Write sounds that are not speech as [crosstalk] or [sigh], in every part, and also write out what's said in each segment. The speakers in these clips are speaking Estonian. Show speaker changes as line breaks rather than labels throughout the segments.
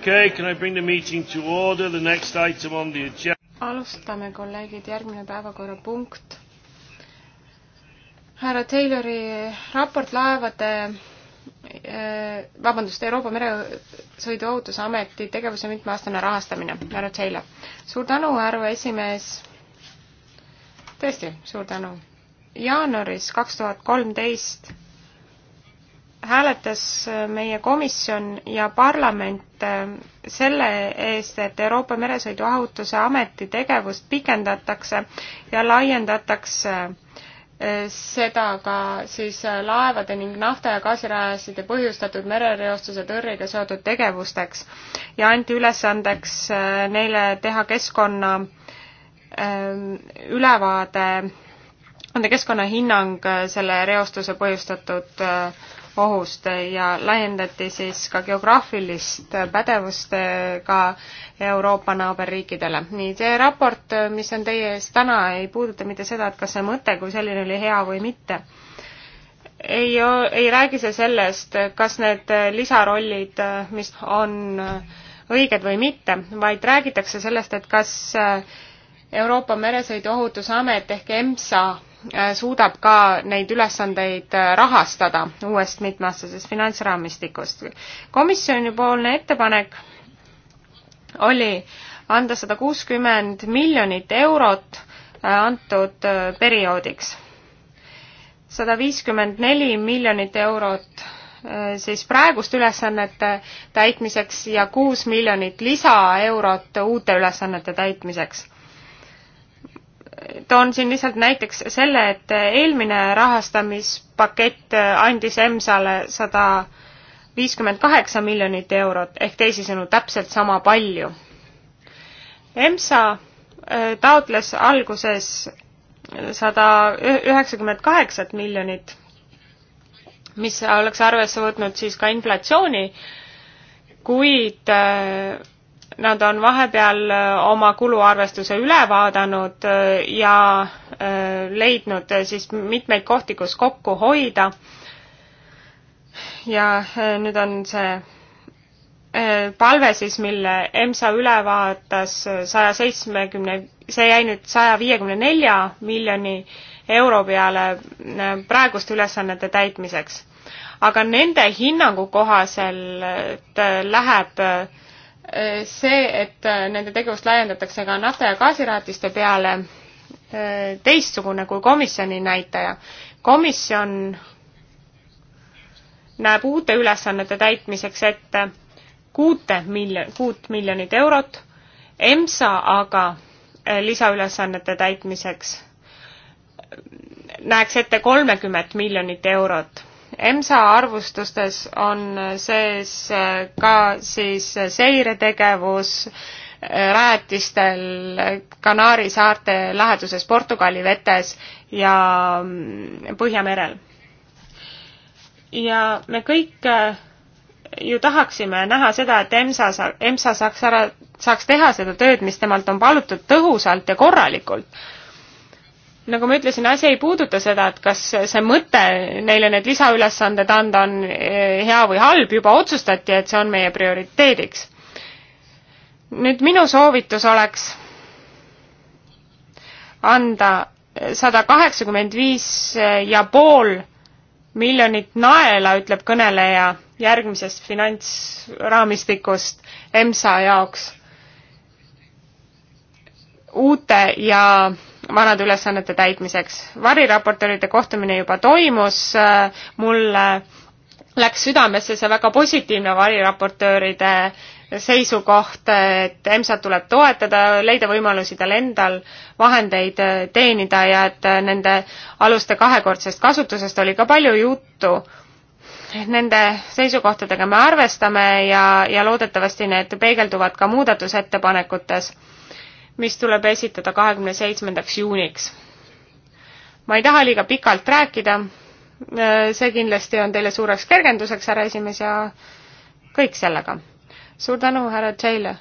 Okay, can I bring the meeting to order? The next item on the agenda.
alustame, kolleegid, järgmine päevakorrapunkt. härra Taylori raport laevade, eh, vabandust, Euroopa Meresõiduohutusameti tegevuse mitmeaastane rahastamine. härra Taylor, suur tänu, härra esimees. tõesti, suur tänu. jaanuaris kaks tuhat kolmteist hääletas meie komisjon ja parlament selle eest, et Euroopa Meresõiduohutuse Ameti tegevust pikendatakse ja laiendatakse eh, seda ka siis eh, laevade ning nafta- ja gaasirajaside põhjustatud merereostuse tõrjega seotud tegevusteks ja anti ülesandeks eh, neile teha keskkonna ülevaade, anda keskkonnahinnang selle reostuse põhjustatud ohust ja laiendati siis ka geograafilist pädevust ka Euroopa naaberriikidele. nii, see raport, mis on teie ees täna, ei puuduta mitte seda, et kas see mõte kui selline oli hea või mitte. ei, ei räägi see sellest, kas need lisarollid, mis on õiged või mitte, vaid räägitakse sellest, et kas Euroopa Meresõiduohutusamet ehk EMSA Äh, suudab ka neid ülesandeid äh, rahastada uuest mitmeaastasest finantsraamistikust. komisjonipoolne ettepanek oli anda sada kuuskümmend miljonit eurot äh, antud perioodiks. sada viiskümmend neli miljonit eurot siis praeguste ülesannete täitmiseks ja kuus miljonit lisaeurot uute ülesannete täitmiseks toon siin lihtsalt näiteks selle, et eelmine rahastamispakett andis EMSA-le sada viiskümmend kaheksa miljonit eurot ehk teisisõnu täpselt sama palju. EMSA äh, taotles alguses sada üheksakümmend kaheksat miljonit, mis oleks arvesse võtnud siis ka inflatsiooni, kuid äh, Nad on vahepeal äh, oma kuluarvestuse üle vaadanud äh, ja äh, leidnud siis mitmeid kohti, kus kokku hoida. ja nüüd on see palve siis, mille EMSA üle vaatas saja seitsmekümne, see jäi nüüd saja viiekümne nelja miljoni euro peale praeguste ülesannete täitmiseks. aga nende hinnangu kohaselt läheb see, et äh, nende tegevust laiendatakse ka nafta- ja gaasirajatiste peale, äh, teistsugune kui komisjoni näitaja. komisjon näeb uute ülesannete täitmiseks ette kuute miljon, kuut miljonit eurot, EMSA aga äh, lisaülesannete täitmiseks näeks ette kolmekümmet miljonit eurot EMSA arvustustes on sees äh, ka siis äh, seiretegevus rajatistel äh, Kanaari saarte läheduses Portugali vetes ja mm, Põhjamerel. ja me kõik ju tahaksime näha seda, et EMSA, EMSA saaks ära, saaks teha seda tööd, mis temalt on palutud tõhusalt ja korralikult nagu ma ütlesin, asi ei puuduta seda, et kas see mõte neile need lisaülesanded anda on eh, hea või halb, juba otsustati, et see on meie prioriteediks. nüüd minu soovitus oleks anda sada kaheksakümmend viis ja pool miljonit naela, ütleb kõneleja järgmisest finantsraamistikust EMSA jaoks uute ja vanade ülesannete täitmiseks. variraportööride kohtumine juba toimus, mulle läks südamesse see väga positiivne variraportööride seisukoht, et EMSA tuleb toetada, leida võimalusi tal endal vahendeid teenida ja et nende aluste kahekordsest kasutusest oli ka palju juttu. Nende seisukohtadega me arvestame ja, ja loodetavasti need peegelduvad ka muudatusettepanekutes mis tuleb esitada kahekümne seitsmendaks juuniks. ma ei taha liiga pikalt rääkida, see kindlasti on teile suureks kergenduseks, härra esimees, ja kõik sellega. suur tänu, härra Tšeile!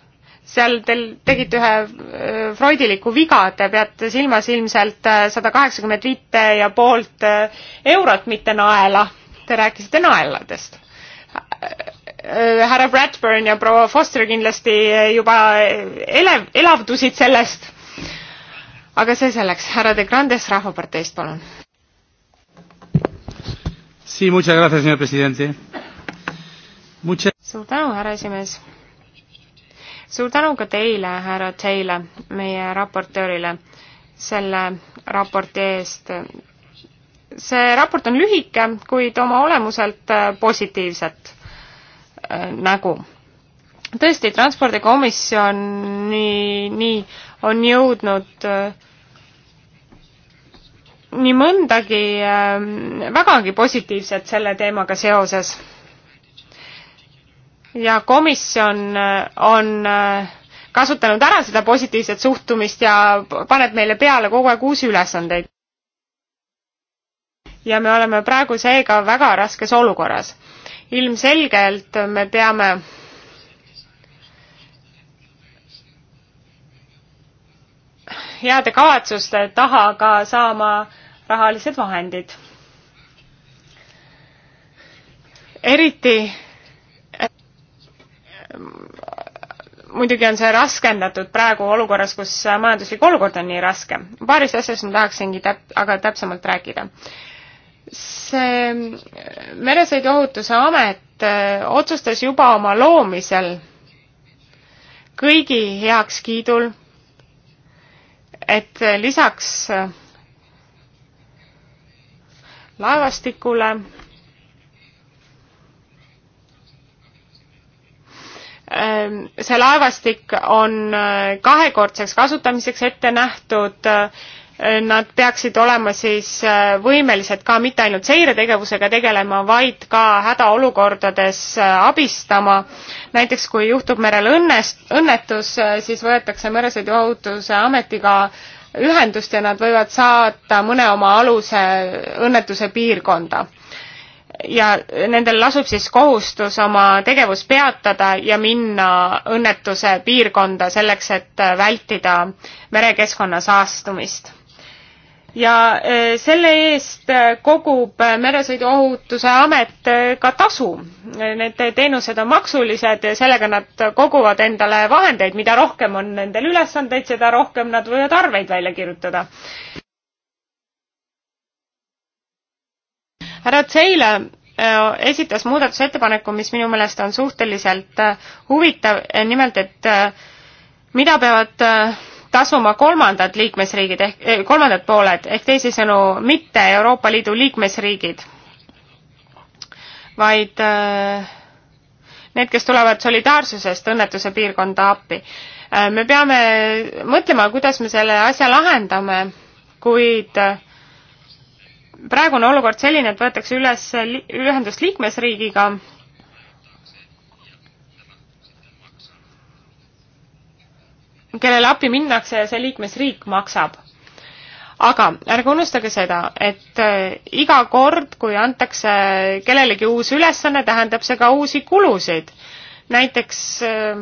seal teil tegite ühe äh, freudiliku viga, te peate silmas ilmselt äh, sada kaheksakümmend viite ja poolt äh, eurot, mitte naela. Te rääkisite naeladest. Äh, härra Bradburn ja proua Foster kindlasti äh, juba äh, elev, elavdusid sellest. aga see selleks, härra De Grandes Rahvaparteist, palun.
Sí, muchas gracias, señor presidente. Mucha...
suur tänu, härra esimees. suur tänu ka teile, härra Teile, meie raportöörile, selle raporti eest. see raport on lühike, kuid oma olemuselt positiivset nägu. tõesti, transpordikomisjoni nii on jõudnud äh, nii mõndagi äh, vägagi positiivset selle teemaga seoses. ja komisjon äh, on kasutanud ära seda positiivset suhtumist ja paneb meile peale kogu aeg uusi ülesandeid. ja me oleme praegu seega väga raskes olukorras ilmselgelt me peame heade kavatsuste taha ka saama rahalised vahendid. eriti muidugi on see raskendatud praegu olukorras, kus majanduslik olukord on nii raske. paarist asjast ma tahaksingi täp-, aga täpsemalt rääkida see Meresõiduohutuse Amet äh, otsustas juba oma loomisel kõigi heakskiidul, et lisaks äh, laevastikule ähm, see laevastik on äh, kahekordseks kasutamiseks ette nähtud Eh, nad peaksid olema siis eh, võimelised ka mitte ainult seiretegevusega tegelema, vaid ka hädaolukordades eh, abistama. näiteks kui juhtub merel õnnest, õnnetus, siis võetakse meresõiduohutuse ametiga ühendust ja nad võivad saata mõne oma aluse õnnetuse piirkonda. ja nendel lasub siis kohustus oma tegevus peatada ja minna õnnetuse piirkonda selleks, et vältida merekeskkonna saastumist ja eh, selle eest eh, kogub eh, Meresõiduohutuse Amet ka tasu. Need teenused on maksulised ja sellega nad koguvad endale vahendeid, mida rohkem on nendel ülesandeid, seda rohkem nad võivad arveid välja kirjutada. härra Tseile esitas muudatusettepaneku, mis minu meelest on suhteliselt huvitav, nimelt et mida peavad tasuma kolmandad liikmesriigid ehk eh, kolmandad pooled ehk teisisõnu mitte Euroopa Liidu liikmesriigid, vaid eh, need, kes tulevad solidaarsusest õnnetuse piirkonda appi eh,. me peame mõtlema, kuidas me selle asja lahendame, kuid eh, praegune olukord selline, et võetakse üles li ühendust liikmesriigiga kellele appi minnakse ja see liikmesriik maksab. aga ärge unustage seda, et äh, iga kord, kui antakse kellelegi uus ülesanne, tähendab see ka uusi kulusid. näiteks äh,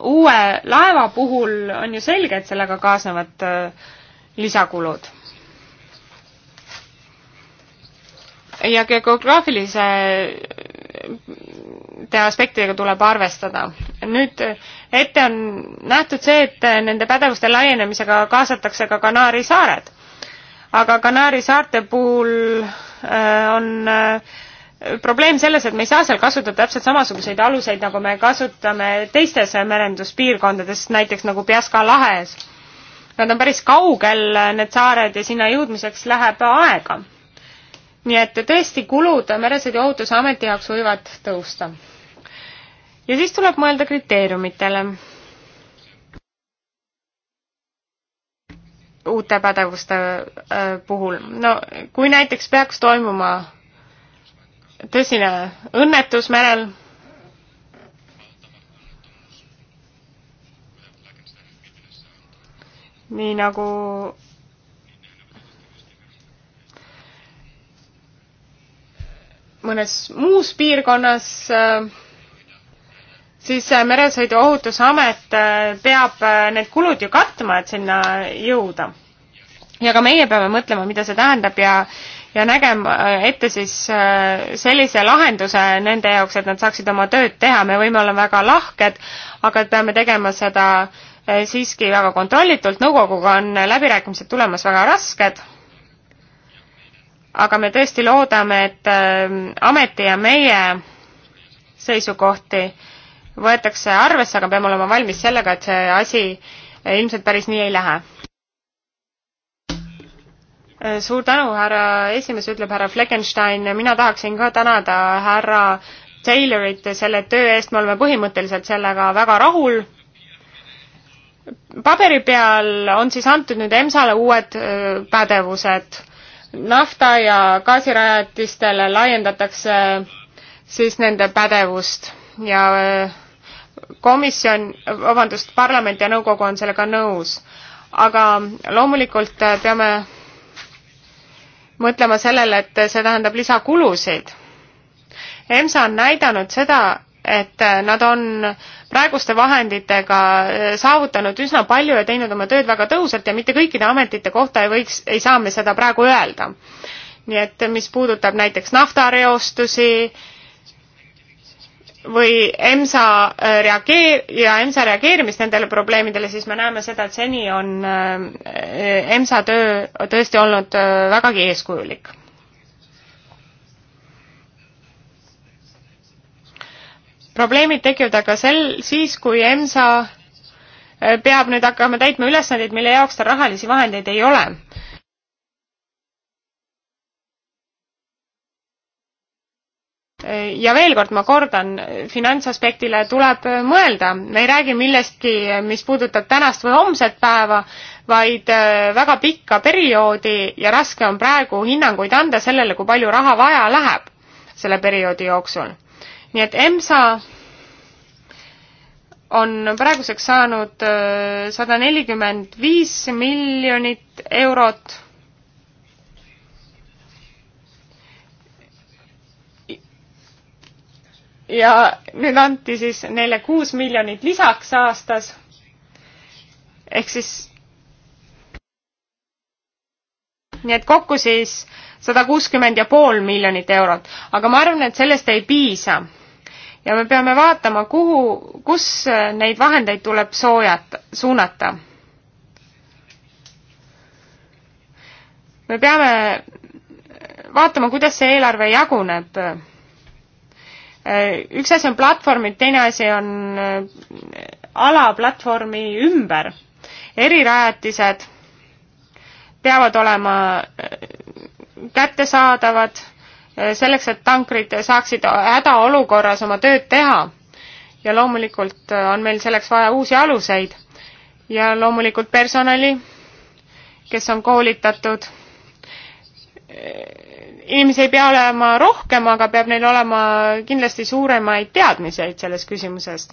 uue laeva puhul on ju selge, et sellega kaasnevad äh, lisakulud ja geograafilise aspektidega tuleb arvestada. nüüd ette on nähtud see, et nende pädevuste laienemisega kaasatakse ka Kanaari saared. aga Kanaari saarte puhul äh, on äh, probleem selles, et me ei saa seal kasutada täpselt samasuguseid aluseid, nagu me kasutame teistes merenduspiirkondades, näiteks nagu Piaska lahes. Nad on päris kaugel, need saared, ja sinna jõudmiseks läheb aega nii et tõesti kulud Meresõiduohutuse ameti jaoks võivad tõusta ja siis tuleb mõelda kriteeriumitele. uute pädevuste äh, puhul. no kui näiteks peaks toimuma tõsine õnnetus merel, nii nagu mõnes muus piirkonnas äh, siis äh, Meresõiduohutusamet äh, peab äh, need kulud ju katma, et sinna jõuda. ja ka meie peame mõtlema, mida see tähendab ja ja nägema ette siis sellise lahenduse nende jaoks, et nad saaksid oma tööd teha, me võime olla väga lahked, aga peame tegema seda siiski väga kontrollitult, nõukoguga on läbirääkimised tulemas väga rasked, aga me tõesti loodame, et ameti ja meie seisukohti äh, võetakse arvesse, aga peame olema valmis sellega, et see asi ilmselt päris nii ei lähe. suur tänu, härra esimees, ütleb härra Fleckenstein, mina tahaksin ka tänada härra Taylorit selle töö eest, me oleme põhimõtteliselt sellega väga rahul paberi peal on siis antud nüüd EMSA-le uued pädevused. nafta ja gaasirajatistele laiendatakse siis nende pädevust ja komisjon, vabandust, parlament ja nõukogu on sellega nõus. aga loomulikult peame mõtlema sellele, et see tähendab lisakulusid. EMSA on näidanud seda, et nad on praeguste vahenditega saavutanud üsna palju ja teinud oma tööd väga tõhusalt ja mitte kõikide ametite kohta ei võiks, ei saa me seda praegu öelda. nii et mis puudutab näiteks naftareostusi, või EMSA äh, reageer- ja EMSA reageerimist nendele probleemidele, siis me näeme seda, et seni on äh, EMSA töö tõesti olnud äh, vägagi eeskujulik. probleemid tekivad aga sel, siis, kui EMSA peab nüüd hakkama täitma ülesandeid, mille jaoks tal rahalisi vahendeid ei ole ja veel kord ma kordan, finantsaspektile tuleb mõelda, me ei räägi millestki, mis puudutab tänast või homset päeva, vaid äh, väga pikka perioodi ja raske on praegu hinnanguid anda sellele, kui palju raha vaja läheb selle perioodi jooksul. nii et EMSA on praeguseks saanud äh, sada nelikümmend viis miljonit eurot ja nüüd anti siis neile kuus miljonit lisaks aastas. ehk siis nii et kokku siis sada kuuskümmend ja pool miljonit eurot, aga ma arvan, et sellest ei piisa. ja me peame vaatama, kuhu, kus neid vahendeid tuleb soojata, suunata. me peame vaatama, kuidas see eelarve jaguneb Äh, üks asi on platvormid, teine asi on äh, alaplatvormi ümber. erirajatised peavad olema äh, kättesaadavad selleks, et tankrid saaksid hädaolukorras oma tööd teha. ja loomulikult on meil selleks vaja uusi aluseid ja loomulikult personali, kes on koolitatud inimesi ei pea olema rohkem, aga peab neil olema kindlasti suuremaid teadmiseid selles küsimuses.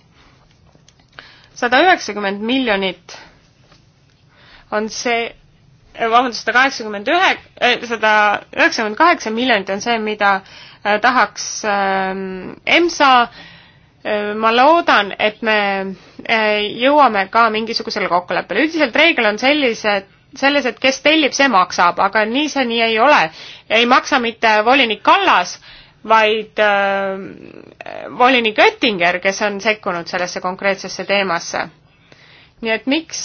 sada üheksakümmend miljonit on see, eh, vabandust, sada kaheksakümmend ühe, eh, sada üheksakümmend kaheksa miljonit on see, mida eh, tahaks ehm, EMSA ma loodan, et me jõuame ka mingisugusele kokkuleppele. üldiselt reegel on sellised, selles, et kes tellib, see maksab, aga nii see nii ei ole. ei maksa mitte volinik Kallas, vaid äh, volinik Oettinger, kes on sekkunud sellesse konkreetsesse teemasse. nii et miks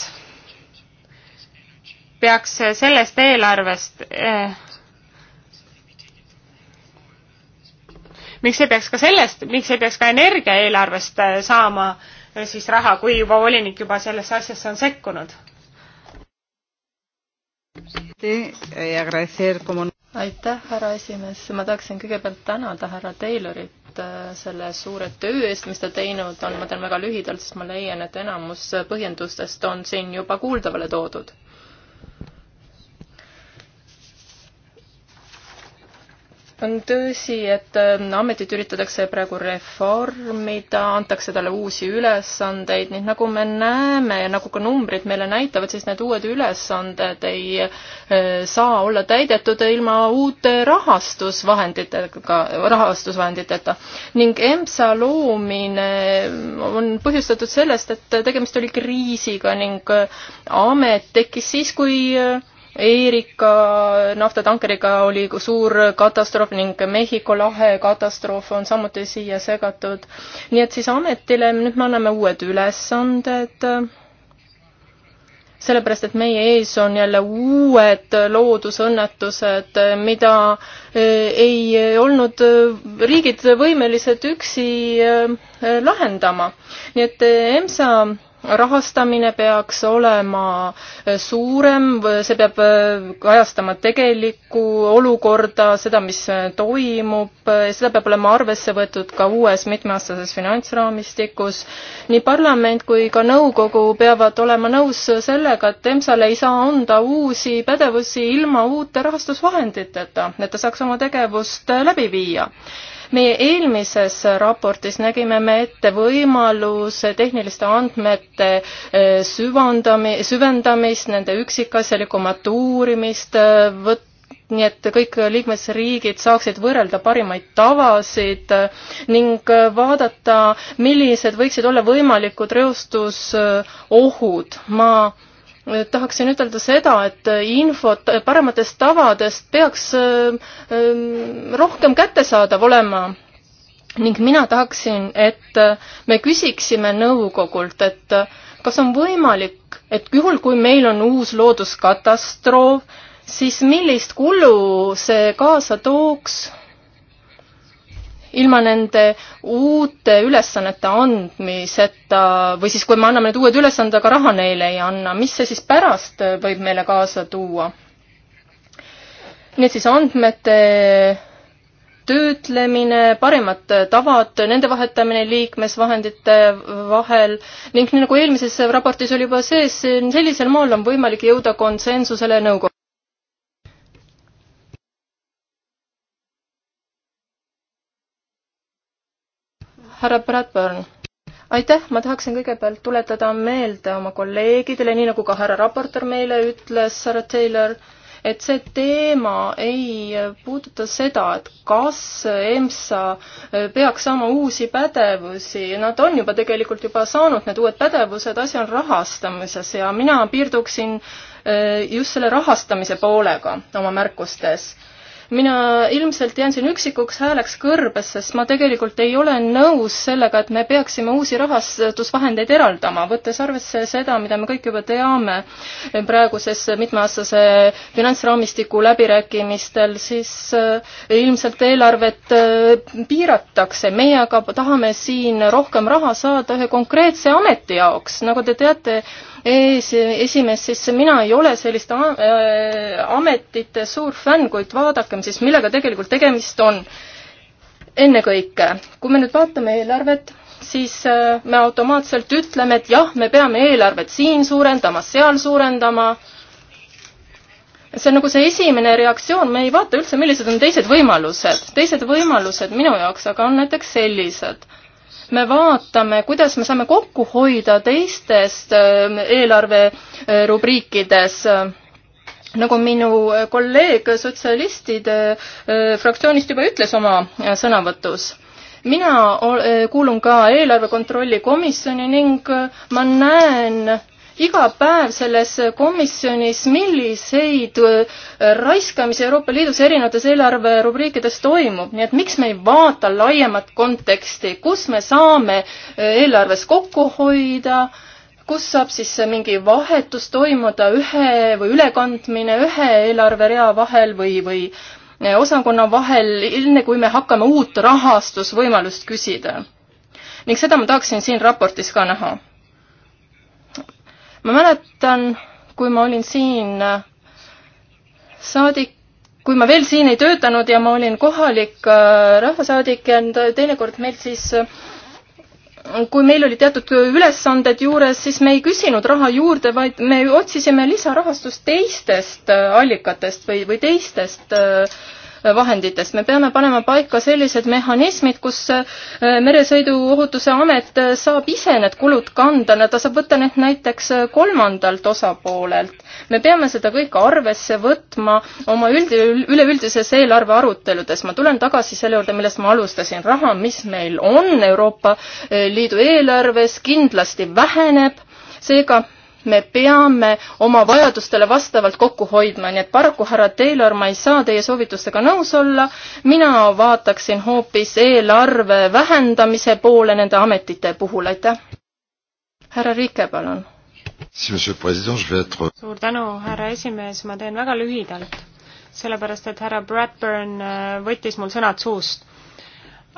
peaks sellest eelarvest äh, miks ei peaks ka sellest, miks ei peaks ka energiaeelarvest äh, saama äh, siis raha, kui juba volinik juba sellesse asjasse on sekkunud? Eh,
aitäh, härra esimees, ma tahaksin kõigepealt tänada härra Taylorit äh, selle suure töö eest, mis ta teinud on, ma teen väga lühidalt, sest ma leian, et enamus põhjendustest on siin juba kuuldavale toodud on tõsi, et ähm, ametit üritatakse praegu reformida, antakse talle uusi ülesandeid ning nagu me näeme ja nagu ka numbrid meile näitavad, siis need uued ülesanded ei äh, saa olla täidetud ilma uute rahastusvahenditega, rahastusvahenditeta. ning EMSA loomine äh, on põhjustatud sellest, et tegemist oli kriisiga ning äh, amet tekkis siis, kui Erika naftatankeriga oli suur katastroof ning Mehhiko lahe katastroof on samuti siia segatud. nii et siis ametile nüüd me anname uued ülesanded, sellepärast et meie ees on jälle uued loodusõnnetused, mida e, ei olnud riigid võimelised üksi e, lahendama. nii et e, EMSA rahastamine peaks olema suurem, see peab kajastama tegelikku olukorda, seda, mis toimub, seda peab olema arvesse võetud ka uues mitmeaastases finantsraamistikus. nii parlament kui ka nõukogu peavad olema nõus sellega, et EMSA-le ei saa anda uusi pädevusi ilma uute rahastusvahenditeta, et ta saaks oma tegevust läbi viia meie eelmises raportis nägime me ette võimaluse tehniliste andmete eh, süvandami-, süvendamist, nende üksikasjalikumat uurimist eh, võtta, nii et kõik liikmesriigid saaksid võrrelda parimaid tavasid eh, ning vaadata, millised võiksid olla võimalikud reostusohud. ma tahaksin ütelda seda, et infot parematest tavadest peaks ähm, ähm, rohkem kättesaadav olema ning mina tahaksin, et me küsiksime nõukogult, et kas on võimalik, et juhul, kui meil on uus looduskatastroof, siis millist kulu see kaasa tooks ilma nende uute ülesannete andmiseta või siis, kui me anname need uued ülesanded, aga raha neile ei anna, mis see siis pärast võib meile kaasa tuua? nii et siis andmete töötlemine, parimad tavad, nende vahetamine liikmesvahendite vahel ning nii nagu eelmises raportis oli juba sees, sellisel moel on võimalik jõuda konsensusele nõukogu. härra Bradburn. aitäh, ma tahaksin kõigepealt tuletada meelde oma kolleegidele, nii nagu ka härra raportöör meile ütles, härra Taylor, et see teema ei puuduta seda, et kas EMSA peaks saama uusi pädevusi, nad on juba tegelikult juba saanud need uued pädevused, asi on rahastamises ja mina piirduksin eh, just selle rahastamise poolega oma märkustes mina ilmselt jään siin üksikuks hääleks kõrbes, sest ma tegelikult ei ole nõus sellega, et me peaksime uusi rahastusvahendeid eraldama, võttes arvesse seda, mida me kõik juba teame praeguses mitmeaastase finantsraamistiku läbirääkimistel, siis äh, ilmselt eelarvet äh, piiratakse. meie aga tahame siin rohkem raha saada ühe konkreetse ameti jaoks, nagu te teate, ees, esimees, siis mina ei ole selliste äh, ametite suur fänn, kuid vaadakem siis, millega tegelikult tegemist on. ennekõike, kui me nüüd vaatame eelarvet, siis äh, me automaatselt ütleme, et jah, me peame eelarvet siin suurendama, seal suurendama. see on nagu see esimene reaktsioon, me ei vaata üldse, millised on teised võimalused. teised võimalused minu jaoks aga on näiteks sellised me vaatame, kuidas me saame kokku hoida teistest ähm, eelarverubriikides nagu minu kolleeg sotsialistide äh, fraktsioonist juba ütles oma äh, sõnavõtus, mina äh, kuulun ka eelarve kontrolli komisjoni ning ma näen iga päev selles komisjonis, milliseid äh, raiskamisi Euroopa Liidus erinevates eelarverubriikides toimub, nii et miks me ei vaata laiemat konteksti, kus me saame äh, eelarves kokku hoida, kus saab siis äh, mingi vahetus toimuda ühe või ülekandmine ühe eelarverea vahel või, või osakonna vahel, enne kui me hakkame uut rahastusvõimalust küsida. ning seda ma tahaksin siin raportis ka näha ma mäletan, kui ma olin siin äh, saadik, kui ma veel siin ei töötanud ja ma olin kohalik äh, rahvasaadik ja äh, teinekord meil siis kui meil olid teatud ülesanded juures, siis me ei küsinud raha juurde, vaid me otsisime lisarahastust teistest allikatest või, või teistest äh, vahenditest. me peame panema paika sellised mehhanismid, kus äh, meresõiduohutuse amet äh, saab ise need kulud kanda, ta saab võtta need näiteks äh, kolmandalt osapoolelt. me peame seda kõike arvesse võtma oma üld, üleüldises eelarve aruteludes. ma tulen tagasi selle juurde, millest ma alustasin. raha, mis meil on Euroopa Liidu eelarves, kindlasti väheneb, seega me peame oma vajadustele vastavalt kokku hoidma, nii et paraku, härra Taylor, ma ei saa teie soovitustega nõus olla, mina vaataksin hoopis eelarve vähendamise poole nende ametite puhul, aitäh. härra Riike, palun.
suur tänu, härra esimees, ma teen väga lühidalt, sellepärast et härra Bradburn äh, võttis mul sõnad suust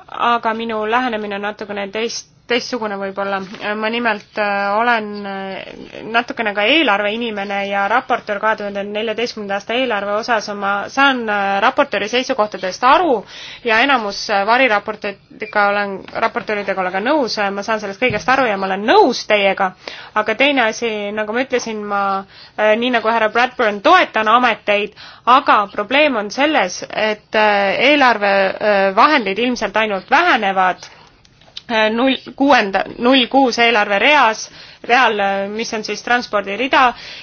aga minu lähenemine on natukene teist, teistsugune võib-olla. ma nimelt äh, olen äh, natukene ka eelarveinimene ja raportöör kahe tuhande neljateistkümnenda aasta eelarve osas oma, saan äh, raportööri seisukohtadest aru ja enamus variraportööridega olen, raportööridega olen ka nõus, ma saan sellest kõigest aru ja ma olen nõus teiega, aga teine asi, nagu ma ütlesin, ma nii nagu härra Bradburn, toetan ameteid, aga probleem on selles, et eelarvevahendid ilmselt ainult vähenevad Äh, null, kuuenda, null kuus eelarvereas, real, äh, mis on siis transpordirida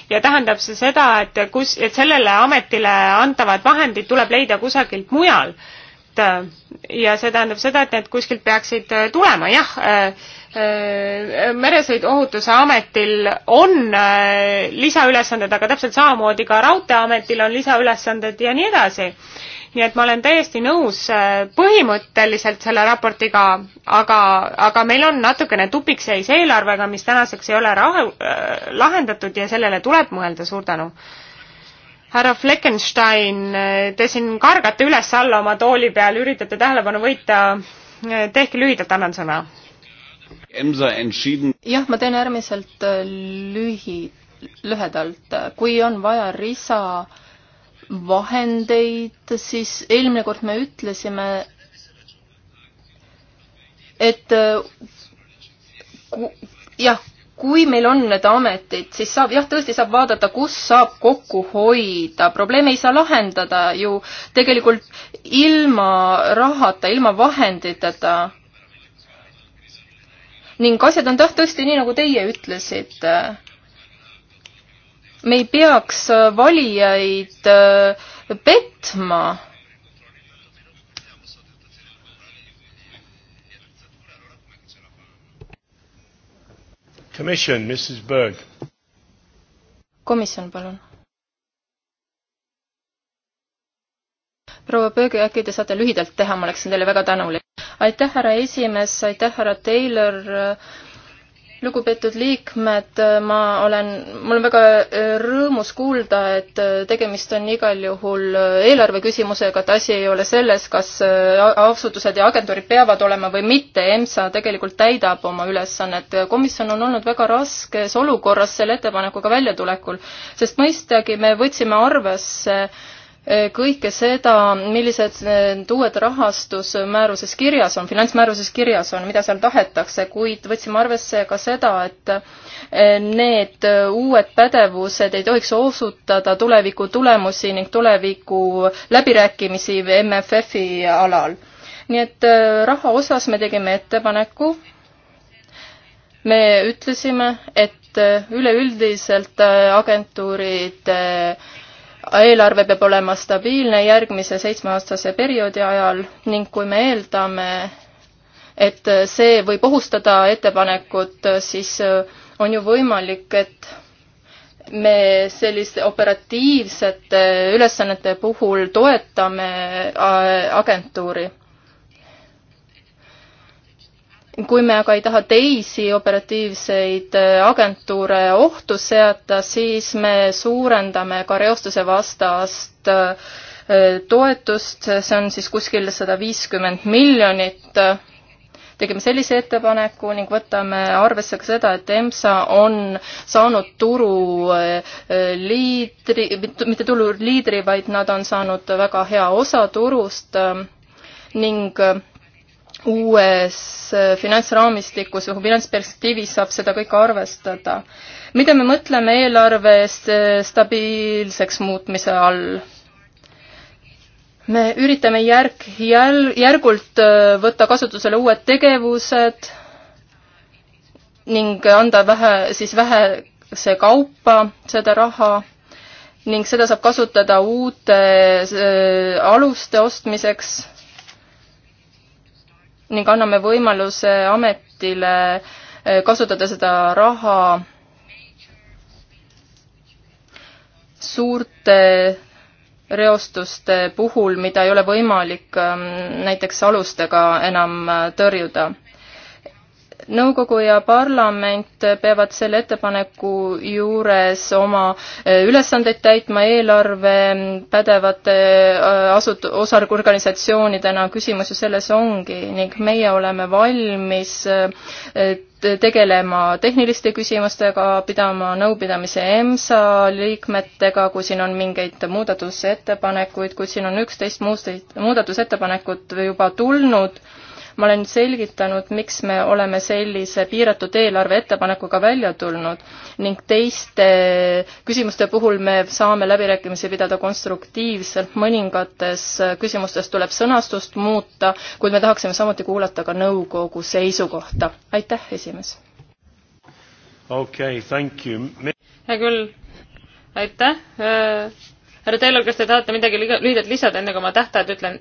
ja tähendab see seda, et kus, et sellele ametile antavad vahendid tuleb leida kusagilt mujal kust äh, ja see tähendab seda, et need kuskilt peaksid äh, tulema, jah äh, meresõiduohutuse ametil on lisaülesanded, aga täpselt samamoodi ka Raudteeametil on lisaülesanded ja nii edasi. nii et ma olen täiesti nõus põhimõtteliselt selle raportiga, aga, aga meil on natukene tupikseis eelarvega, mis tänaseks ei ole rahu, lahendatud ja sellele tuleb mõelda, suur tänu härra Fleckenstein, te siin kargate üles-alla oma tooli peal, üritate tähelepanu võita. tehke lühidalt, annan sõna.
jah, ma teen äärmiselt äh, lühi, lühedalt. kui on vaja risa vahendeid, siis eelmine kord me ütlesime, et äh, jah, kui meil on need ametid, siis saab jah, tõesti saab vaadata, kus saab kokku hoida, probleeme ei saa lahendada ju tegelikult ilma rahata, ilma vahenditeta. ning asjad on jah, tõesti nii, nagu teie ütlesite. me ei peaks valijaid äh, petma
Commission, Mrs Berg.
komisjon, palun. proua Berg, äkki te saate lühidalt teha, ma oleksin teile väga tänulik. aitäh, härra esimees, aitäh, härra Taylor äh, lugupeetud liikmed, ma olen, mul on väga äh, rõõmus kuulda, et äh, tegemist on igal juhul äh, eelarve küsimusega, et asi ei ole selles, kas asutused ja agentuurid peavad olema või mitte, EMSA tegelikult täidab oma ülesannet. komisjon on olnud väga raskes olukorras selle ettepanekuga väljatulekul, sest mõistagi me võtsime arvesse Eh, kõike seda, millised need uued rahastusmääruses kirjas on, finantsmääruses kirjas on, mida seal tahetakse, kuid võtsime arvesse ka seda, et eh, need uued pädevused ei tohiks osutada tuleviku tulemusi ning tuleviku läbirääkimisi MFF-i alal. nii et eh, raha osas me tegime ettepaneku, me ütlesime, et üleüldiselt agentuuride eelarve peab olema stabiilne järgmise seitsmeaastase perioodi ajal ning kui me eeldame, et see võib ohustada ettepanekut, siis äh, on ju võimalik, et me selliste operatiivsete ülesannete puhul toetame äh, agentuuri kui me aga ei taha teisi operatiivseid äh, agentuure ohtu seata, siis me suurendame ka reostuse vastast äh, toetust, see on siis kuskil sada viiskümmend miljonit. tegime sellise ettepaneku ning võtame arvesse ka seda, et EMSA on saanud turu äh, liidri, mitte turu liidri, vaid nad on saanud väga hea osa turust ning uues äh, finantsraamistikus või finantsperspektiivis saab seda kõike arvestada. mida me mõtleme eelarve äh, stabiilseks muutmise all? me üritame järk, jäl-, järgult äh, võtta kasutusele uued tegevused ning anda vähe, siis vähese kaupa seda raha ning seda saab kasutada uute aluste ostmiseks ning anname võimaluse ametile eh, kasutada seda raha suurte reostuste puhul, mida ei ole võimalik ehm, näiteks alustega enam eh, tõrjuda nõukogu ja parlament peavad selle ettepaneku juures oma eh, ülesandeid täitma eelarve mm, pädevate eh, asut-, osaorganisatsioonidena, küsimus ju selles ongi ning meie oleme valmis eh, tegelema tehniliste küsimustega, pidama nõupidamise EMSA liikmetega, kui siin on mingeid muudatusettepanekuid, kuid siin on üksteist muusteid, muudatusettepanekut juba tulnud ma olen selgitanud, miks me oleme sellise piiratud eelarve ettepanekuga välja tulnud ning teiste küsimuste puhul me saame läbirääkimisi pidada konstruktiivselt, mõningates küsimustes tuleb sõnastust muuta, kuid me tahaksime samuti kuulata ka nõukogu seisukohta. aitäh, esimees!
okei okay,, thank you.
hea küll,
aitäh. Äh, härra Taylor, kas te tahate midagi lühidalt lisada, enne kui ma tähtajad ütlen?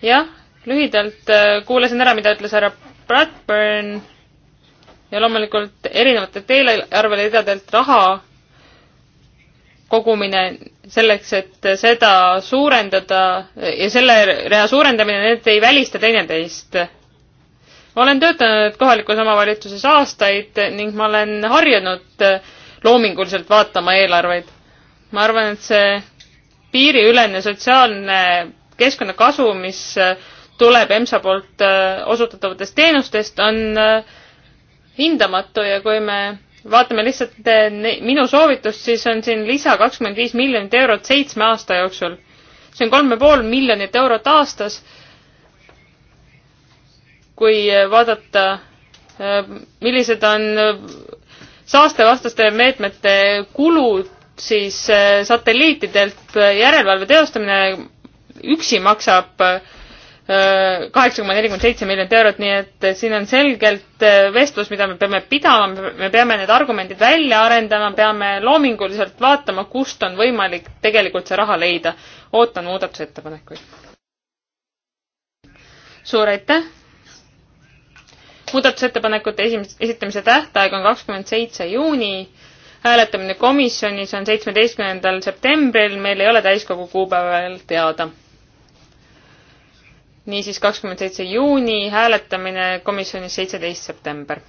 jah, lühidalt äh, kuulasin ära, mida ütles härra Bradburn ja loomulikult erinevatelt eelarveridadelt raha kogumine selleks, et seda suurendada ja selle rea suurendamine, need ei välista teineteist. ma olen töötanud kohalikus omavalitsuses aastaid ning ma olen harjunud loominguliselt vaatama eelarveid. ma arvan, et see piiriülene sotsiaalne keskkonnakasu, mis tuleb EMSA poolt äh, osutatavatest teenustest, on äh, hindamatu ja kui me vaatame lihtsalt äh, minu soovitust, siis on siin lisa kakskümmend viis miljonit eurot seitsme aasta jooksul. see on kolm ja pool miljonit eurot aastas. kui vaadata, millised on saastevastaste meetmete kulud, siis satelliitidelt järelevalve teostamine üksi maksab kakssada kaheksa koma nelikümmend seitse miljonit eurot, nii et siin on selgelt äh, vestlus, mida me peame pidama, me peame need argumendid välja arendama, peame loominguliselt vaatama, kust on võimalik tegelikult see raha leida. ootan muudatusettepanekuid. suur aitäh! muudatusettepanekute esimese, esitamise tähtaeg on kakskümmend seitse juuni, hääletamine komisjonis on seitsmeteistkümnendal septembril, meil ei ole täiskogu kuupäeval teada niisiis kakskümmend seitse juuni, hääletamine komisjonis seitseteist september.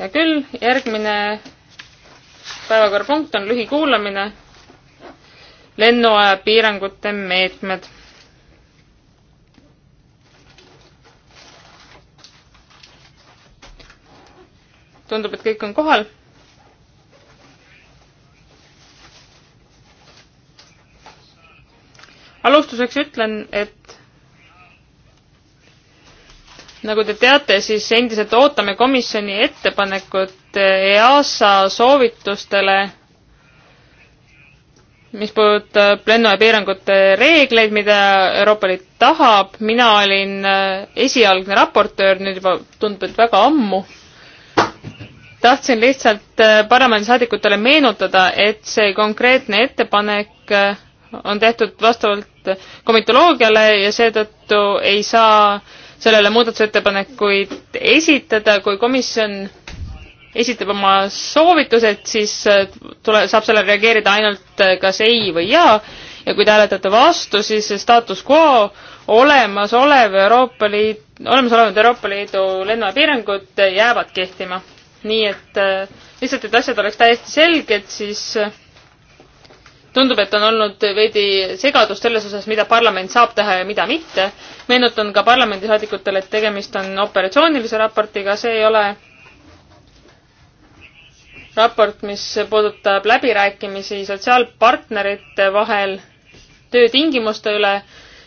hea küll, järgmine päevakorrapunkt on lühikuulamine, lennuaja piirangute meetmed tundub, et kõik on kohal alustuseks ütlen, et nagu te teate, siis endiselt ootame komisjoni ettepanekut EASA soovitustele, mis puudutab lennupiirangute reegleid, mida Euroopa Liit tahab. mina olin äh, esialgne raportöör, nüüd juba tundub, et väga ammu. tahtsin lihtsalt äh, parlamendisaadikutele meenutada, et see konkreetne ettepanek äh, on tehtud vastavalt komitoloogiale ja seetõttu ei saa sellele muudatusettepanekuid esitada, kui komisjon esitab oma soovitused, siis äh, tule, saab sellele reageerida ainult äh, kas ei või jaa ja kui te hääletate vastu, siis see status quo olemasolev Euroopa Liit, olemasolevad Euroopa Liidu lennupiirangud äh, jäävad kehtima. nii et lihtsalt, et asjad oleks täiesti selged, siis tundub, et on olnud veidi segadust selles osas, mida parlament saab teha ja mida mitte. meenutan ka parlamendisaadikutele, et tegemist on operatsioonilise raportiga, see ei ole raport, mis puudutab läbirääkimisi sotsiaalpartnerite vahel töötingimuste üle.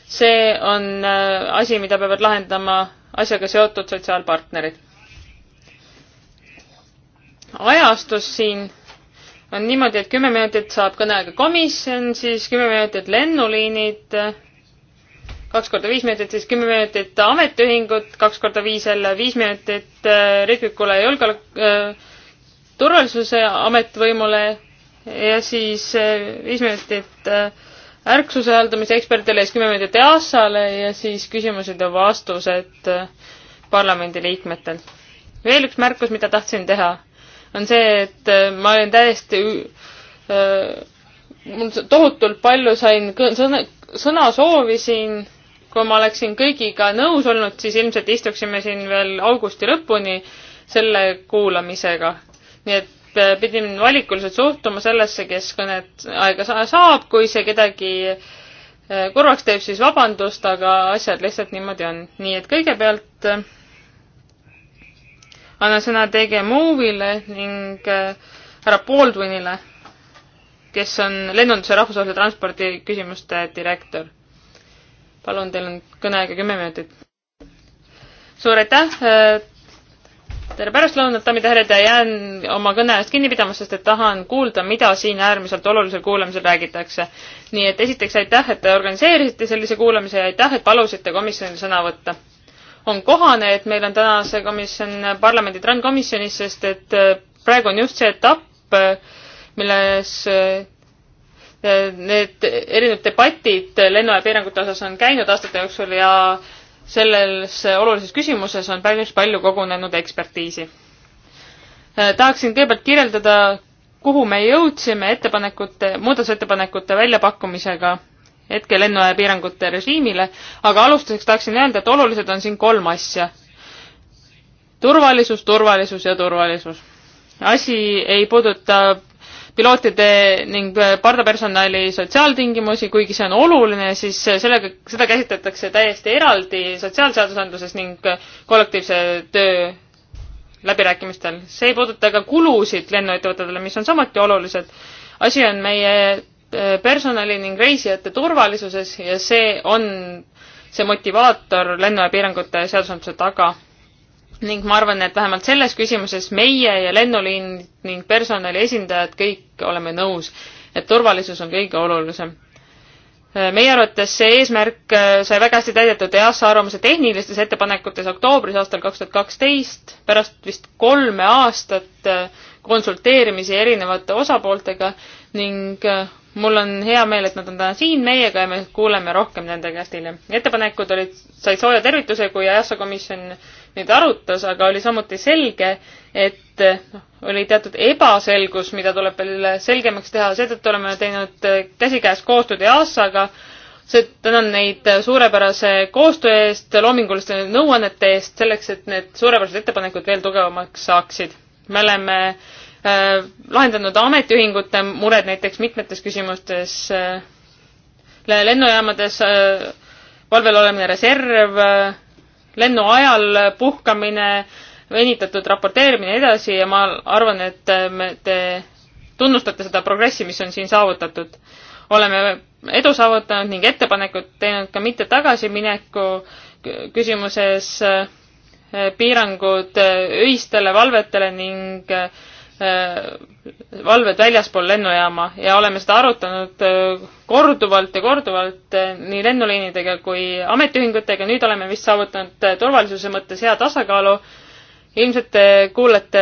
see on äh, asi, mida peavad lahendama asjaga seotud sotsiaalpartnerid. ajastus siin on niimoodi, et kümme minutit saab kõneaega komisjon, siis kümme minutit lennuliinid, kaks korda viis minutit, siis kümme minutit ametiühingud, kaks korda viis jälle viis minutit äh, riiklikule julgeoleku äh,, turvalisuse ametivõimule ja siis äh, viis minutit äh, ärksuse haldamise ekspertidele, siis kümme minutit EASA-le ja siis küsimused ja vastused äh, parlamendiliikmetelt. veel üks märkus, mida tahtsin teha on see, et äh, ma olin täiesti äh, mul tohutult palju sain sõna, sõna soovisin, kui ma oleksin kõigiga nõus olnud, siis ilmselt istuksime siin veel augusti lõpuni selle kuulamisega. nii et äh, pidin valikuliselt suhtuma sellesse, kes kõnet aega saab, kui see kedagi kurvaks teeb, siis vabandust, aga asjad lihtsalt niimoodi on. nii et kõigepealt annan sõna TG Move'ile ning äh, härra Baldwinile, kes on lennunduse rahvusvahelise transpordi küsimuste direktor. palun, teil on kõneaega kümme minutit. suur aitäh, äh, tere pärastlõunat, daamid ja härrad, ja jään oma kõne eest kinni pidama, sest et tahan kuulda, mida siin äärmiselt olulisel kuulamisel räägitakse. nii et esiteks aitäh, et te organiseerisite sellise kuulamise ja aitäh, et palusite komisjonil sõna võtta on kohane, et meil on täna see komisjon parlamendi trendkomisjonis, sest et äh, praegu on just see etapp, äh, milles äh, need erinevad debatid lennuajapiirangute osas on käinud aastate jooksul ja selles olulises küsimuses on päris palju kogunenud ekspertiisi. tahaksin kõigepealt kirjeldada, kuhu me jõudsime ettepanekute, muudatusettepanekute väljapakkumisega hetke lennuajapiirangute režiimile, aga alustuseks tahaksin öelda, et olulised on siin kolm asja. turvalisus, turvalisus ja turvalisus. asi ei puuduta pilootide ning pardapersonali sotsiaaltingimusi, kuigi see on oluline, siis sellega, seda käsitletakse täiesti eraldi sotsiaalseadusandluses ning kollektiivse töö läbirääkimistel. see ei puuduta ka kulusid lennuettevõtetele, mis on samuti olulised. asi on meie personali ning reisijate turvalisuses ja see on see motivaator lennupiirangute seadusandluse taga. ning ma arvan, et vähemalt selles küsimuses meie ja lennuliin ning personali esindajad kõik oleme nõus, et turvalisus on kõige olulisem meie arvates see eesmärk äh, sai väga hästi täidetud EASA arvamuse tehnilistes ettepanekutes oktoobris aastal kaks tuhat kaksteist, pärast vist kolme aastat äh, konsulteerimisi erinevate osapooltega ning äh, mul on hea meel, et nad on täna siin meiega ja me kuuleme rohkem nende käest hiljem. ettepanekud olid, said sooja tervituse, kui EASA komisjon neid arutas, aga oli samuti selge, et noh, oli teatud ebaselgus, mida tuleb veel selgemaks teha, seetõttu oleme teinud käsikäes koostööd EASA-ga, tänan neid suurepärase koostöö eest, loominguliste nõuannete eest, selleks et need suurepärased ettepanekud veel tugevamaks saaksid. me oleme äh, Äh, lahendanud ametiühingute mured näiteks mitmetes küsimustes, äh, lennujaamades äh, valvel olemine, reserv, lennu ajal puhkamine, venitatud raporteerimine edasi ja ma arvan, et me, te tunnustate seda progressi, mis on siin saavutatud. oleme edu saavutanud ning ettepanekud teinud ka mitte tagasimineku küsimuses, piirangud öistele valvetele ning äh, Äh, valved väljaspool lennujaama ja oleme seda arutanud äh, korduvalt ja korduvalt äh, nii lennuliinidega kui ametiühingutega, nüüd oleme vist saavutanud turvalisuse mõttes hea tasakaalu. ilmselt te kuulete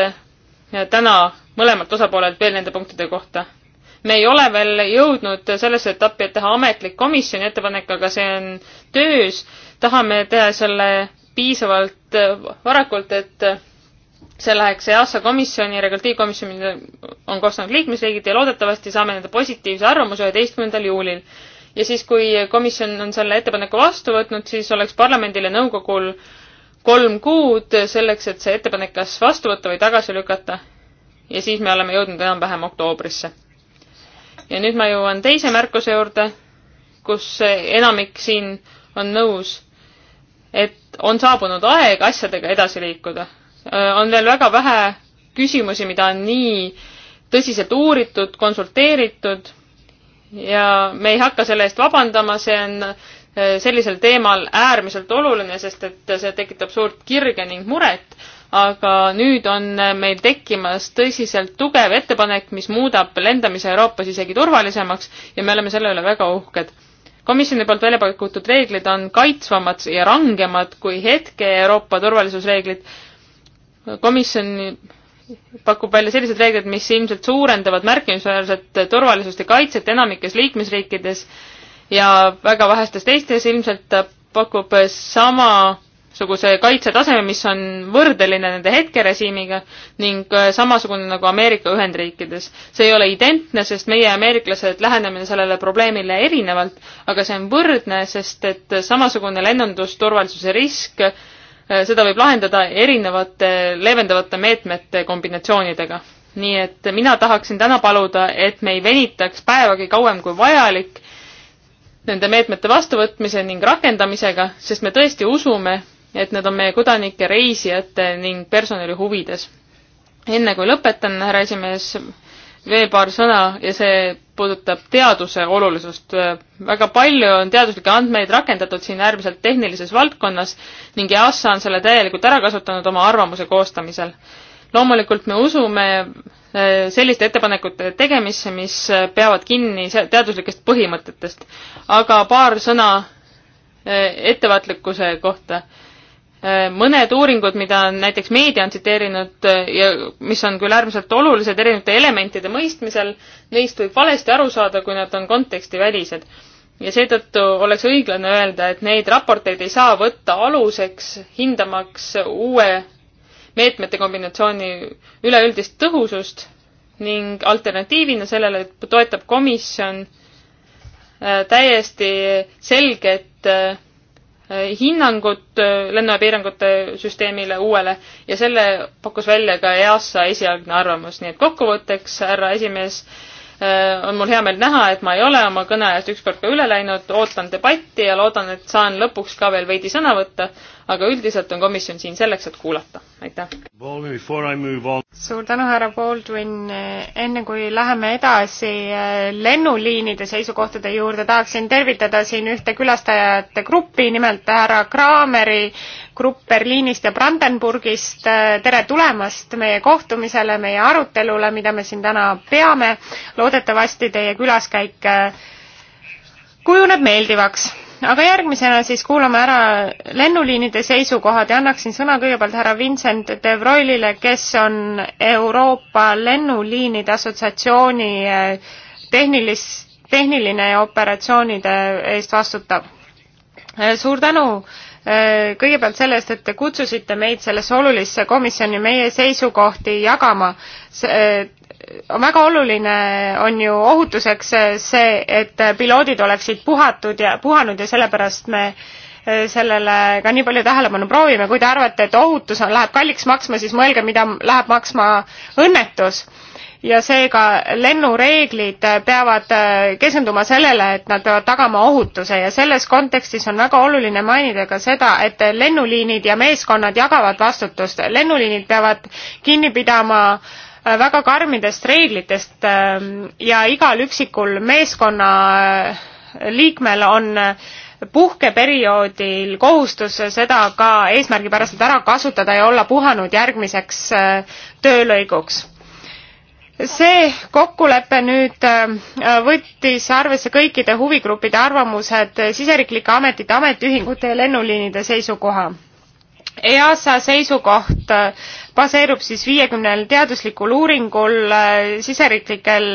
täna mõlemalt osapoolelt veel nende punktide kohta. me ei ole veel jõudnud sellesse etappi, et teha ametlik komisjoni ettepanek, aga see on töös. tahame teha selle piisavalt varakult, et see läheks EASA komisjoni, regulatiivkomisjoni on koostanud liikmesriigid ja loodetavasti saame nende positiivse arvamuse üheteistkümnendal juulil. ja siis, kui komisjon on selle ettepaneku vastu võtnud, siis oleks parlamendil ja nõukogul kolm kuud selleks, et see ettepanek kas vastu võtta või tagasi lükata. ja siis me oleme jõudnud enam-vähem oktoobrisse. ja nüüd ma jõuan teise märkuse juurde, kus enamik siin on nõus, et on saabunud aeg asjadega edasi liikuda Äh, on veel väga vähe küsimusi, mida on nii tõsiselt uuritud, konsulteeritud ja me ei hakka selle eest vabandama, see on äh, sellisel teemal äärmiselt oluline, sest et see tekitab suurt kirge ning muret, aga nüüd on äh, meil tekkimas tõsiselt tugev ettepanek, mis muudab lendamise Euroopas isegi turvalisemaks ja me oleme selle üle väga uhked. komisjoni poolt välja pakutud reeglid on kaitsvamad ja rangemad kui hetke Euroopa turvalisusreeglid komisjon pakub välja sellised reeglid, mis ilmselt suurendavad märkimisväärselt turvalisust ja kaitset enamikes liikmesriikides ja väga vähestes teistes ilmselt pakub samasuguse kaitsetaseme, mis on võrdeline nende hetkerežiimiga ning samasugune nagu Ameerika Ühendriikides. see ei ole identne, sest meie, ameeriklased, läheneme sellele probleemile erinevalt, aga see on võrdne, sest et samasugune lennundusturvalisuse risk Äh, seda võib lahendada erinevate leevendavate meetmete kombinatsioonidega. nii et mina tahaksin täna paluda, et me ei venitaks päevagi kauem kui vajalik nende meetmete vastuvõtmise ning rakendamisega, sest me tõesti usume, et need on meie kodanike, reisijate ning personali huvides. enne kui lõpetan, härra esimees, veel paar sõna ja see puudutab teaduse olulisust. väga palju on teaduslikke andmeid rakendatud siin äärmiselt tehnilises valdkonnas ning EASA on selle täielikult ära kasutanud oma arvamuse koostamisel. loomulikult me usume äh, selliste ettepanekute tegemisse, mis äh, peavad kinni teaduslikest põhimõtetest. aga paar sõna äh, ettevaatlikkuse kohta Äh, mõned uuringud, mida on näiteks meedia on tsiteerinud äh, ja mis on küll äärmiselt olulised erinevate elementide mõistmisel, neist võib valesti aru saada, kui nad on kontekstivälised. ja seetõttu oleks õiglane öelda, et neid raporteid ei saa võtta aluseks hindamaks uue meetmete kombinatsiooni üleüldist tõhusust ning alternatiivina sellele toetab komisjon äh, täiesti selget Eh, hinnangut eh, lennupiirangute süsteemile uuele ja selle pakkus välja ka EASA esialgne arvamus, nii et kokkuvõtteks, härra esimees, eh, on mul hea meel näha, et ma ei ole oma kõneajast ükskord ka üle läinud, ootan debatti ja loodan, et saan lõpuks ka veel veidi sõna võtta, aga üldiselt on komisjon siin selleks, et kuulata. aitäh!
suur
tänu, härra Baldwin, enne kui läheme edasi eh, lennuliinide seisukohtade juurde, tahaksin tervitada siin ühte külastajate gruppi, nimelt härra Kraameri grupp Berliinist ja Brandenburgist. tere tulemast meie kohtumisele, meie arutelule, mida me siin täna peame. loodetavasti teie külaskäik eh, kujuneb meeldivaks aga järgmisena siis kuulame ära lennuliinide seisukohad ja annaksin sõna kõigepealt härra Vincent de Vroilile, kes on Euroopa Lennuliinide Assotsiatsiooni eh, tehnilis-, tehniline ja operatsioonide eest vastutav. Eh, suur tänu eh, kõigepealt selle eest, et te kutsusite meid sellesse olulisse komisjoni meie seisukohti jagama väga oluline on ju ohutuseks see, et piloodid oleksid puhatud ja puhanud ja sellepärast me eh, sellele ka nii palju tähelepanu proovime, kui te arvate, et ohutus on, läheb kalliks maksma, siis mõelge, mida läheb maksma õnnetus. ja seega lennureeglid peavad eh, keskenduma sellele, et nad peavad tagama ohutuse ja selles kontekstis on väga oluline mainida ka seda, et lennuliinid ja meeskonnad jagavad vastutust. lennuliinid peavad kinni pidama äh, Äh, väga karmidest reeglitest ähm, ja igal üksikul meeskonna äh, liikmel on äh, puhkeperioodil kohustus seda ka eesmärgipäraselt ära kasutada ja olla puhanud järgmiseks töölõiguks see kokkulepe nüüd võttis arvesse kõikide huvigruppide arvamused siseriiklike ametite ametiühingute ja lennuliinide seisukoha easa seisukoht baseerub siis viiekümnel teaduslikul uuringul, äh, siseriiklikel,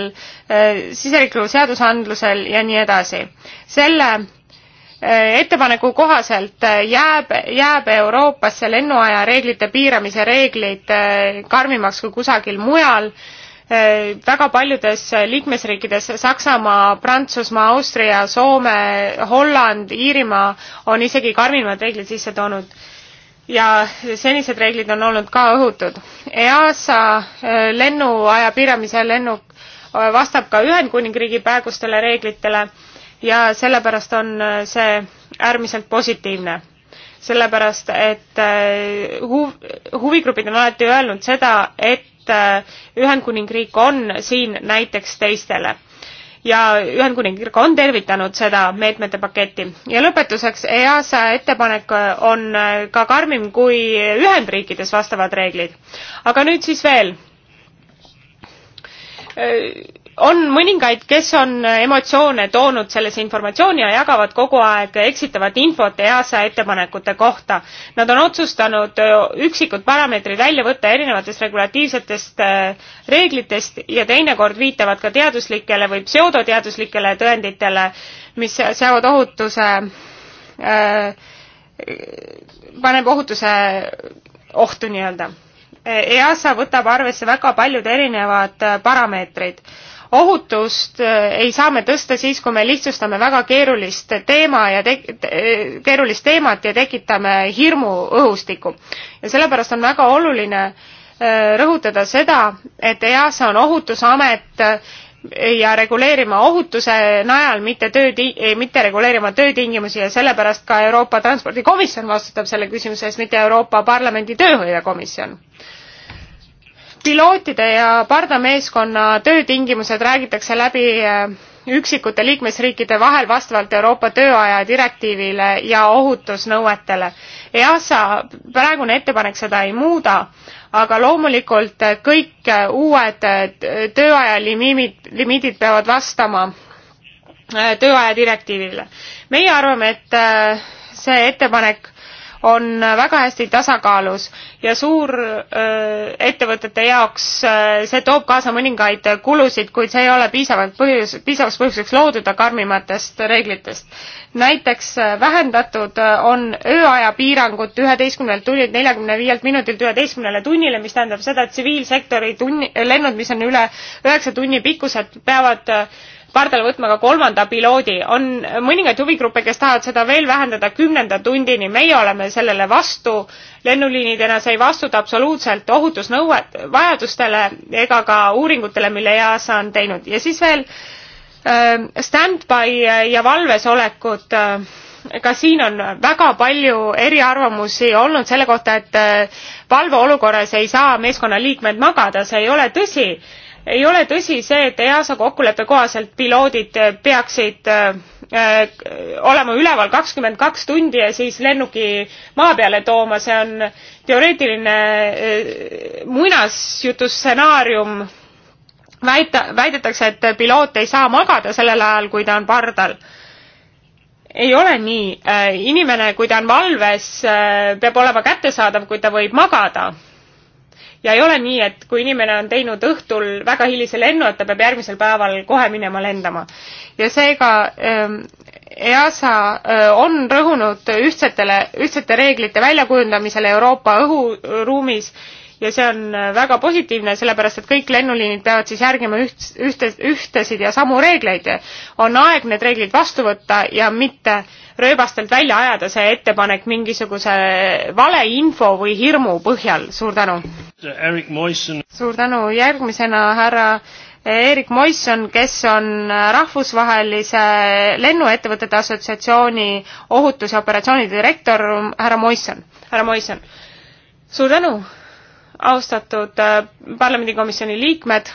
äh, siseriiklikul seadusandlusel ja nii edasi. selle äh, ettepaneku kohaselt jääb, jääb Euroopasse lennuaja reeglite piiramise reeglid karmimaks kui kusagil mujal väga paljudes liikmesriikides Saksamaa, Prantsusmaa, Austria, Soome, Holland, Iirimaa on isegi karmimad reeglid sisse toonud ja senised reeglid on olnud ka õhutud. EASA äh, lennuaja piiramise lennu äh, vastab ka Ühendkuningriigi praegustele reeglitele ja sellepärast on äh, see äärmiselt positiivne. sellepärast, et huv-, huvigrupid on alati öelnud seda, et Ühendkuningriik on siin näiteks teistele ja Ühendkuningriik on tervitanud seda meetmete paketti. ja lõpetuseks, EASA ettepanek on ka karmim kui Ühendriikides vastavad reeglid. aga nüüd siis veel on mõningaid, kes on emotsioone toonud sellesse informatsiooni ja jagavad kogu aeg eksitavat infot EASA ettepanekute kohta. Nad on otsustanud üksikud parameetrid välja võtta erinevatest regulatiivsetest reeglitest ja teinekord viitavad ka teaduslikele või pseudoteaduslikele tõenditele, mis seavad ohutuse paneb ohutuse ohtu nii-öelda e-, EASA võtab arvesse väga paljud erinevad parameetrid ohutust eh, ei saa me tõsta siis, kui me lihtsustame väga keerulist teema ja te-, te, keerulist teemat ja tekitame hirmu õhustiku. ja sellepärast on väga oluline eh, rõhutada seda, et EASA on ohutusamet eh, ja reguleerima ohutuse najal, mitte töö, mitte reguleerima töötingimusi ja sellepärast ka Euroopa Transpordikomisjon vastutab selle küsimuse eest, mitte Euroopa Parlamendi tööhõivekomisjon pilootide ja pardameeskonna töötingimused räägitakse läbi äh, üksikute liikmesriikide vahel vastavalt Euroopa tööaja direktiivile ja ohutusnõuetele. EASA praegune ettepanek seda ei muuda, aga loomulikult kõik äh, uued äh, tööaja limiimid, limiidid peavad vastama tööaja direktiivile. meie arvame, et see ettepanek on väga hästi tasakaalus ja suurettevõtete jaoks see toob kaasa mõningaid kulusid, kuid see ei ole piisavalt põhjus, piisavaks põhjuseks looduda karmimatest reeglitest. näiteks vähendatud on ööaja piirangut üheteistkümnelt tunnilt neljakümne viielt minutilt üheteistkümnele tunnile, mis tähendab seda, et tsiviilsektori tunni, lennud, mis on üle üheksa tunni pikkused, peavad pardale võtma ka kolmanda piloodi. on mõningaid huvigruppe, kes tahavad seda veel vähendada kümnenda tundini, meie oleme sellele vastu. lennuliinidena see ei vastuta absoluutselt ohutusnõuet, vajadustele ega ka uuringutele, mille EASA on teinud ja siis veel ähm, stand-by ja valves olekud, äh, ka siin on väga palju eriarvamusi olnud selle kohta, et äh, valveolukorras ei saa meeskonnaliikmed magada, see ei ole tõsi ei ole tõsi see, et EASA kokkuleppe kohaselt piloodid peaksid äh, olema üleval kakskümmend kaks tundi ja siis lennuki maa peale tooma, see on teoreetiline äh, muinasjutustsenaarium. väita, väidetakse, et piloot ei saa magada sellel ajal, kui ta on pardal ei ole nii. Äh, inimene, kui ta on valves, peab olema kättesaadav, kui ta võib magada ja ei ole nii, et kui inimene on teinud õhtul väga hilise lennu, et ta peab järgmisel päeval kohe minema lendama. ja seega ähm, EASA äh, on rõhunud ühtsetele, ühtsete reeglite väljakujundamisele Euroopa õhuruumis ja see on äh, väga positiivne, sellepärast et kõik lennuliinid peavad siis järgima üht, ühte, ühtesid ja samu reegleid. on aeg need reeglid vastu võtta ja mitte äh, rööbastelt välja ajada see ettepanek mingisuguse valeinfo või hirmu põhjal. suur tänu. suur tänu, järgmisena härra Erik Moisson, kes on rahvusvahelise lennuettevõtete assotsiatsiooni ohutus- ja operatsioonide direktor, härra Moisson, härra Moisson. suur tänu, austatud äh, parlamendikomisjoni liikmed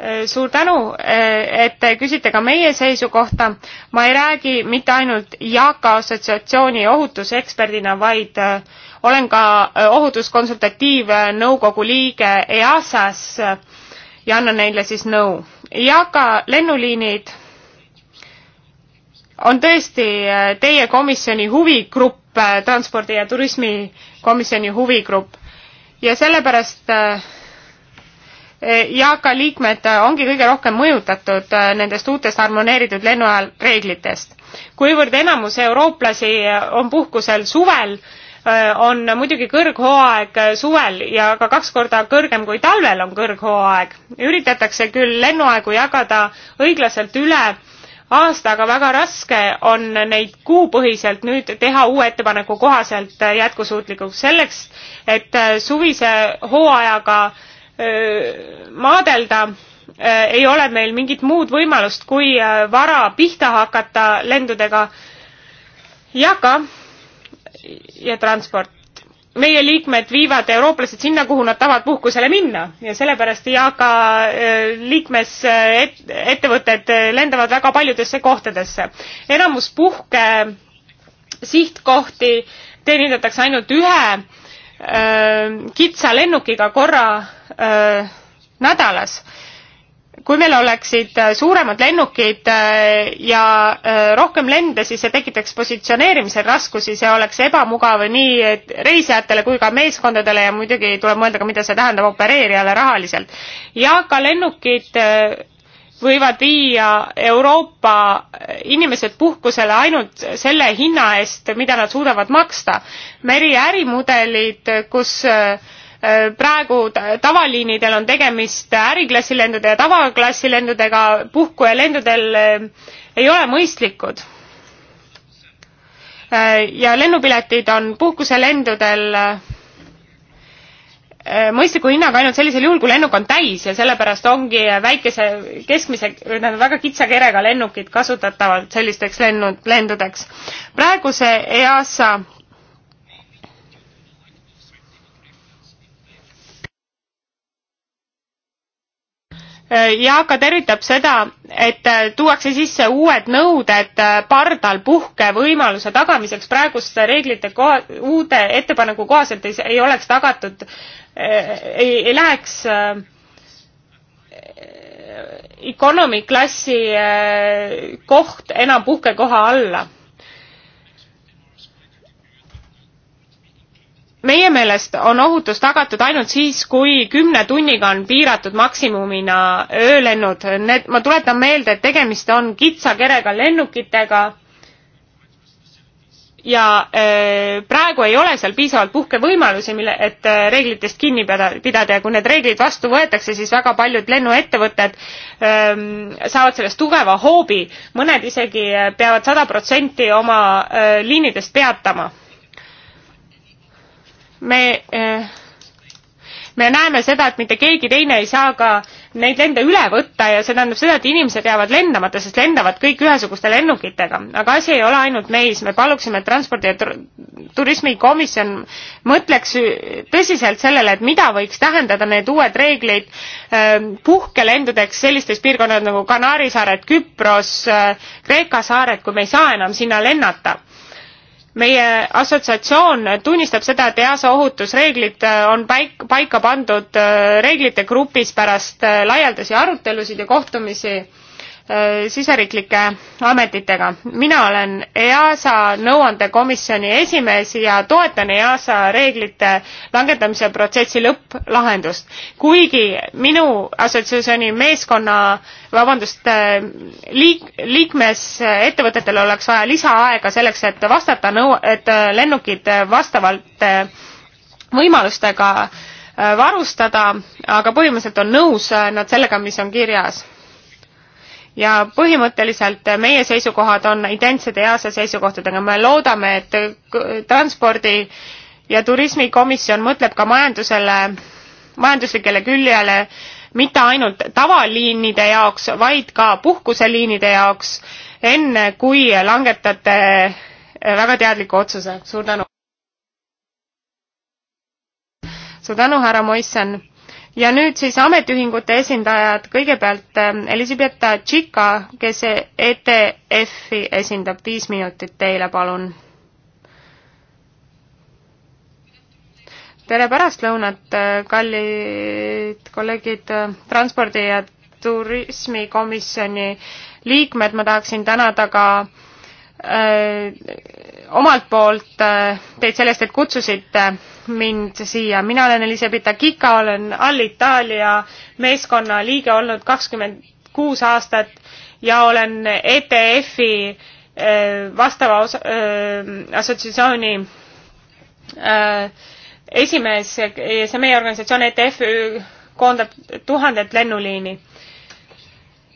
Eh, suur tänu, eh, et te küsite ka meie seisukohta. ma ei räägi mitte ainult Jaaka assotsiatsiooni ohutuseksperdina, vaid eh, olen ka ohutuskonsultatiivnõukogu liige EASAS ja annan neile siis nõu. Jaaka lennuliinid on tõesti teie komisjoni huvigrupp, transpordi ja turismikomisjoni huvigrupp ja sellepärast äh, JAKA liikmed ongi kõige rohkem mõjutatud äh, nendest uutest harmoneeritud lennuajal reeglitest. kuivõrd enamus eurooplasi äh, on puhkusel suvel, äh, on muidugi kõrghooaeg suvel ja ka kaks korda kõrgem kui talvel on kõrghooaeg. üritatakse küll lennuaegu jagada õiglaselt üle aasta, aga väga raske on neid kuupõhiselt nüüd teha uue ettepaneku kohaselt jätkusuutlikuks. selleks, et suvise hooajaga äh, maadelda, ei ole meil mingit muud võimalust, kui vara pihta hakata lendudega. jaga ja transport. meie liikmed viivad eurooplased sinna, kuhu nad tahavad puhkusele minna ja sellepärast IAKA liikmes et, ettevõtted lendavad väga paljudesse kohtadesse. enamus puhke sihtkohti teenindatakse ainult ühe öö, kitsa lennukiga korra äh, nädalas. kui meil oleksid äh, suuremad lennukid äh, ja äh, rohkem lende, siis see tekitaks positsioneerimisel raskusi, see oleks ebamugav nii reisijatele kui ka meeskondadele ja muidugi tuleb mõelda ka, mida see tähendab opereerijale rahaliselt. ja ka lennukid äh, võivad viia Euroopa äh, inimesed puhkusele ainult selle hinna eest, mida nad suudavad maksta. meriärimudelid, kus äh, Äh, praegu tavaliinidel on tegemist äriklassilendude ja tavaklassilendudega, puhkujalendudel äh, ei ole mõistlikud. Äh, ja lennupiletid on puhkuselendudel mõistliku hinnaga ainult sellisel juhul, kui lennuk on täis ja sellepärast ongi väikese, keskmise, tähendab väga kitsa kerega lennukid kasutatavad sellisteks lennud, lendudeks. praeguse EASA Jaaka tervitab seda, et äh, tuuakse sisse uued nõuded äh, pardal puhkevõimaluse tagamiseks. praeguste reeglite koha, uude ettepaneku kohaselt ei, ei oleks tagatud, äh, ei, ei läheks economy klassi koht enam puhkekoha alla meie meelest on ohutus tagatud ainult siis, kui kümne tunniga on piiratud maksimumina öölennud. Need, ma tuletan meelde, et tegemist on kitsa kerega lennukitega ja öö, äh, praegu ei ole seal piisavalt puhkevõimalusi, mille, et äh, reeglitest kinni pidada ja kui need reeglid vastu võetakse, siis väga paljud lennuettevõtted öö, ähm, saavad sellest tugeva hoobi. mõned isegi äh, peavad sada protsenti oma öö, liinidest peatama me eh, me näeme seda, et mitte keegi teine ei saa ka neid lende üle võtta ja see tähendab seda, et inimesed jäävad lendamata, sest lendavad kõik ühesuguste lennukitega. aga asi ei ole ainult meis, me paluksime, et transpordi ja turismikomisjon mõtleks tõsiselt sellele, et mida võiks tähendada need uued reeglid eh, puhkelendudeks sellistes piirkonnad nagu Kanaari saared, Küpros, eh, Kreeka saared, kui me ei saa enam sinna lennata meie assotsiatsioon tunnistab seda, et EASA ohutusreeglid äh, on paik-, paika pandud äh, reeglite grupis pärast äh, laialdasi arutelusid ja kohtumisi Äh, siseriiklike ametitega. mina olen EASA nõuandekomisjoni esimees ja toetan EASA reeglite langetamise protsessi lõpplahendust. kuigi minu assotsiatsiooni meeskonna, vabandust, äh, liik-, liikmesettevõtetel oleks vaja lisaaega selleks, et vastata nõu-, et äh, lennukid vastavalt võimalustega varustada, aga põhimõtteliselt on nõus nad sellega, mis on kirjas ja põhimõtteliselt äh, meie seisukohad on identsed EASA seisukohtadega, me loodame, et äh, transpordi ja turismikomisjon mõtleb ka majandusele, majanduslikele küljele, mitte ainult tavaliinide jaoks, vaid ka puhkuseliinide jaoks, enne kui langetate äh, väga teadliku otsuse. suur tänu! suur tänu, härra Moissan! ja nüüd siis ametiühingute esindajad, kõigepealt äh, Elizabeth Tšika, kes ETF-i esindab, viis minutit teile, palun. tere pärastlõunat, äh, kallid kolleegid, äh, transpordi ja turismikomisjoni liikmed, ma tahaksin tänada ka äh, omalt poolt äh, teid sellest, et kutsusite mind siia. mina olen Elisabetta Kika, olen All-Itaalia meeskonna liige olnud kakskümmend kuus aastat ja olen ETF-i äh, vastava osa, äh, assotsiatsiooni esimees ja see meie organisatsioon ETF koondab tuhandet lennuliini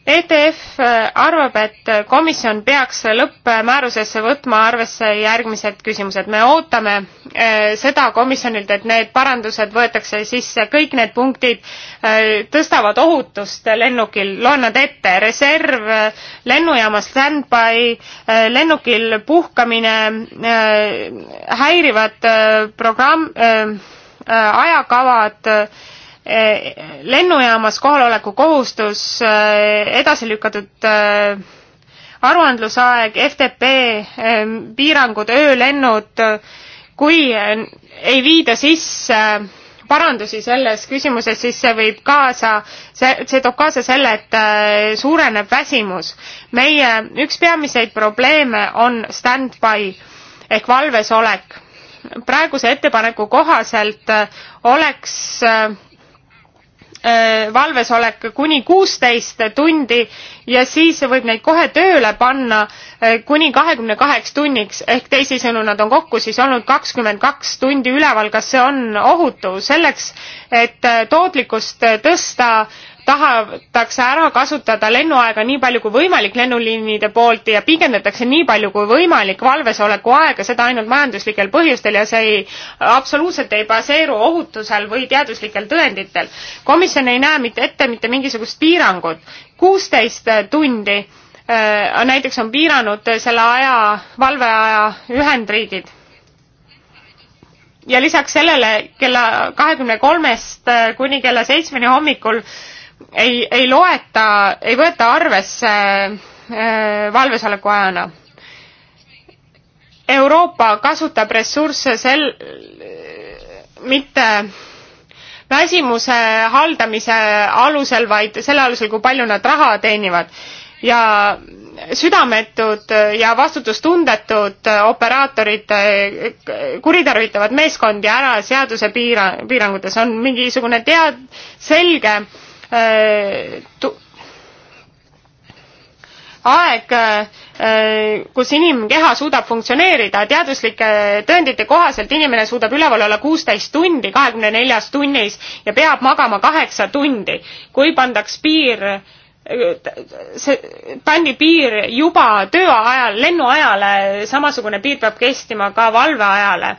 ETF äh, arvab, et komisjon peaks lõppmäärusesse võtma arvesse järgmised küsimused. me ootame äh, seda komisjonilt, et need parandused võetakse sisse, kõik need punktid äh, tõstavad ohutust lennukil, loen nad ette, reserv, lennujaama stand-by, lennukil puhkamine, häirivad programm, ajakavad, Eh, lennujaamas kohaloleku kohustus, eh, edasi lükatud eh, aruandlusaeg, FTP piirangud, öölennud, kui ei viida sisse parandusi selles küsimuses, siis see võib kaasa, see, see toob kaasa selle, et suureneb väsimus. meie üks peamiseid probleeme on stand-by ehk valves olek. praeguse ettepaneku kohaselt oleks äh, Äh, valvesolek kuni kuusteist tundi ja siis võib neid kohe tööle panna äh, kuni kahekümne kaheks tunniks ehk teisisõnu nad on kokku siis olnud kakskümmend kaks tundi üleval kas see on ohutu selleks et äh, tootlikkust tõsta tahetakse ära kasutada lennuaega nii palju kui võimalik lennuliinide poolt ja pikendatakse nii palju kui võimalik valvesoleku aega, seda ainult majanduslikel põhjustel ja see ei, absoluutselt ei baseeru ohutusel või teaduslikel tõenditel. komisjon ei näe mitte ette mitte mingisugust piirangut. kuusteist tundi äh, näiteks on piiranud selle aja, valveaja Ühendriigid ja lisaks sellele kella kahekümne kolmest äh, kuni kella seitsmeni hommikul äh, ei, ei loeta, ei võeta arvesse äh, valvesoleku ajana. Euroopa kasutab ressursse sel, mitte väsimuse haldamise alusel, vaid selle alusel, kui palju nad raha teenivad. ja südametud ja vastutustundetud operaatorid äh, kuritarvitavad meeskondi ära seaduse piira, piirangutes, on mingisugune tead-, selge äh, Äh, aeg, äh, kus inimkeha suudab funktsioneerida, teaduslike tõendite kohaselt inimene suudab üleval olla kuusteist tundi kahekümne neljas tunnis ja peab magama kaheksa tundi. kui pandaks piir, see, pandi piir juba tööajal, lennuajale, samasugune piir peab kestima ka valveajale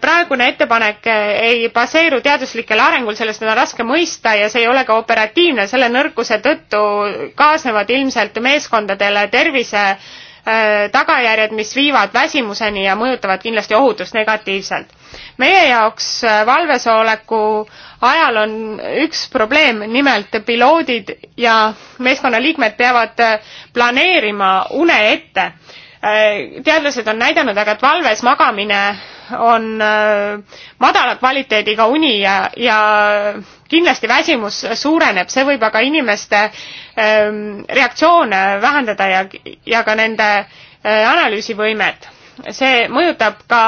praegune ettepanek ei baseeru teaduslikel arengul, sellest on raske mõista ja see ei ole ka operatiivne, selle nõrkuse tõttu kaasnevad ilmselt meeskondadele tervise äh, tagajärjed, mis viivad väsimuseni ja mõjutavad kindlasti ohutust negatiivselt. meie jaoks äh, valvesoleku ajal on üks probleem, nimelt piloodid ja meeskonnaliikmed peavad äh, planeerima une ette Äh, teadlased on näidanud aga, et valves magamine on äh, madala kvaliteediga uni ja, ja kindlasti väsimus suureneb, see võib aga inimeste ähm, reaktsioone vähendada ja, ja ka nende äh, analüüsivõimet. see mõjutab ka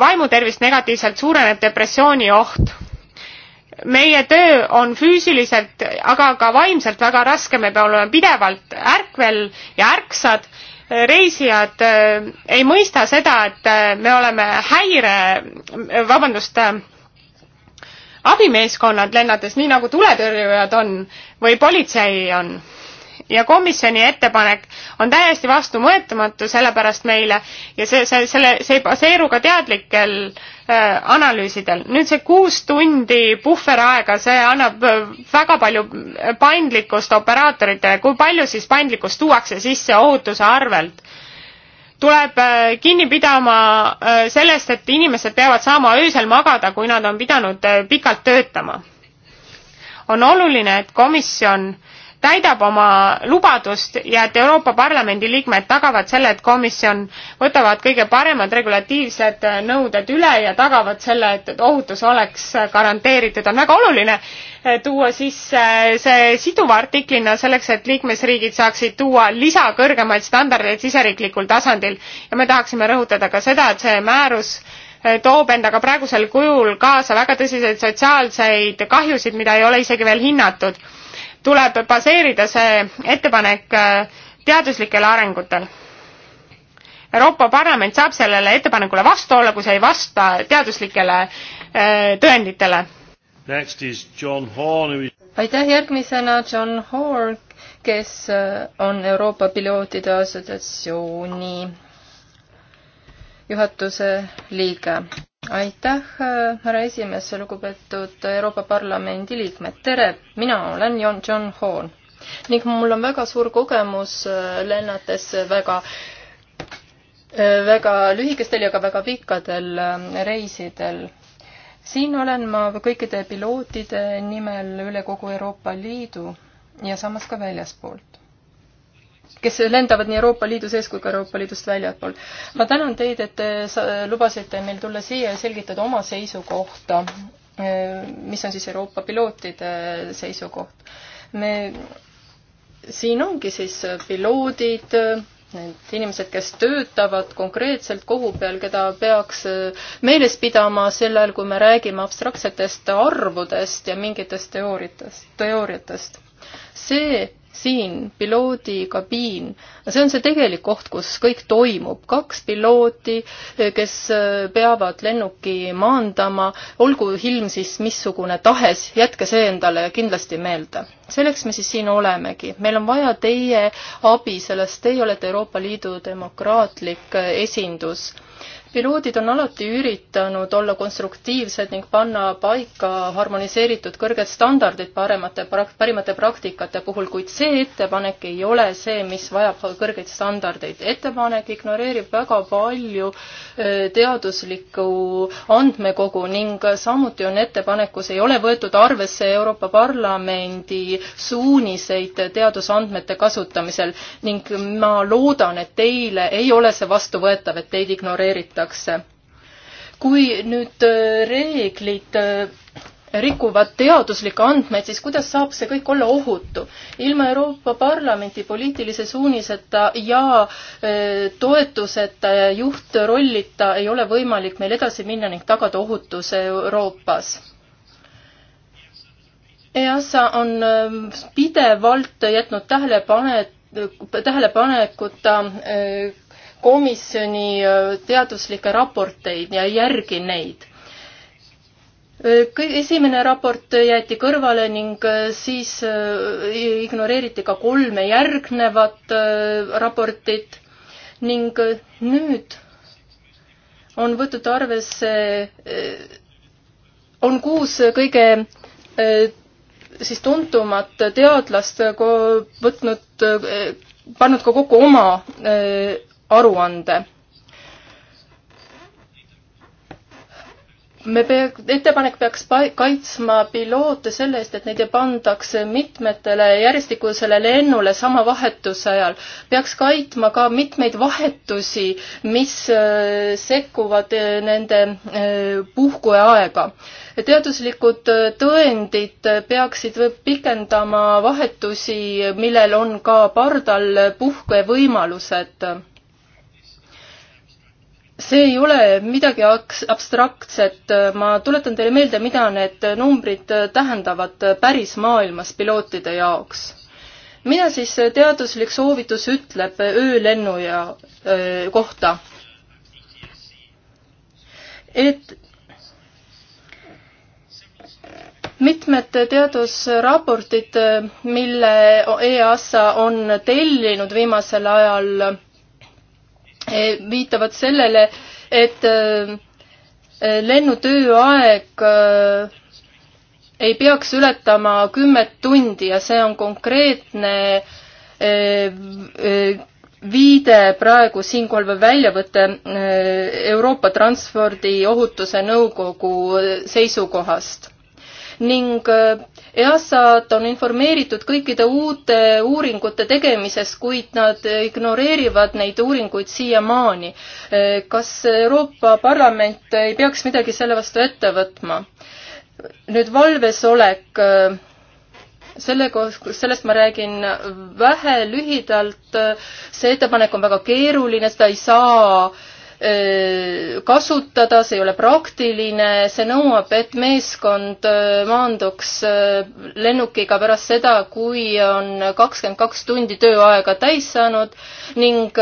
vaimu tervist negatiivselt, suureneb depressiooni oht meie töö on füüsiliselt, aga ka vaimselt väga raske, me peame olema pidevalt ärkvel ja ärksad reisijad eh, ei mõista seda, et eh, me oleme häire, vabandust, eh, abimeeskonnad lennates, nii nagu tuletõrjujad on või politsei on ja komisjoni ettepanek on täiesti vastuvõetamatu sellepärast meile ja see, see, selle, see ei baseeru ka teadlikel äh, analüüsidel. nüüd see kuus tundi puhveraega, see annab äh, väga palju äh, paindlikkust operaatoritele, kui palju siis paindlikkust tuuakse sisse ohutuse arvelt? tuleb äh, kinni pidama sellest, et inimesed peavad saama öösel magada, kui nad on pidanud pikalt töötama. on oluline, et komisjon äh, täidab oma lubadust ja et Euroopa Parlamendi liikmed tagavad selle, et komisjon võtavad kõige paremad regulatiivsed nõuded üle ja tagavad selle, et ohutus oleks garanteeritud. on väga oluline eh, tuua sisse eh, see siduva artiklina selleks, et liikmesriigid saaksid tuua lisa kõrgemaid standardeid siseriiklikul tasandil ja me tahaksime rõhutada ka seda, et see määrus eh, toob endaga praegusel kujul kaasa väga tõsiseid sotsiaalseid kahjusid, mida ei ole isegi veel hinnatud tuleb baseerida see ettepanek äh, teaduslikel arengutel. Euroopa Parlament saab sellele ettepanekule vastu olla, kui see ei
vasta teaduslikele äh, tõenditele. aitäh, järgmisena John Horn, kes äh, on Euroopa Pilootide Assotsiatsiooni juhatuse liige aitäh, äh, härra esimees, lugupeetud Euroopa Parlamendi liikmed, tere, mina olen John, John Hoon ning mul on väga suur kogemus äh, lennates väga äh, väga lühikestel ja ka väga pikkadel reisidel. siin olen ma kõikide pilootide nimel üle kogu Euroopa Liidu ja samas ka väljaspoolt kes lendavad nii Euroopa Liidu sees kui ka Euroopa Liidust väljapool. ma tänan teid, et te lubasite meil tulla siia ja selgitada oma seisukohta, eh, mis on siis Euroopa pilootide seisukoht. me, siin ongi siis piloodid, need inimesed, kes töötavad konkreetselt kohu peal, keda peaks eh, meeles pidama sel ajal, kui me räägime abstraktsetest arvudest ja mingitest teooriatest, teooriatest. see siin piloodikabiin, see on see tegelik koht, kus kõik toimub, kaks pilooti, kes äh, peavad lennuki maandama, olgu ilm siis missugune tahes, jätke see endale kindlasti meelde. selleks me siis siin olemegi, meil on vaja teie abi, sellest teie olete Euroopa Liidu demokraatlik äh, esindus piloodid on alati üritanud olla konstruktiivsed ning panna paika harmoniseeritud kõrged standardid paremate, parimate praktikate puhul, kuid see ettepanek ei ole see, mis vajab kõrgeid standardeid. ettepanek ignoreerib väga palju teaduslikku andmekogu ning samuti on ettepanekus, ei ole võetud arvesse Euroopa Parlamendi suuniseid teadusandmete kasutamisel ning ma loodan, et teile ei ole see vastuvõetav, et teid ignoreeritakse rikutakse. kui nüüd äh, reeglid äh, rikuvad teaduslikke andmeid, siis kuidas saab see kõik olla ohutu? ilma Euroopa Parlamendi poliitilise suuniseta ja äh, toetuseta ja juhtrollita ei ole võimalik meil edasi minna ning tagada ohutus Euroopas. EASA on ähm, pidevalt jätnud tähelepane, tähelepanekuta komisjoni teaduslikke raporteid ja järgin neid. esimene raport jäeti kõrvale ning siis ignoreeriti ka kolme järgnevat raportit ning nüüd on võetud arvesse, on kuus kõige siis tuntumat teadlast võtnud, pannud ka kokku oma aruande. me pea-, ettepanek peaks pa-, kaitsma piloote selle eest, et neid ei pandaks mitmetele järjestikusele lennule sama vahetuse ajal. peaks kaitma ka mitmeid vahetusi, mis äh, sekkuvad äh, nende äh, puhkueaega. teaduslikud tõendid peaksid pikendama vahetusi, millel on ka pardal puhkevõimalused see ei ole midagi abstraktset, ma tuletan teile meelde, mida need numbrid tähendavad päris maailmas pilootide jaoks. mida siis teaduslik soovitus ütleb öölennu ja öö, kohta? et mitmed teadusraportid, mille EASA on tellinud viimasel ajal Eh, viitavad sellele, et eh, lennutööaeg eh, ei peaks ületama kümmet tundi ja see on konkreetne viide praegu siinkohal veel väljavõte Euroopa Transpordiohutuse Nõukogu seisukohast ning EASA-d on informeeritud kõikide uute uuringute tegemisest, kuid nad ignoreerivad neid uuringuid siiamaani. kas Euroopa Parlament ei peaks midagi selle vastu ette võtma? nüüd valves olek, selle koos, sellest ma räägin vähe lühidalt, see ettepanek on väga keeruline, seda ei saa äh, kasutada, see ei ole praktiline, see nõuab, et meeskond maanduks lennukiga pärast seda, kui on kakskümmend kaks tundi tööaega täis saanud ning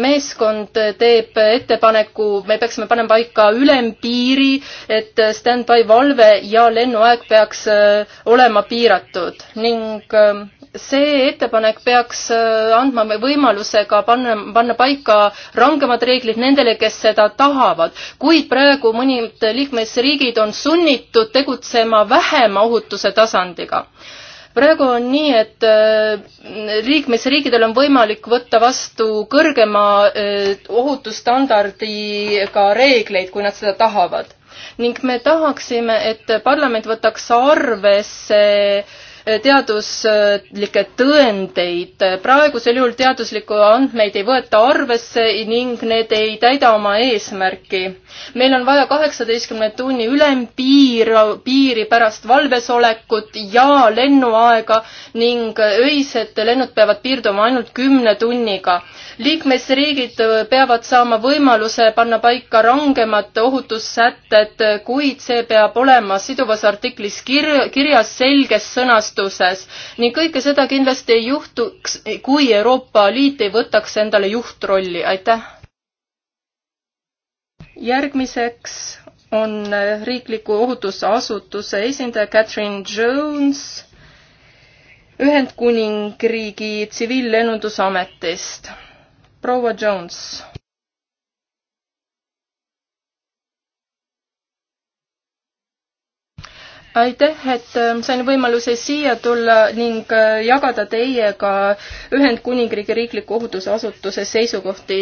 meeskond teeb ettepaneku, me peaksime panema paika ülempiiri, et stand-by valve ja lennuaeg peaks olema piiratud ning see ettepanek peaks andma võimaluse ka panna, panna paika rangemad reeglid nendele, nendele, kes seda tahavad. kuid praegu mõned liikmesriigid on sunnitud tegutsema vähema ohutuse tasandiga praegu on nii, et äh, liikmesriikidel on võimalik võtta vastu kõrgema äh, ohutusstandardiga reegleid, kui nad seda tahavad. ning me tahaksime, et parlament võtaks arvesse teaduslikke tõendeid. praegusel juhul teaduslikku andmeid ei võeta arvesse ning need ei täida oma eesmärki. meil on vaja kaheksateistkümne tunni ülempiir, piiri pärast valves olekut ja lennuaega ning öised lennud peavad piirduma ainult kümne tunniga. liikmesriigid peavad saama võimaluse panna paika rangemad ohutussätted, kuid see peab olema siduvas artiklis kir-, kirjas selges sõnas varustuses ning kõike seda kindlasti ei juhtuks, kui Euroopa Liit ei võtaks endale juhtrolli, aitäh. järgmiseks on riikliku ohutusasutuse esindaja Catherine Jones Ühendkuningriigi tsiviillennundusametist. proua Jones aitäh, et ähm, sain võimaluse siia tulla ning äh, jagada teiega Ühendkuningriigi riikliku ohutusasutuse seisukohti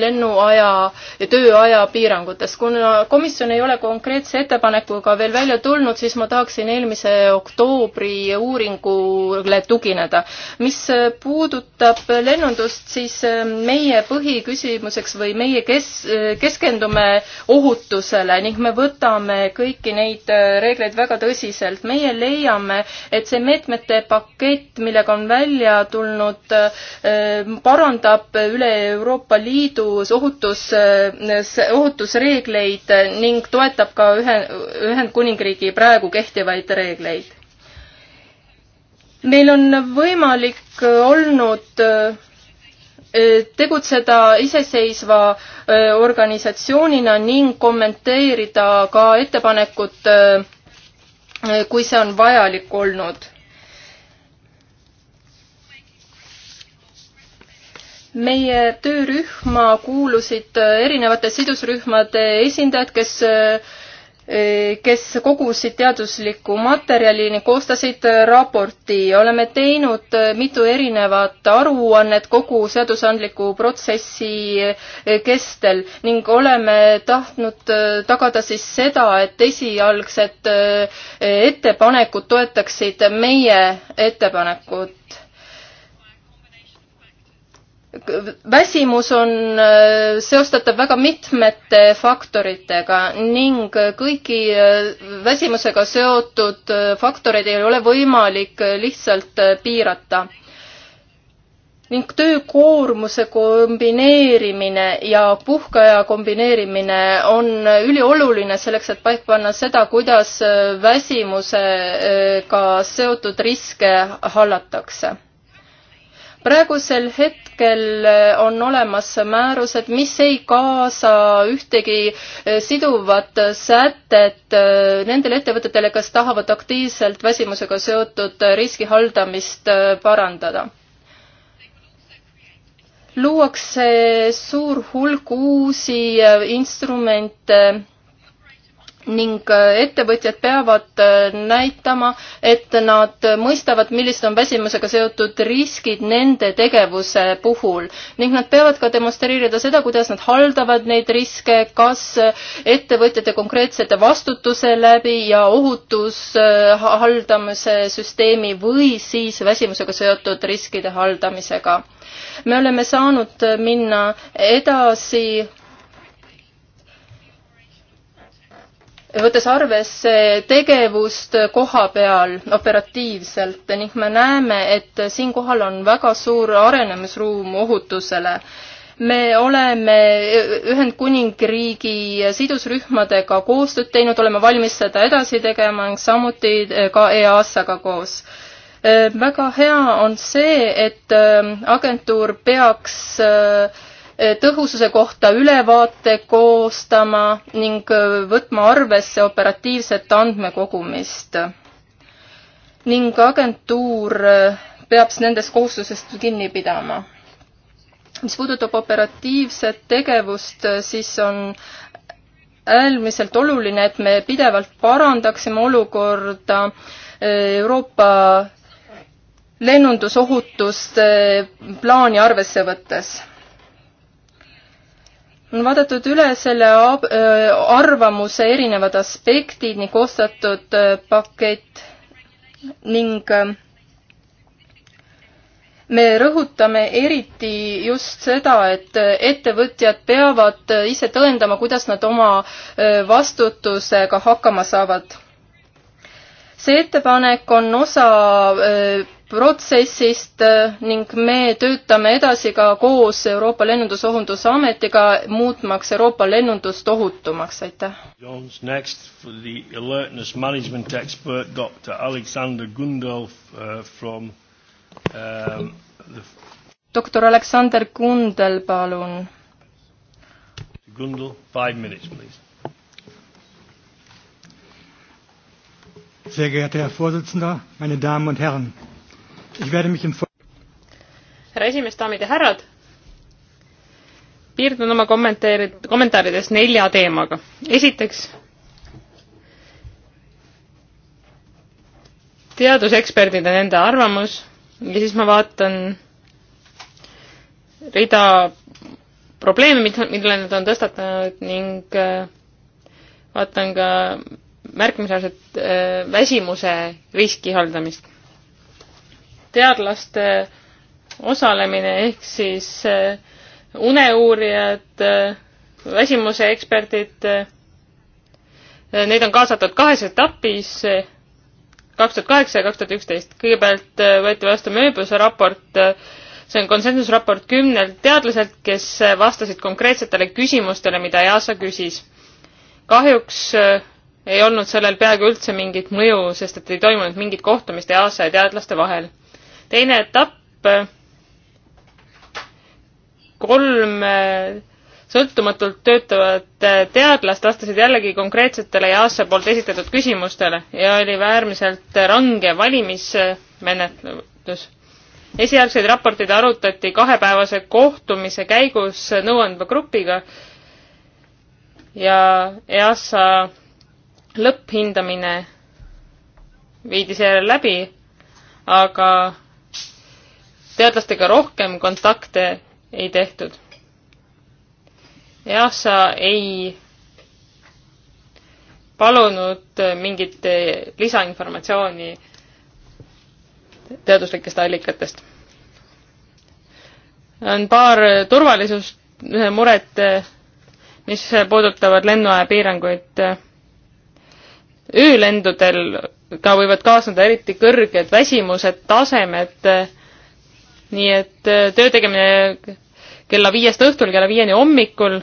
lennuaja ja tööaja piirangutest. kuna komisjon ei ole konkreetse ettepanekuga veel välja tulnud, siis ma tahaksin eelmise oktoobri uuringule tugineda. mis äh, puudutab lennundust, siis äh, meie põhiküsimuseks või meie kes-, keskendume ohutusele ning me võtame kõiki neid reegleid väga tõsiselt tõsiselt. meie leiame, et see meetmete pakett, millega on välja tulnud, äh, parandab üle Euroopa Liidu ohutus, äh, ohutusreegleid ning toetab ka ühe, Ühendkuningriigi praegu kehtivaid reegleid. meil on võimalik olnud äh, tegutseda iseseisva organisatsioonina ning kommenteerida ka ettepanekut Äh, kui see on vajalik olnud. meie töörühma kuulusid äh, erinevate sidusrühmade esindajad, kes äh, Eh, kes kogusid teaduslikku materjali ning koostasid eh, raporti. oleme teinud eh, mitu erinevat aruannet kogu seadusandliku protsessi kestel ning oleme tahtnud tagada siis seda, et esialgsed ettepanekud toetaksid meie ettepanekut väsimus on äh, seostatav väga mitmete faktoritega ning kõiki äh, väsimusega seotud äh, faktoreid ei ole võimalik lihtsalt piirata. ning töökoormuse kombineerimine ja puhkeaja kombineerimine on ülioluline selleks, et paika panna seda, kuidas väsimusega seotud riske hallatakse praegusel hetkel eh, on olemas määrused, mis ei kaasa ühtegi eh, siduvat sätet eh, nendele ettevõtetele, kes tahavad aktiivselt väsimusega seotud riski haldamist parandada. luuakse suur hulk uusi instrumente ning äh, ettevõtjad peavad äh, näitama, et nad mõistavad, millised on väsimusega seotud riskid nende tegevuse puhul ning nad peavad ka demonstreerida seda, kuidas nad haldavad neid riske, kas ettevõtjate konkreetsete vastutuse läbi ja ohutushaldamise äh, süsteemi või siis väsimusega seotud riskide haldamisega. me oleme saanud minna edasi võttes arvesse tegevust koha peal operatiivselt ning me näeme, et siinkohal on väga suur arenemisruum ohutusele. me oleme Ühendkuningriigi sidusrühmadega koostööd teinud, oleme valmis seda edasi tegema ning samuti e, ka EASA-ga koos e, väga hea on see, et e, agentuur peaks äh, Äh, tõhususe kohta ülevaate koostama ning äh, võtma arvesse operatiivset andmekogumist. ning agentuur äh, peab nendest kohustusest kinni pidama. mis puudutab operatiivset tegevust, siis on äärmiselt oluline, et me pidevalt parandaksime olukorda Euroopa lennundusohutust plaani arvesse võttes on vaadatud üle selle äh, arvamuse erinevad aspektid ning koostatud äh, pakett ning äh, me rõhutame eriti just seda, et ettevõtjad peavad ise tõendama, kuidas nad oma vastutusega hakkama saavad. see ettepanek on osa protsessist äh, ning me töötame edasi ka koos Euroopa Lennundusohunduse Ametiga, muutmaks Euroopa lennundust ohutumaks, aitäh.
Jones next for the alertness management expert Dr Alexander Gundolf uh, from um, the...
doktor Aleksander Kundel, palun.
Gundel, five minutes please.
Sehr geehrter Herr Vorsitzender, meine Damen und
Herren!
härra esimees, daamid ja härrad, piirdun oma kommenteerid, kommentaarides nelja teemaga. esiteks, teaduseksperdid ja nende arvamus ja siis ma vaatan rida probleeme, millele nad on tõstatanud ning äh, vaatan ka märkimisväärset äh, väsimuse riski haldamist teadlaste osalemine ehk siis eh, uneuurijad, eh, väsimuse eksperdid, eh, neid on kaasatud kahes etapis, kaks tuhat kaheksa ja kaks tuhat üksteist. kõigepealt võeti vastu Mööbluse raport, see on konsensusraport kümnelt teadlaselt, kes vastasid konkreetsetele küsimustele, mida EASA küsis. kahjuks ei olnud sellel peaaegu üldse mingit mõju, sest et ei toimunud mingit kohtumist EASA ja teadlaste vahel teine etapp, kolm eh, sõltumatult töötavat eh, teadlast vastasid jällegi konkreetsetele ja ASA poolt esitatud küsimustele ja oli äärmiselt range valimismenetlus. esialgseid raporteid arutati kahepäevase kohtumise käigus nõuandva grupiga ja EASA lõpphindamine viidi seejärel läbi, aga teadlastega rohkem kontakte ei tehtud. EASA ei palunud mingit lisainformatsiooni teaduslikest allikatest. on paar turvalisust, muret, mis puudutavad lennuaja piiranguid. öölendudel ka võivad kaasneda eriti kõrged väsimused, tasemed nii et äh, töö tegemine kella viiest õhtul kella viieni hommikul.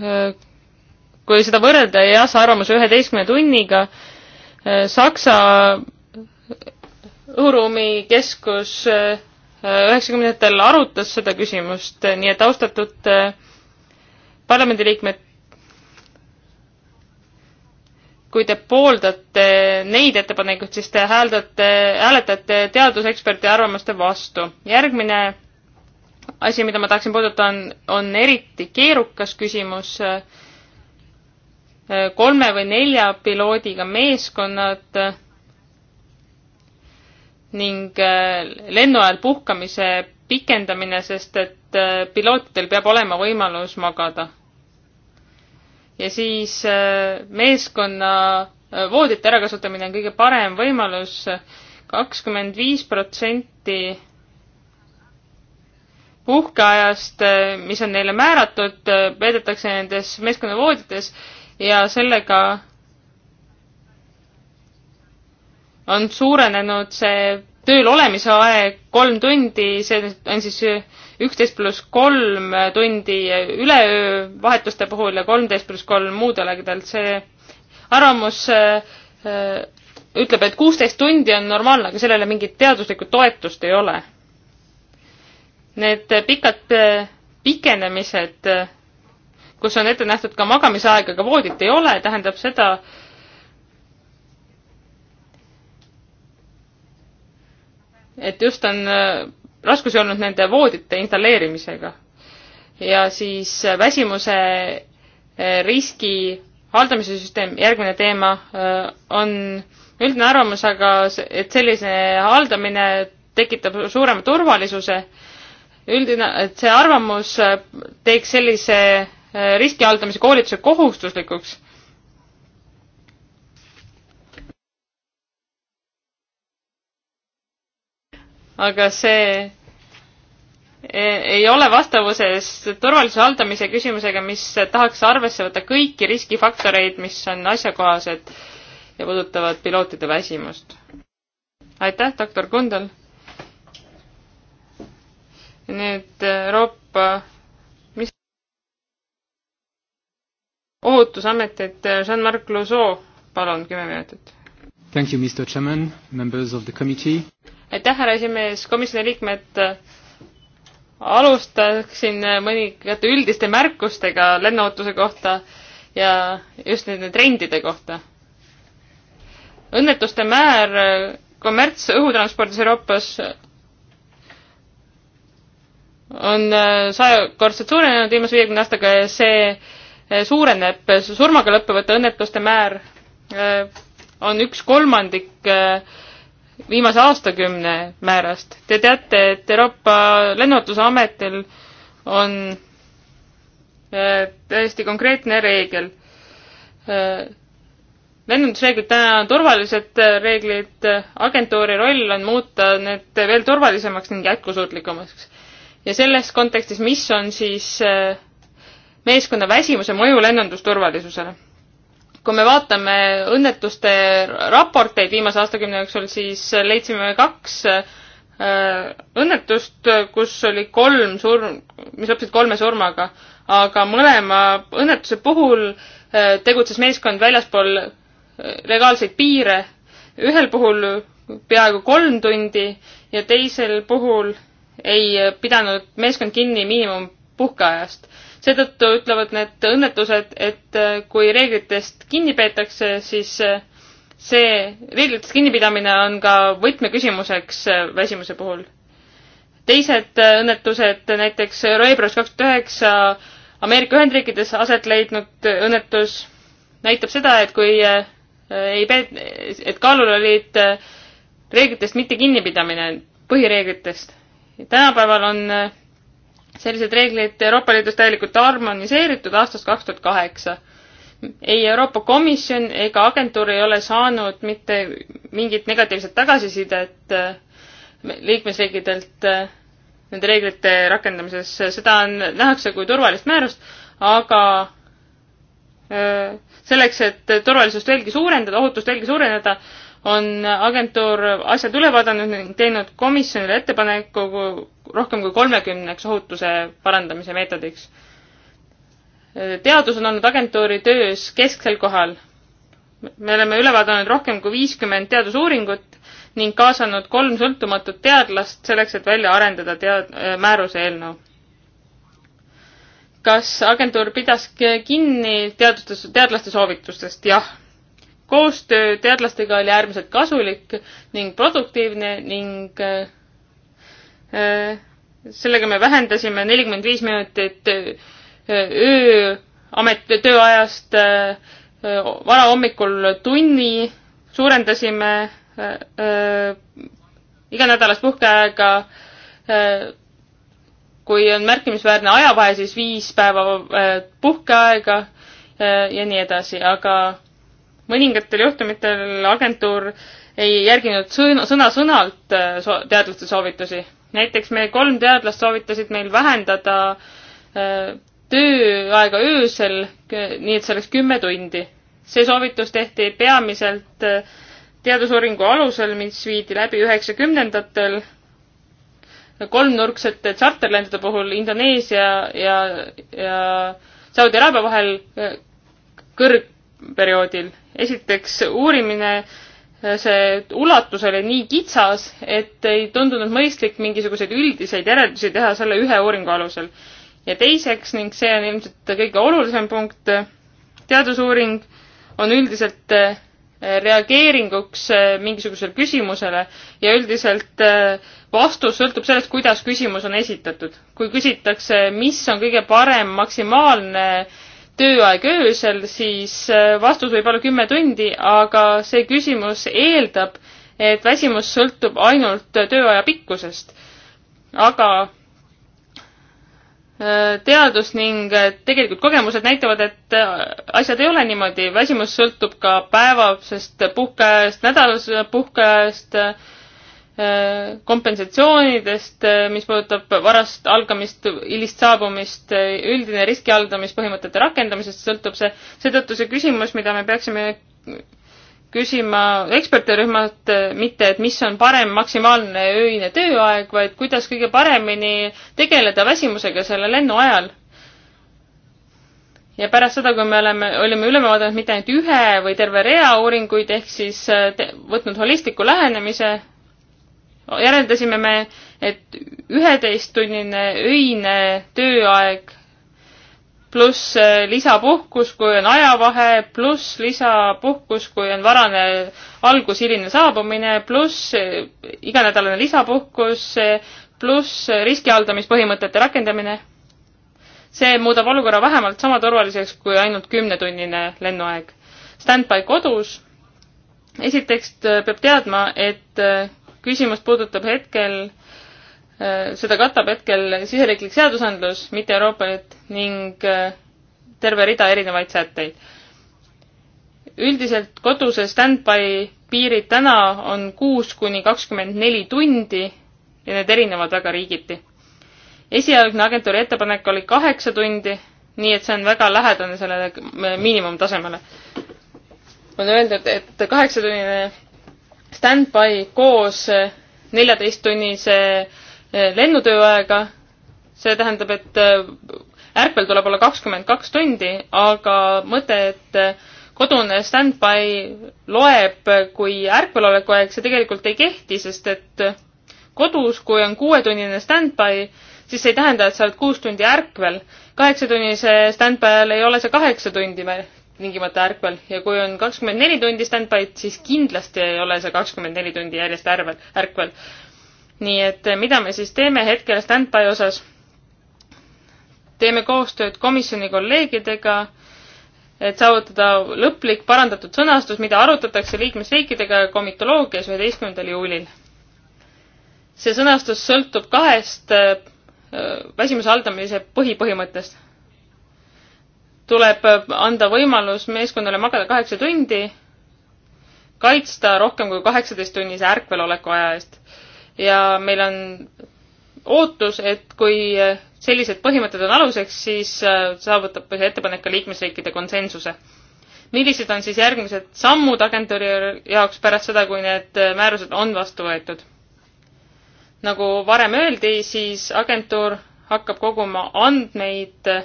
Äh, kui seda võrrelda EASA arvamuse üheteistkümne tunniga, äh, Saksa õhuruumikeskus üheksakümnendatel arutas seda küsimust, nii et austatud parlamendiliikmed, kui te pooldate neid ettepanekuid, siis te hääldate, hääletate teaduseksperti arvamuste vastu. järgmine asi, mida ma tahaksin puudutada, on, on eriti keerukas küsimus. kolme või nelja piloodiga meeskonnad ning lennu ajal puhkamise pikendamine, sest et pilootidel peab olema võimalus magada ja siis äh, meeskonna äh, voodite ärakasutamine on kõige parem võimalus, kakskümmend viis protsenti puhkeajast, äh, mis on neile määratud, veedetakse nendes meeskonnavoodites ja sellega on suurenenud see tööl olemise aeg kolm tundi, see on siis üksteist pluss kolm tundi üleöö vahetuste puhul ja kolmteist pluss kolm muudel aegadel, see arvamus äh, ütleb, et kuusteist tundi on normaalne, aga sellele mingit teaduslikku toetust ei ole. Need pikad äh, pikenemised, äh, kus on ette nähtud ka magamisaeg, aga voodit ei ole, tähendab seda, et just on raskusi olnud nende voodite installeerimisega. ja siis äh, väsimuse äh, riski haldamise süsteem, järgmine teema, äh, on üldine arvamus aga, et sellise haldamine tekitab suurema turvalisuse, üldine, et see arvamus teeks sellise riski haldamise koolituse kohustuslikuks aga see e, ei ole vastavuses turvalisuse haldamise küsimusega, mis tahaks arvesse võtta kõiki riskifaktoreid, mis on asjakohased ja puudutavad pilootide väsimust. aitäh, doktor Kundel. nüüd Euroopa, mis ohutusametit, Jean-Marc Lousseau, palun, kümme minutit.
Thank you, Mr Chairman, members of the committee
aitäh, härra esimees, komisjoni liikmed. Äh, alustaksin äh, mõningate üldiste märkustega lennuohutuse kohta ja just nende trendide kohta. õnnetuste määr äh, kommertsõhutranspordis Euroopas on sajakordselt suurenenud viimase viiekümne aastaga ja see suureneb, surmaga lõppevate õnnetuste määr on üks kolmandik viimase aastakümne määrast. Te teate, et Euroopa Lennundusametil on äh, täiesti konkreetne reegel. Äh, lennundusreeglid täna on turvalised äh, reeglid, agentuuri roll on muuta need veel turvalisemaks ning jätkusuutlikumaks. ja selles kontekstis, mis on siis meeskonna väsimuse mõju lennundusturvalisusele kui me vaatame õnnetuste raporteid viimase aastakümne jooksul, siis leidsime kaks äh, õnnetust, kus oli kolm surm, mis lõppesid kolme surmaga, aga mõlema õnnetuse puhul äh, tegutses meeskond väljaspool äh, legaalseid piire, ühel puhul peaaegu kolm tundi ja teisel puhul ei pidanud meeskond kinni miinimum puhkeajast seetõttu ütlevad need õnnetused, et äh, kui reeglitest kinni peetakse, siis äh, see reeglitest kinnipidamine on ka võtmeküsimuseks äh, väsimuse puhul. teised õnnetused, näiteks Eurobros kaks tuhat üheksa Ameerika Ühendriikides aset leidnud õnnetus näitab seda, et kui ei pea, et kaalul olid reeglitest mitte kinnipidamine, põhireeglitest. tänapäeval on sellised reeglid Euroopa Liidus täielikult harmoniseeritud aastast kaks tuhat kaheksa. ei Euroopa Komisjon ega agentuur ei ole saanud mitte mingit negatiivset tagasisidet äh, liikmesriikidelt äh, nende reeglite rakendamises, seda on, nähakse kui turvalist määrust, aga äh, selleks, et turvalisust veelgi suurendada, ohutust veelgi suurendada, on agentuur asjad üle vaadanud ning teinud komisjonile ettepaneku rohkem kui kolmekümneks ohutuse parandamise meetodiks. teadus on olnud agentuuri töös kesksel kohal. me oleme üle vaadanud rohkem kui viiskümmend teadusuuringut ning kaasanud kolm sõltumatut teadlast selleks, et välja arendada tead-, äh, määruse eelnõu. kas agentuur pidas kinni teadustes, teadlaste soovitustest? jah koostöö teadlastega oli äärmiselt kasulik ning produktiivne ning äh, äh, sellega me vähendasime nelikümmend viis minutit äh, öö amet, tööajast varahommikul tunni, suurendasime iganädalast puhkeaega kui on märkimisväärne ajavahe, siis viis päeva puhkeaega ja nii edasi, aga mõningatel juhtumitel agentuur ei järginud sõna, sõna-sõnalt äh, teadlaste soovitusi. näiteks meil kolm teadlast soovitasid meil vähendada äh, tööaega öösel, nii et see oleks kümme tundi. see soovitus tehti peamiselt äh, teadusuuringu alusel, mis viidi läbi üheksakümnendatel kolmnurksete tšarterlendude puhul Indoneesia ja, ja Saudi Araabia vahel kõrg, perioodil. esiteks uurimine, äh, see ulatus oli nii kitsas, et ei tundunud mõistlik mingisuguseid üldiseid järeldusi teha selle ühe uuringu alusel. ja teiseks, ning see on ilmselt kõige olulisem punkt, teadusuuring on üldiselt äh, reageeringuks äh, mingisugusele küsimusele ja üldiselt vastus sõltub sellest, kuidas küsimus on esitatud. kui küsitakse, mis on kõige parem maksimaalne tööaeg öösel, siis äh, vastus võib olla kümme tundi, aga see küsimus eeldab, et väsimus sõltub ainult tööaja pikkusest. aga äh, teadus ning äh, tegelikult kogemused näitavad, et asjad ei ole niimoodi, väsimus sõltub ka päevasest puhkeajast, nädalas puhkeajast, kompensatsioonidest, äh, mis puudutab varast algamist, hilist saabumist, äh, üldine riski haldamispõhimõtete rakendamisest sõltub see, seetõttu see küsimus, mida me peaksime küsima ekspertirühmalt äh, mitte, et mis on parem maksimaalne öine tööaeg, vaid kuidas kõige paremini tegeleda väsimusega selle lennu ajal. ja pärast seda, kui me oleme, olime üle vaadanud mitte ainult ühe või terve rea uuringuid, ehk siis te, võtnud holistliku lähenemise, järeldasime me, et üheteisttunnine öine tööaeg pluss lisapuhkus, kui on ajavahe, pluss lisapuhkus, kui on varane algus, hiline saabumine, pluss iganädalane lisapuhkus, pluss riskihaldamispõhimõtete rakendamine. see muudab olukorra vähemalt sama turvaliseks kui ainult kümnetunnine lennuaeg. Standby kodus. esiteks äh, peab teadma, et äh, küsimus puudutab hetkel, äh, seda katab hetkel siseriiklik seadusandlus, mitte Euroopa Liit ning äh, terve rida erinevaid sätteid. üldiselt koduse standby piirid täna on kuus kuni kakskümmend neli tundi ja need erinevad väga riigiti. esialgne agentuuri ettepanek oli kaheksa tundi, nii et see on väga lähedane sellele miinimumtasemele. on öeldud, et kaheksatunnine stand-by koos neljateisttunnise eh, lennutööaega. see tähendab, et eh, ärkvel tuleb olla kakskümmend kaks tundi, aga mõte, et eh, kodune stand-by loeb kui ärkveloleku aeg, see tegelikult ei kehti, sest et kodus, kui on kuuetunnine stand-by, siis see ei tähenda, et sa oled kuus tundi ärkvel. kaheksatunnise stand-by ajal ei ole see kaheksa tundi, tingimata ärkvel ja kui on kakskümmend neli tundi stand-by'd, siis kindlasti ei ole see kakskümmend neli tundi järjest ärvel, ärkvel. nii et eh, mida me siis teeme hetkel stand-by osas? teeme koostööd komisjoni kolleegidega, et saavutada lõplik parandatud sõnastus, mida arutatakse liikmesriikidega komitoloogias üheteistkümnendal juulil. see sõnastus sõltub kahest eh, väsimuse haldamise põhipõhimõttest tuleb anda võimalus meeskonnale magada kaheksa tundi, kaitsta rohkem kui kaheksateist tunnise ärkveloleku aja eest. ja meil on ootus, et kui sellised põhimõtted on aluseks, siis äh, saavutab see ettepanek ka liikmesriikide konsensuse. millised on siis järgmised sammud agentuuri jaoks pärast seda, kui need äh, määrused on vastu võetud? nagu varem öeldi, siis agentuur hakkab koguma andmeid äh,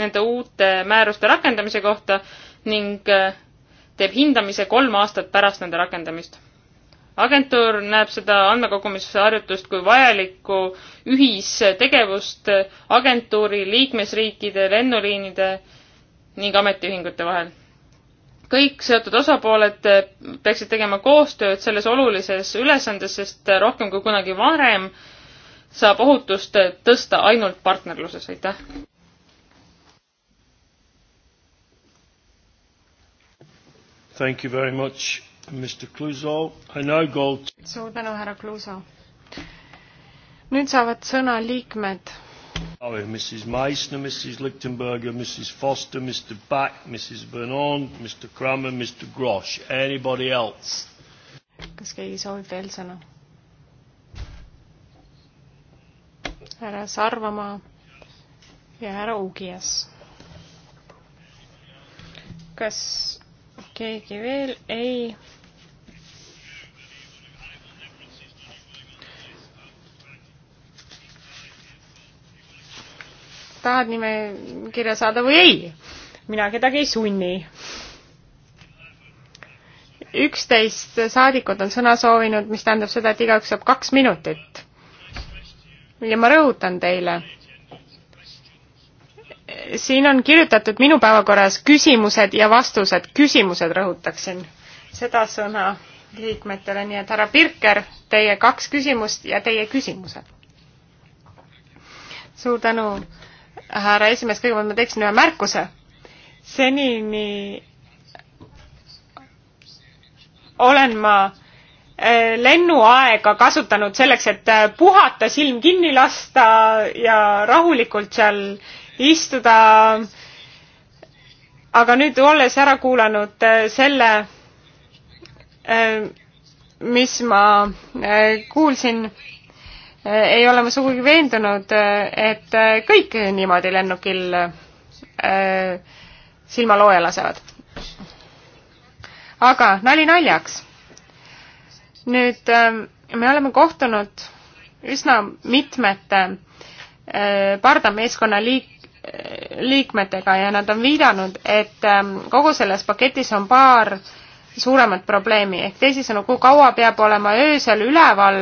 nende uute määruste rakendamise kohta ning äh, teeb hindamise kolm aastat pärast nende rakendamist. agentuur näeb seda andmekogumisharjutust kui vajalikku ühistegevust agentuuri, liikmesriikide, lennuliinide ning ametiühingute vahel. kõik seotud osapooled äh, peaksid tegema koostööd selles olulises ülesandes, sest äh, rohkem kui kunagi varem saab ohutust tõsta ainult partnerluses, aitäh!
Thank you very much, Mr Cluso. I now go to...
suur tänu, härra Cluso. nüüd saavad sõna liikmed.
Sorry, Mrs Meissner, Mrs Lichtenberger, Mrs Foster, Mr Back, Mrs Vernon, Mr Cramer, Mr Grosh. Anybody else?
kas keegi soovib veel sõna? härra Sarvamaa ja härra Ugias. kas keegi veel? ei. tahad nimekirja saada või ei? mina kedagi ei sunni. üksteist saadikut on sõna soovinud, mis tähendab seda, et igaüks saab kaks minutit. ja ma rõhutan teile siin on kirjutatud minu päevakorras küsimused ja vastused, küsimused rõhutaksin seda sõna liikmetele, nii et härra Pirker, teie kaks küsimust ja teie küsimused. suur tänu, härra esimees, kõigepealt ma teeksin ühe märkuse. senini olen ma eh, lennuaega kasutanud selleks, et eh, puhata, silm kinni lasta ja rahulikult seal äh, istuda. aga nüüd olles ära kuulanud äh, selle, äh, mis ma äh, kuulsin, ei ole ma sugugi veendunud, et kõik niimoodi lennukil silma looja lasevad. aga nali naljaks. nüüd me oleme kohtunud üsna mitmete pardameeskonna liik-, liikmetega ja nad on viidanud, et ähm, kogu selles paketis on paar suuremat probleemi, ehk teisisõnu, kui kaua peab olema öösel üleval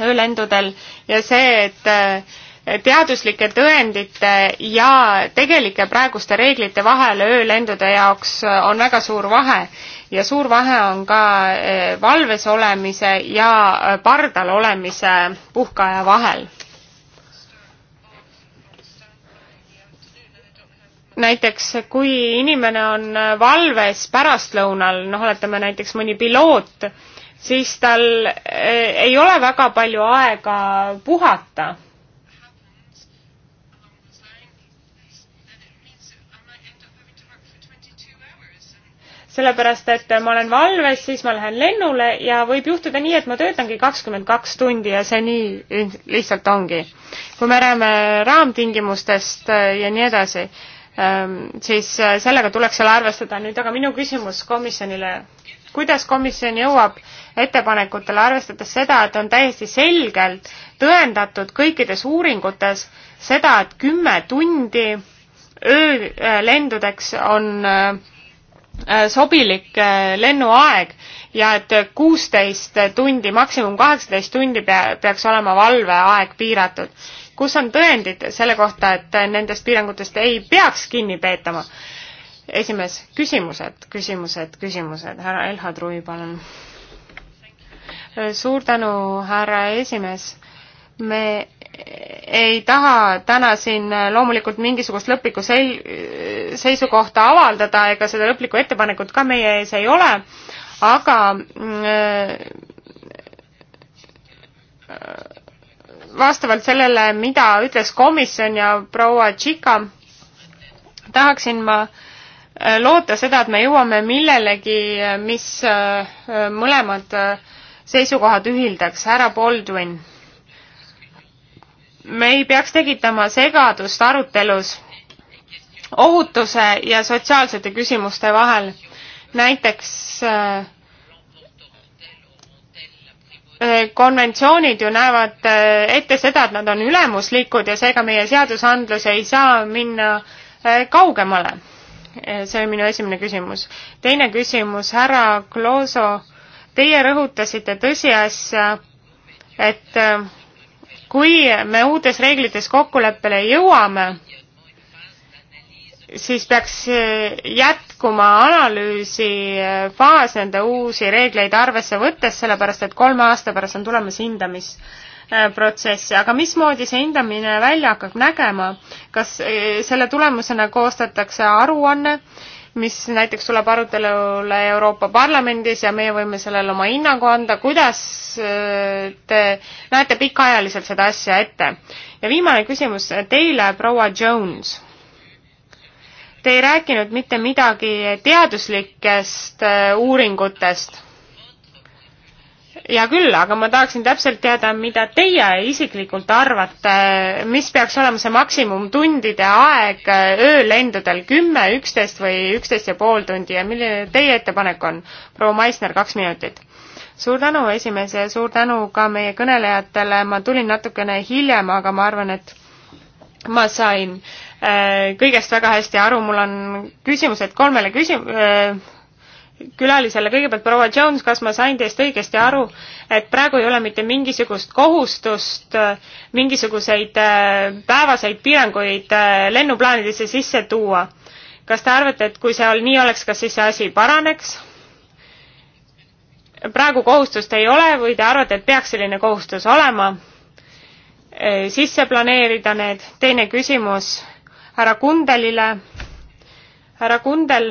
öölendudel ja see, et äh, teaduslike tõendite ja tegelike praeguste reeglite vahel öölendude jaoks äh, on väga suur vahe ja suur vahe on ka äh, valves olemise ja pardal olemise puhkeaja vahel näiteks kui inimene on valves pärastlõunal, noh, oletame näiteks mõni piloot, siis tal eh, ei ole väga palju aega puhata. sellepärast, et ma olen valves, siis ma lähen lennule ja võib juhtuda nii, et ma töötangi kakskümmend kaks tundi ja see nii lihtsalt ongi. kui me räägime raamtingimustest eh, ja nii edasi Ehm, siis äh, sellega tuleks seal arvestada. nüüd aga minu küsimus komisjonile. kuidas komisjon jõuab ettepanekutele, arvestades seda, et on täiesti selgelt tõendatud kõikides uuringutes seda, et kümme tundi öölendudeks äh, on äh, sobilik lennuaeg ja et kuusteist tundi, maksimum kaheksateist tundi pea, peaks olema valveaeg piiratud kus on tõendid selle kohta, et nendest piirangutest ei peaks kinni peetama? esimees, küsimused, küsimused, küsimused, härra Elhad Ruvi, palun. suur tänu, härra esimees. me ei taha täna siin loomulikult mingisugust lõplikku sel-, seisukohta avaldada ega seda lõplikku ettepanekut ka meie ees ei ole, aga mm, äh, vastavalt sellele, mida ütles komisjon ja proua Tšika, tahaksin ma äh, loota seda, et me jõuame millelegi, äh, mis äh, mõlemad seisukohad ühildaks. härra Baldwin, me ei peaks tekitama segadust arutelus ohutuse ja sotsiaalsete küsimuste vahel. näiteks äh, Äh, konventsioonid ju näevad äh, ette seda, et nad on ülemuslikud ja seega meie seadusandlus ei saa minna äh, kaugemale. see oli minu esimene küsimus. teine küsimus, härra Klooso, teie rõhutasite tõsiasja, et kui me uutes reeglites kokkuleppele jõuame, siis peaks jät-, jätkuma analüüsi faas nende uusi reegleid arvesse võttes, sellepärast et kolme aasta pärast on tulemas hindamisprotsess, aga mismoodi see hindamine välja hakkab nägema, kas e, selle tulemusena koostatakse aruanne, mis näiteks tuleb arutelule Euroopa Parlamendis ja meie võime sellele oma hinnangu anda, kuidas e, te näete pikaajaliselt seda asja ette? ja viimane küsimus teile, proua Jones Te ei rääkinud mitte midagi teaduslikest äh, uuringutest. hea küll, aga ma tahaksin täpselt teada, mida teie isiklikult arvate, mis peaks olema see maksimumtundide aeg äh, öölendudel, kümme, üksteist või üksteist ja pool tundi ja milline teie ettepanek on? proua Maisner, kaks minutit suur tänu, esimees, ja suur tänu ka meie kõnelejatele, ma tulin natukene hiljem, aga ma arvan, et ma sain äh, Äh, kõigest väga hästi aru, mul on küsimused kolmele küsim-, äh, külalisele, kõigepealt proua Jones, kas ma sain teist õigesti aru, et praegu ei ole mitte mingisugust kohustust, äh, mingisuguseid päevaseid piiranguid lennuplaanidesse sisse tuua? kas te arvate, et kui see ol, nii oleks, kas siis see asi paraneks? praegu kohustust ei ole või te arvate, et peaks selline kohustus olema? sisse planeerida need, teine küsimus härra Kundelile. härra Kundel,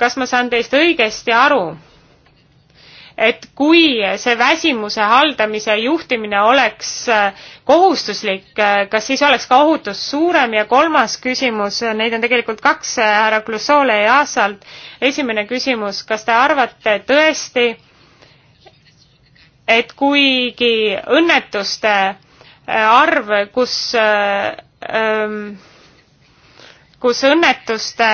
kas ma saan teist õigesti aru? et kui see väsimuse haldamise juhtimine oleks äh, kohustuslik, äh, kas siis oleks ka ohutus suurem ja kolmas küsimus, neid on tegelikult kaks äh, härra Clouseau'le ja Aasalt. esimene küsimus, kas te arvate tõesti, et kuigi õnnetuste arv, kus ähm, kus õnnetuste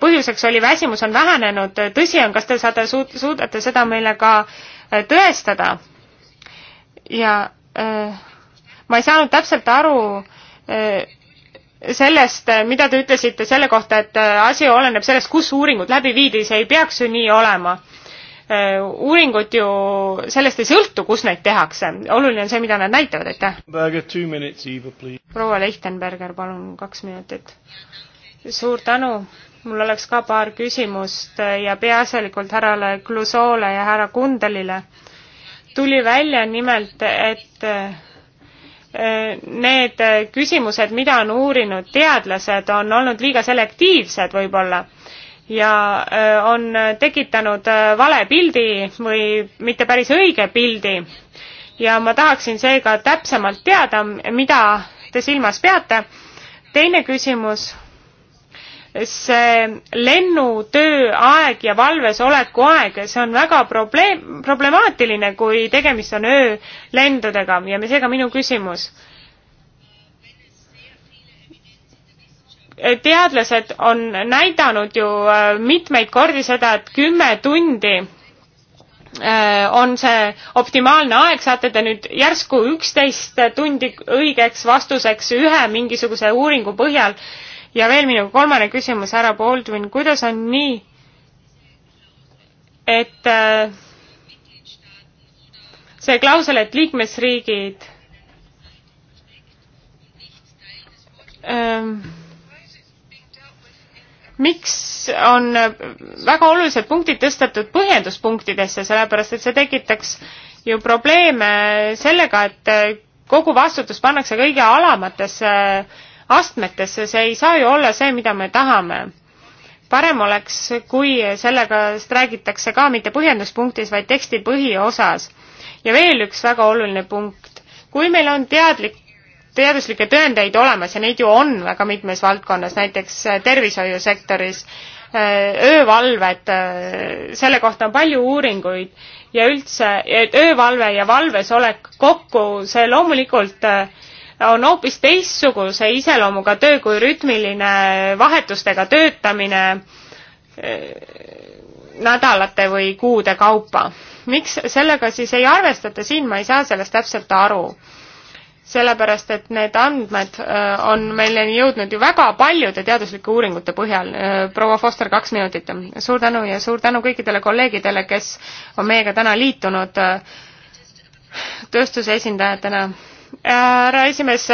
põhjuseks oli väsimus, on vähenenud, tõsi on, kas te saate, suudate seda meile ka äh, tõestada? ja äh, ma ei saanud täpselt aru äh, sellest, mida te ütlesite selle kohta, et asi oleneb sellest, kus uuringud läbi viidi, see ei peaks ju nii olema Äh, uuringud ju sellest ei sõltu, kus neid tehakse, oluline on see, mida nad näitavad, aitäh. proua Lichtenberger, palun kaks minutit. suur tänu, mul oleks ka paar küsimust ja peaasjalikult härrale Clouseau'le ja härra Kundelile. tuli välja nimelt, et äh, need küsimused, mida on uurinud teadlased, on olnud liiga selektiivsed võib-olla ja äh, on tekitanud äh, vale pildi või mitte päris õige pildi ja ma tahaksin seega täpsemalt teada, mida te silmas peate. teine küsimus, see lennutööaeg ja valves oleku aeg, see on väga probleem, problemaatiline, kui tegemist on öölendudega ja seega minu küsimus teadlased on näidanud ju äh, mitmeid kordi seda, et kümme tundi äh, on see optimaalne aeg, saate te nüüd järsku üksteist tundi õigeks vastuseks ühe mingisuguse uuringu põhjal. ja veel minu kolmane küsimus, härra Baldwin, kuidas on nii, et äh, see klausel, et liikmesriigid ähm, miks on väga olulised punktid tõstetud põhjenduspunktidesse, sellepärast et see tekitaks ju probleeme sellega, et kogu vastutus pannakse kõige alamatesse astmetesse, see ei saa ju olla see, mida me tahame. parem oleks, kui sellegast räägitakse ka mitte põhjenduspunktis, vaid teksti põhiosas. ja veel üks väga oluline punkt. kui meil on teadlik teaduslikke tõendeid olemas ja neid ju on väga mitmes valdkonnas, näiteks äh, tervishoiusektoris, äh, öövalved, äh, selle kohta on palju uuringuid ja üldse, et öövalve ja valvesolek kokku, see loomulikult on hoopis teistsuguse iseloomuga töö kui rütmiline vahetustega töötamine nädalate või kuude kaupa. miks sellega siis ei arvestata, siin ma ei saa sellest täpselt aru sellepärast et need andmed äh, on meieni jõudnud ju väga paljude teaduslike uuringute põhjal. Äh, proua Foster, kaks minutit. suur tänu ja suur tänu kõikidele kolleegidele, kes on meiega täna liitunud äh, tööstuse esindajatena. härra esimees,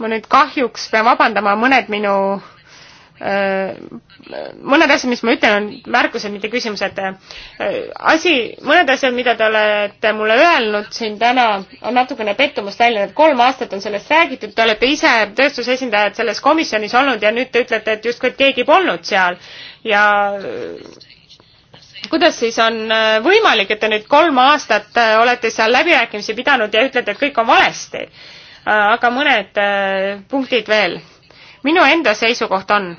ma nüüd kahjuks pean vabandama mõned minu Äh, mõned asjad, mis ma ütlen, on märkused, mitte küsimused. Äh, asi, mõned asjad, mida te olete mulle öelnud siin täna, on natukene pettumust välja, et kolm aastat on sellest räägitud, te olete ise tööstuse esindajad selles komisjonis olnud ja nüüd te ütlete, et justkui keegi polnud seal ja äh, kuidas siis on võimalik, et te nüüd kolm aastat olete seal läbirääkimisi pidanud ja ütlete, et kõik on valesti? aga mõned punktid veel. minu enda seisukoht on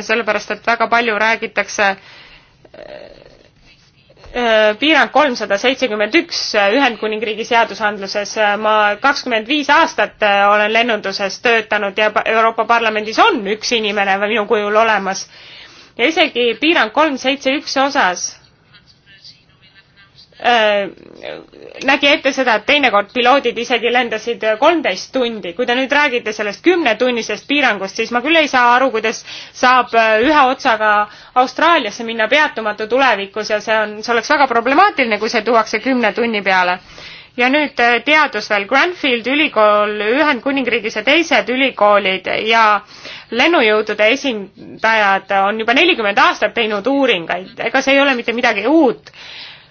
sellepärast et väga palju räägitakse äh, äh, piirang kolmsada seitsekümmend üks äh, Ühendkuningriigi seadusandluses. ma kakskümmend viis aastat olen lennunduses töötanud ja Euroopa Parlamendis on üks inimene minu kujul olemas. ja isegi piirang kolm seitse üks osas Äh, nägi ette seda, et teinekord piloodid isegi lendasid kolmteist tundi. kui te nüüd räägite sellest kümnetunnisest piirangust, siis ma küll ei saa aru, kuidas saab äh, ühe otsaga Austraaliasse minna peatumatu tulevikus ja see on, see oleks väga problemaatiline, kui see tuuakse kümne tunni peale. ja nüüd äh, teadus veel, Granfield ülikool Ühendkuningriigis ja teised ülikoolid ja lennujõudude esindajad on juba nelikümmend aastat teinud uuringuid, ega see ei ole mitte midagi uut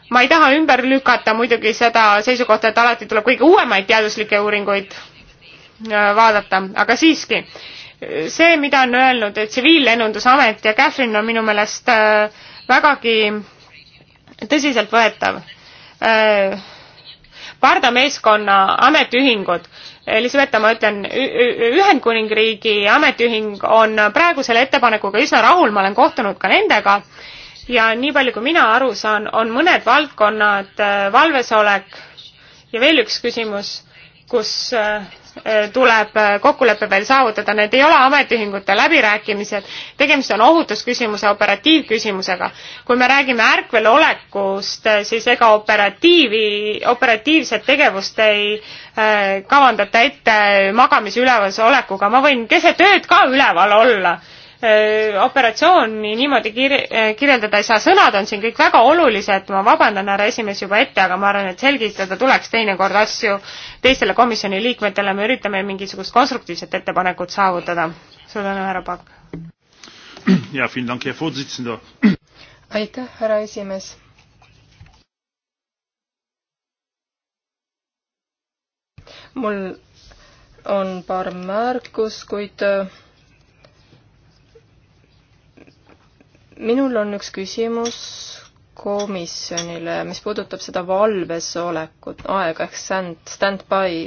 ma ei taha ümber lükata muidugi seda seisukohta, et alati tuleb kõige uuemaid teaduslikke uuringuid äh, vaadata, aga siiski, see, mida on öelnud Tsiviillennundusamet ja Catherine on minu meelest äh, vägagi tõsiseltvõetav. Äh, pardameeskonna ametiühingud, Elisabetta, ma ütlen, Ühendkuningriigi ametiühing on praegusele ettepanekuga üsna rahul, ma olen kohtunud ka nendega ja nii palju, kui mina aru saan, on mõned valdkonnad äh, valvesolek ja veel üks küsimus, kus äh, tuleb äh, kokkulepe veel saavutada, need ei ole ametiühingute läbirääkimised, tegemist on ohutusküsimuse, operatiivküsimusega. kui me räägime ärkvelolekust, siis ega operatiivi, operatiivset tegevust ei äh, kavandata ette magamise ülevalolekuga, ma võin keset ööd ka üleval olla Äh, operatsiooni niimoodi kir-, äh, kirjeldada ei saa, sõnad on siin kõik väga olulised, ma vabandan, härra esimees, juba ette, aga ma arvan, et selgitada tuleks teinekord asju teistele komisjoni liikmetele, me üritame mingisugust konstruktiivset ettepanekut saavutada.
suur tänu, härra Pakk. aitäh, härra esimees mul on paar märkus, kuid äh, minul on üks küsimus komisjonile, mis puudutab seda valves olekut, aega ehk stand, stand-by.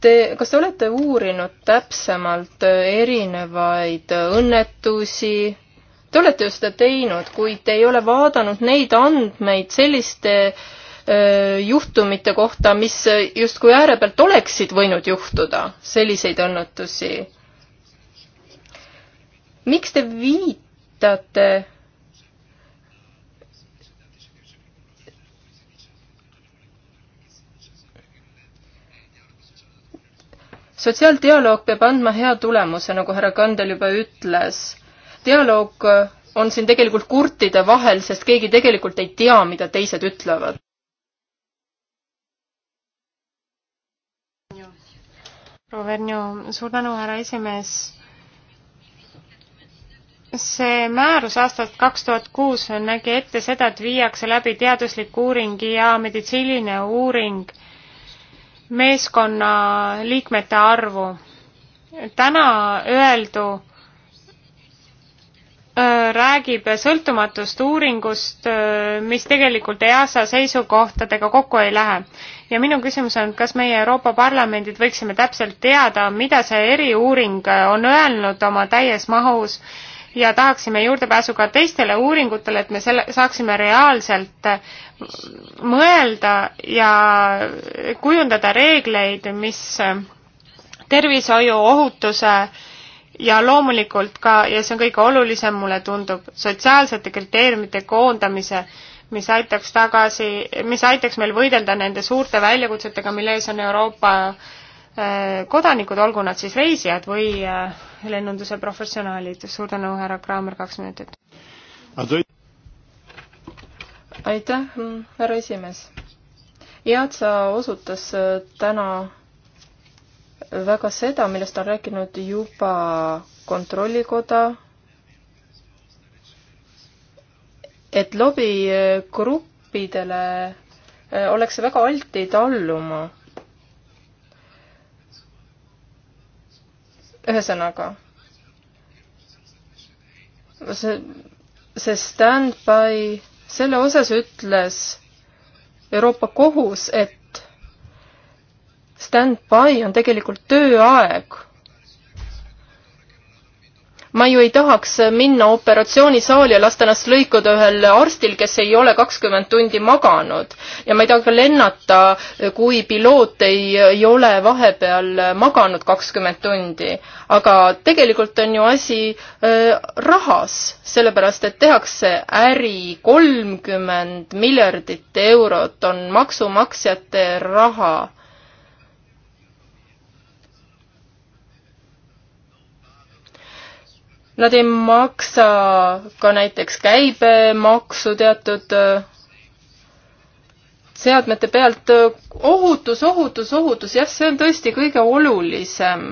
Te, kas te olete uurinud täpsemalt erinevaid õnnetusi, te olete ju seda teinud, kuid te ei ole vaadanud neid andmeid selliste äh, juhtumite kohta, mis justkui ääre pealt oleksid võinud juhtuda, selliseid õnnetusi. miks te viitate sotsiaaldialoog peab andma hea tulemuse, nagu härra Kandel juba ütles. dialoog on siin tegelikult kurtide vahel, sest keegi tegelikult ei tea, mida teised ütlevad.
proua Vernju, suur tänu, härra esimees. see määrus aastast kaks tuhat kuus nägi ette seda, et viiakse läbi teaduslik uuring ja meditsiiniline uuring meeskonna liikmete arvu. täna öeldu Äh, räägib sõltumatust uuringust, äh, mis tegelikult EASA seisukohtadega kokku ei lähe. ja minu küsimus on, kas meie Euroopa Parlamendid võiksime täpselt teada, mida see eriuuring äh, on öelnud oma täies mahus ja tahaksime juurdepääsu ka teistele uuringutele, et me selle, saaksime reaalselt mõelda ja kujundada reegleid, mis tervishoiu ohutuse äh, ja loomulikult ka, ja see on kõige olulisem, mulle tundub, sotsiaalsete kriteeriumite koondamise, mis aitaks tagasi, mis aitaks meil võidelda nende suurte väljakutsetega, mille ees on Euroopa äh, kodanikud, olgu nad siis reisijad või äh, lennunduse professionaalid. suur tänu, härra Kraamer, kaks minutit.
aitäh, härra esimees. Jatsa osutas äh, täna väga seda, millest on rääkinud juba Kontrollikoda, et lobigruppidele äh, ollakse väga altid alluma. ühesõnaga, see, see stand-by, selle osas ütles Euroopa Kohus, et Stand-by on tegelikult tööaeg. ma ju ei tahaks minna operatsioonisaali ja lasta ennast lõikuda ühel arstil, kes ei ole kakskümmend tundi maganud ja ma ei taha ka lennata, kui piloot ei, ei ole vahepeal maganud kakskümmend tundi. aga tegelikult on ju asi äh, rahas, sellepärast et tehakse äri, kolmkümmend miljardit eurot on maksumaksjate raha Nad ei maksa ka näiteks käibemaksu teatud äh, seadmete pealt. ohutus, ohutus, ohutus, jah, see on tõesti kõige olulisem.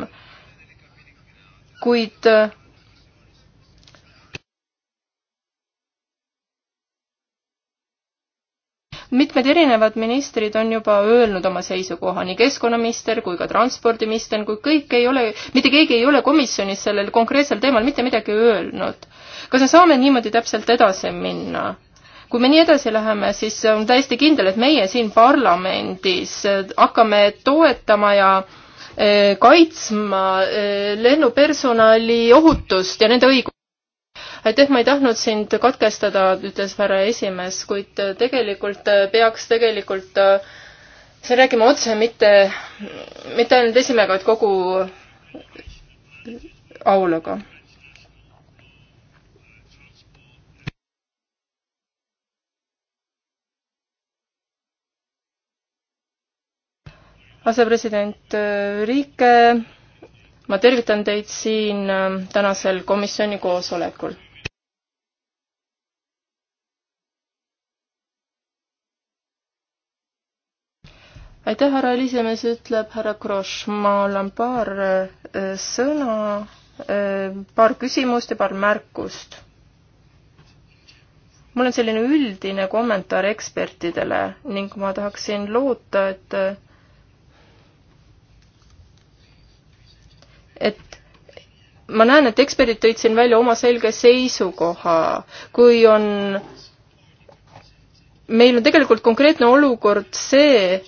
kuid äh, mitmed erinevad ministrid on juba öelnud oma seisukoha, nii keskkonnaminister kui ka transpordiminister, kui kõik ei ole, mitte keegi ei ole komisjonis sellel konkreetsel teemal mitte midagi öelnud. kas me saame niimoodi täpselt edasi minna? kui me nii edasi läheme, siis on täiesti kindel, et meie siin parlamendis hakkame toetama ja eh, kaitsma eh, lennupersonali ohutust ja nende õigust aitäh, ma ei tahtnud sind katkestada, ütles härra esimees, kuid tegelikult peaks tegelikult äh, siin räägima otse, mitte, mitte ainult esimehega, vaid kogu aulaga. asepresident Riike, ma tervitan teid siin äh, tänasel komisjoni koosolekul aitäh, härra esimees, ütleb härra Kross, mul on paar äh, sõna, äh, paar küsimust ja paar märkust. mul on selline üldine kommentaar ekspertidele ning ma tahaksin loota, et et ma näen, et eksperdid tõid siin välja oma selge seisukoha, kui on meil on tegelikult konkreetne olukord see,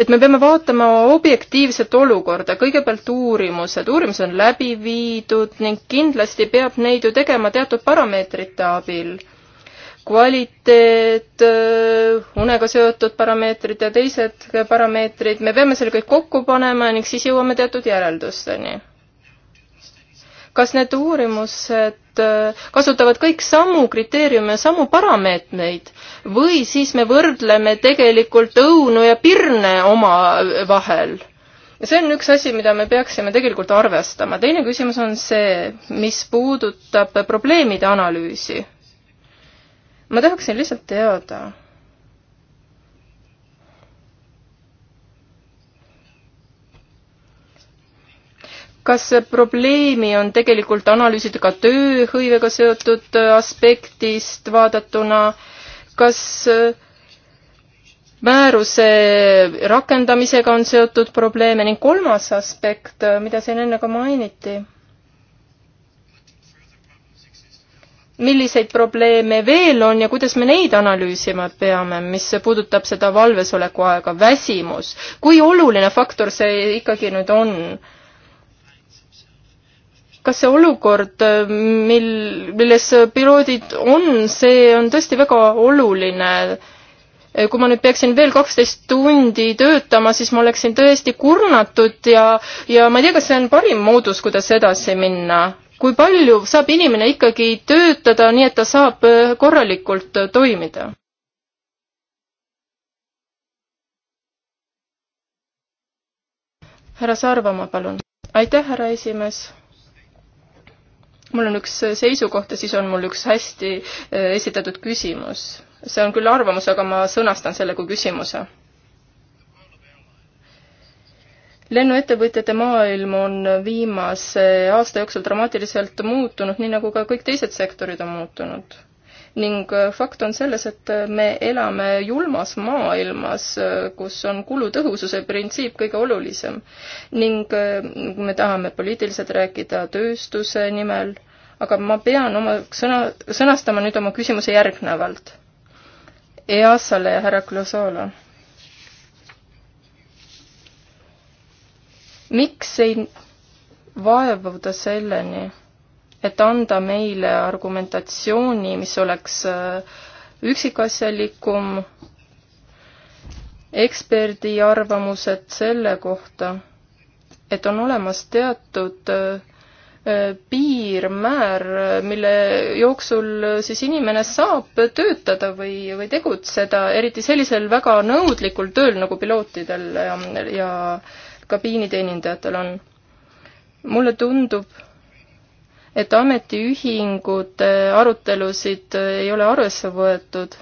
et me peame vaatama objektiivset olukorda, kõigepealt uurimused, uurimused on läbi viidud ning kindlasti peab neid ju tegema teatud parameetrite abil. kvaliteet, äh, unega seotud parameetrid ja teised parameetrid, me peame selle kõik kokku panema ning siis jõuame teatud järeldusteni kas need uurimused äh, kasutavad kõik samu kriteeriume, samu parameetmeid või siis me võrdleme tegelikult õunu ja pirne omavahel? Äh, see on üks asi, mida me peaksime tegelikult arvestama. teine küsimus on see, mis puudutab probleemide analüüsi. ma tahaksin lihtsalt teada kas probleemi on tegelikult analüüsida ka tööhõivega seotud aspektist vaadatuna, kas äh, määruse rakendamisega on seotud probleeme ning kolmas aspekt, äh, mida siin enne ka mainiti. milliseid probleeme veel on ja kuidas me neid analüüsima peame, mis puudutab seda valvesoleku aega, väsimus, kui oluline faktor see ikkagi nüüd on? kas see olukord, mil, milles piloodid on, see on tõesti väga oluline. kui ma nüüd peaksin veel kaksteist tundi töötama, siis ma oleksin tõesti kurnatud ja, ja ma ei tea, kas see on parim moodus, kuidas edasi minna kui palju saab inimene ikkagi töötada nii, et ta saab korralikult toimida? härra Sarvamaa, palun. aitäh, härra esimees mul on üks äh, seisukoht ja siis on mul üks hästi äh, esitatud küsimus. see on küll arvamus, aga ma sõnastan selle kui küsimuse. lennuettevõtjate maailm on viimase aasta jooksul dramaatiliselt muutunud, nii nagu ka kõik teised sektorid on muutunud ning äh, fakt on selles, et äh, me elame julmas maailmas, äh, kus on kulutõhususe printsiip kõige olulisem. ning me tahame poliitiliselt rääkida tööstuse nimel, aga ma pean oma sõna, sõnastama nüüd oma küsimuse järgnevalt. EASA-le ja härra Klosole. miks ei vaevuda selleni, et anda meile argumentatsiooni, mis oleks äh, üksikasjalikum, eksperdi arvamused selle kohta, et on olemas teatud äh, äh, piirmäär, mille jooksul siis inimene saab töötada või, või tegutseda, eriti sellisel väga nõudlikul tööl, nagu pilootidel ja, ja kabiiniteenindajatel on. mulle tundub, et ametiühingute arutelusid ei ole arvesse võetud.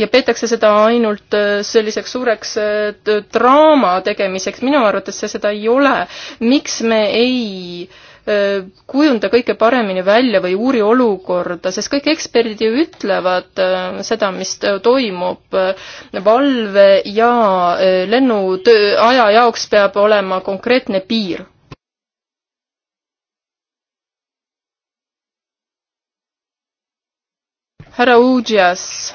ja peetakse seda ainult äh, selliseks suureks äh, draama tegemiseks, minu arvates see seda ei ole. miks me ei äh, kujunda kõike paremini välja või uuri olukorda, sest kõik eksperdid ju ütlevad seda, mis toimub. valve ja lennutöö aja jaoks peab olema konkreetne piir härra Uudžias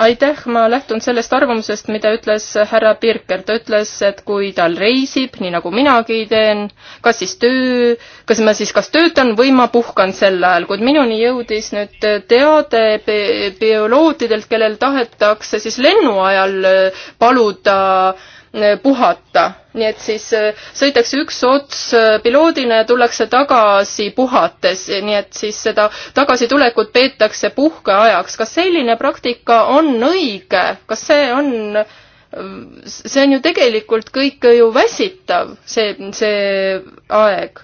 aitäh, ma lähtun sellest arvamusest, mida ütles härra Birker, ta ütles, et kui tal reisib, nii nagu minagi teen, kas siis töö, kas ma siis kas töötan või ma puhkan sel ajal, kuid minuni jõudis nüüd teade bioloogidelt, kellel tahetakse siis lennu ajal paluda äh, Äh, puhata. nii et siis äh, sõidetakse üks ots äh, piloodina ja tullakse tagasi puhates, nii et siis seda tagasitulekut peetakse puhkeajaks. kas selline praktika on õige, kas see on see on ju tegelikult kõik ju väsitav, see, see aeg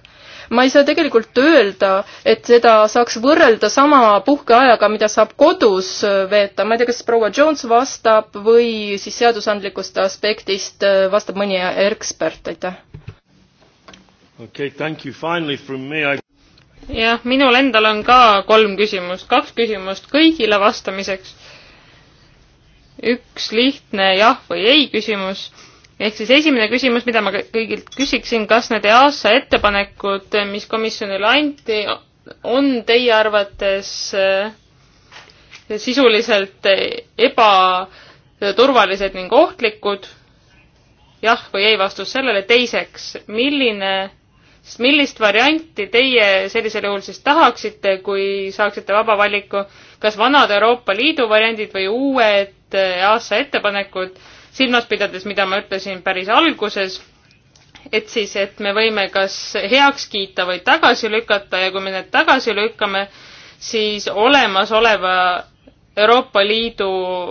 ma ei saa tegelikult öelda, et seda saaks võrrelda sama puhkeajaga, mida saab kodus äh, veeta, ma ei tea, kas proua Jones vastab või siis seadusandlikust aspektist äh, vastab mõni ekspert, aitäh.
okei okay,, thank you, finally from me I
jah, minul
endal on ka kolm küsimust, kaks küsimust kõigile vastamiseks. üks lihtne jah või ei küsimus ehk siis esimene küsimus, mida ma kõigilt küsiksin, kas need EASA ettepanekud, mis komisjonile anti, on teie arvates äh, sisuliselt ebaturvalised ning ohtlikud? jah või ei vastus sellele. teiseks, milline, millist varianti teie sellisel juhul siis tahaksite, kui saaksite vaba valiku, kas vanad Euroopa Liidu variandid või uued äh, EASA ettepanekud silmas pidades, mida ma ütlesin päris alguses, et siis, et me võime kas heaks kiita või tagasi lükata ja kui me need tagasi lükkame, siis olemasoleva Euroopa Liidu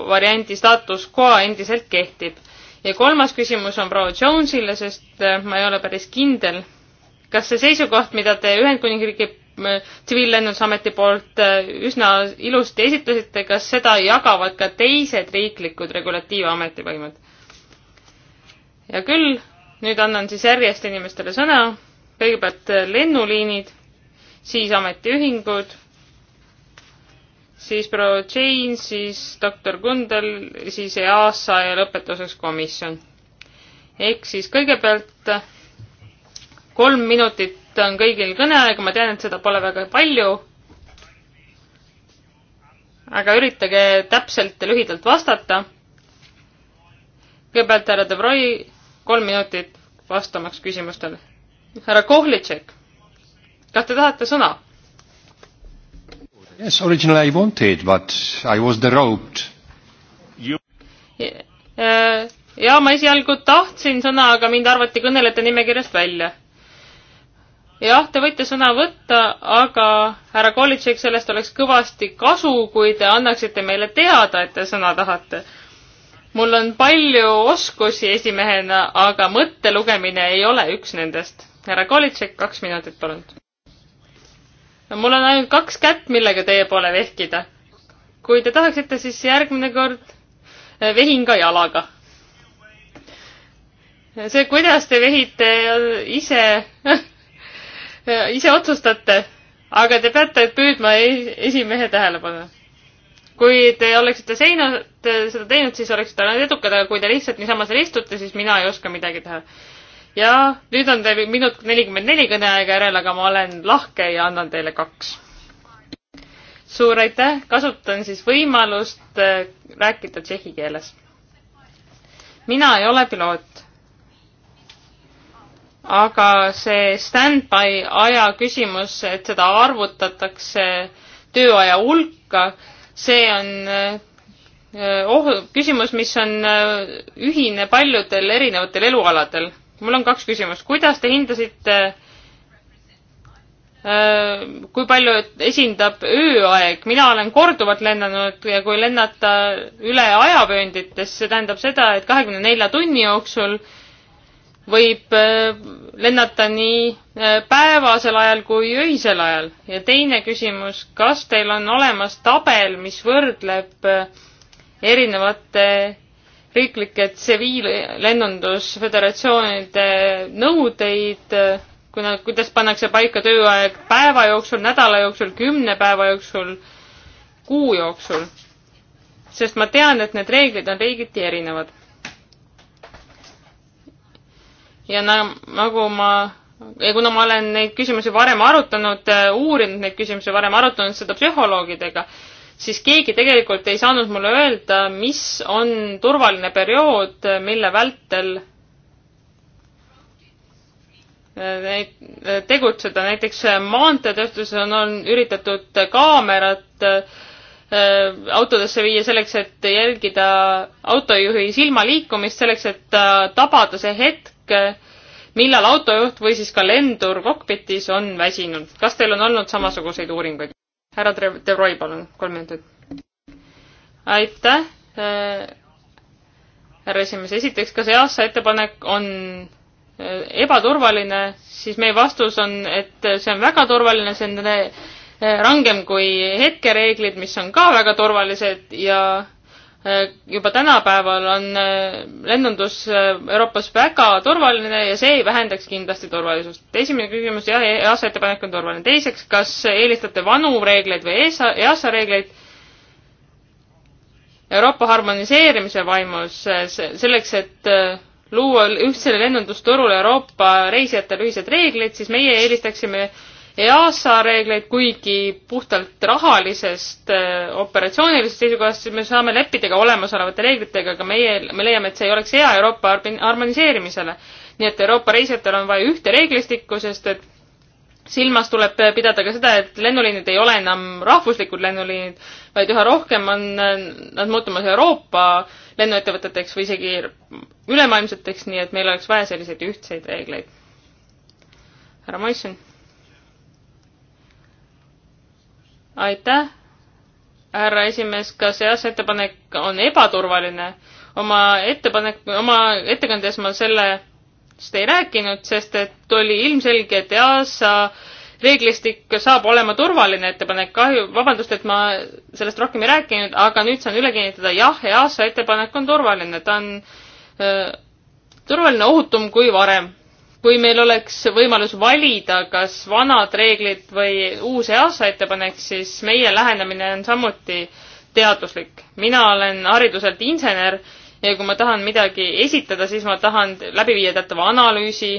variandi staatus quo endiselt kehtib. ja kolmas küsimus on proua Jonesile, sest ma ei ole päris kindel, kas see seisukoht, mida te Ühendkuningriigi tsiviillennundusameti poolt äh, üsna ilusti esitlesite, kas seda jagavad ka teised riiklikud regulatiivameti võimud? hea küll, nüüd annan siis järjest inimestele sõna, kõigepealt äh, lennuliinid, siis ametiühingud, siis proua Jane, siis doktor Kundel, siis EASA ja lõpetuseks komisjon. ehk siis kõigepealt kolm minutit on kõigil kõneaega, ma tean, et seda pole väga palju. aga üritage täpselt ja lühidalt vastata. kõigepealt härra Debroi, kolm minutit vastamaks küsimustele. härra Kohlitšek, kas te tahate sõna?
Yes, originally I wanted, but I was derobed.
You... Ja, ja ma esialgu tahtsin sõna, aga mind arvati kõnelejate nimekirjast välja jah, te võite sõna võtta, aga härra Kolitšek, sellest oleks kõvasti kasu, kui te annaksite meile teada, et te sõna tahate. mul on palju oskusi esimehena, aga mõtte lugemine ei ole üks nendest. härra Kolitšek, kaks minutit, palun. mul on ainult kaks kätt, millega teie poole vehkida. kui te tahaksite, siis järgmine kord eh, vehin ka jalaga see, kuidas te vehite eh, ise [laughs] Äh, ise otsustate, aga te peate püüdma e-, esimehe tähelepanu. kui te oleksite seinalt seda teinud, siis oleksite olnud edukad, aga kui te lihtsalt niisama seal istute, siis mina ei oska midagi teha. ja nüüd on teil minut nelikümmend neli kõneaega järel, aga ma olen lahke ja annan teile kaks. suur aitäh, kasutan siis võimalust äh, rääkida tšehhi keeles. mina ei ole piloot aga see stand-by aja küsimus, et seda arvutatakse tööaja hulka, see on oh, küsimus, mis on eh, ühine paljudel erinevatel elualadel. mul on kaks küsimust. kuidas te hindasite, eh, kui palju esindab ööaeg? mina olen korduvalt lennanud ja kui lennata üle ajavöönditest, see tähendab seda, et kahekümne nelja tunni jooksul võib äh, lennata nii äh, päevasel ajal kui öisel ajal. ja teine küsimus, kas teil on olemas tabel, mis võrdleb äh, erinevate riiklike tsiviillennundusföderatsioonide nõudeid, kuna, kuidas pannakse paika tööaeg päeva jooksul, nädala jooksul, kümne päeva jooksul, kuu jooksul? sest ma tean, et need reeglid on riigiti erinevad ja nagu ma ja kuna ma olen neid küsimusi varem arutanud, äh, uurinud neid küsimusi varem, arutanud seda psühholoogidega, siis keegi tegelikult ei saanud mulle öelda, mis on turvaline periood, mille vältel äh, äh, tegutseda, näiteks maanteetööstuses on, on üritatud kaamerat autodesse viia selleks, et jälgida autojuhi silmaliikumist, selleks, et tabada see hetk, millal autojuht või siis ka lendur kokpitis on väsinud. kas teil on olnud samasuguseid uuringuid? härra De Roy, palun, kolm minutit. aitäh, äh, härra esimees. esiteks, kas EASA ettepanek on äh, ebaturvaline, siis meie vastus on, et see on väga turvaline, see on äh, rangem kui hetkereeglid, mis on ka väga turvalised ja juba tänapäeval on äh, lennundus äh, Euroopas väga turvaline ja see ei vähendaks kindlasti turvalisust. esimene küsimus, jah, EASA ettepanek on turvaline. teiseks, kas eelistate vanu reegleid või EASA, EASA reegleid? Euroopa harmoniseerimise vaimus äh, selleks, et luua ühtsele lennundusturule Euroopa reisijatele ühised reeglid, siis meie eelistaksime EASA reegleid, kuigi puhtalt rahalisest äh, operatsioonilisest seisukohast me saame leppida ka olemasolevate reeglitega, aga meie, me leiame, et see ei oleks hea Euroopa harmoniseerimisele. nii et Euroopa reisijatel on vaja ühte reeglistikku, sest et silmas tuleb pidada ka seda, et lennuliinid ei ole enam rahvuslikud lennuliinid, vaid üha rohkem on nad muutumas Euroopa lennuettevõteteks või isegi ülemaailmseteks, nii et meil oleks vaja selliseid ühtseid reegleid. härra Moisson aitäh, härra esimees, kas jah, see ettepanek on ebaturvaline? oma ettepanek, oma ettekandes ma sellest ei rääkinud, sest et oli ilmselge, et EASA reeglistik saab olema turvaline ettepanek, kahju, vabandust, et ma sellest rohkem ei rääkinud, aga nüüd saan üle kinnitada, jah, EASA ettepanek on turvaline, ta on öö, äh, turvaline, ohutum kui varem kui meil oleks võimalus valida, kas vanad reeglid või uus EASA ettepanek, siis meie lähenemine on samuti teaduslik. mina olen hariduselt insener ja kui ma tahan midagi esitada, siis ma tahan läbi viia teatava analüüsi,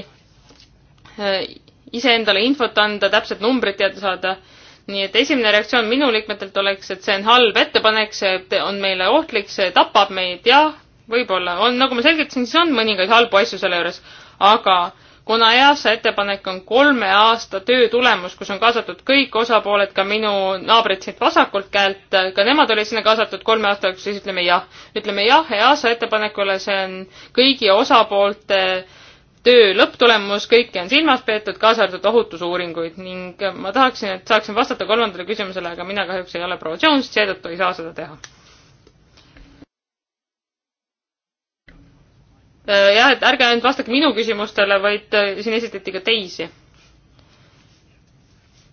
eh, iseendale infot anda, täpsed numbrid teada saada. nii et esimene reaktsioon minu liikmetelt oleks, et see on halb ettepanek, see on meile ohtlik, see tapab meid, jah, võib-olla on, nagu ma selgitasin, siis on mõningaid halbu asju selle juures, aga kuna EASA ettepanek on kolme aasta töö tulemus, kus on kaasatud kõik osapooled, ka minu naabrid siit vasakult käelt, ka nemad olid sinna kaasatud kolme aasta jooksul, siis ütleme jah. ütleme jah EASA ettepanekule, see on kõigi osapoolte töö lõpptulemus, kõiki on silmas peetud, kaasa arvatud ohutusuuringuid ning ma tahaksin, et saaksin vastata kolmandale küsimusele, aga mina kahjuks ei ole proua Jones, seetõttu ei saa seda teha Äh, jah, et ärge ainult vastake minu küsimustele, vaid äh, siin esitati ka teisi.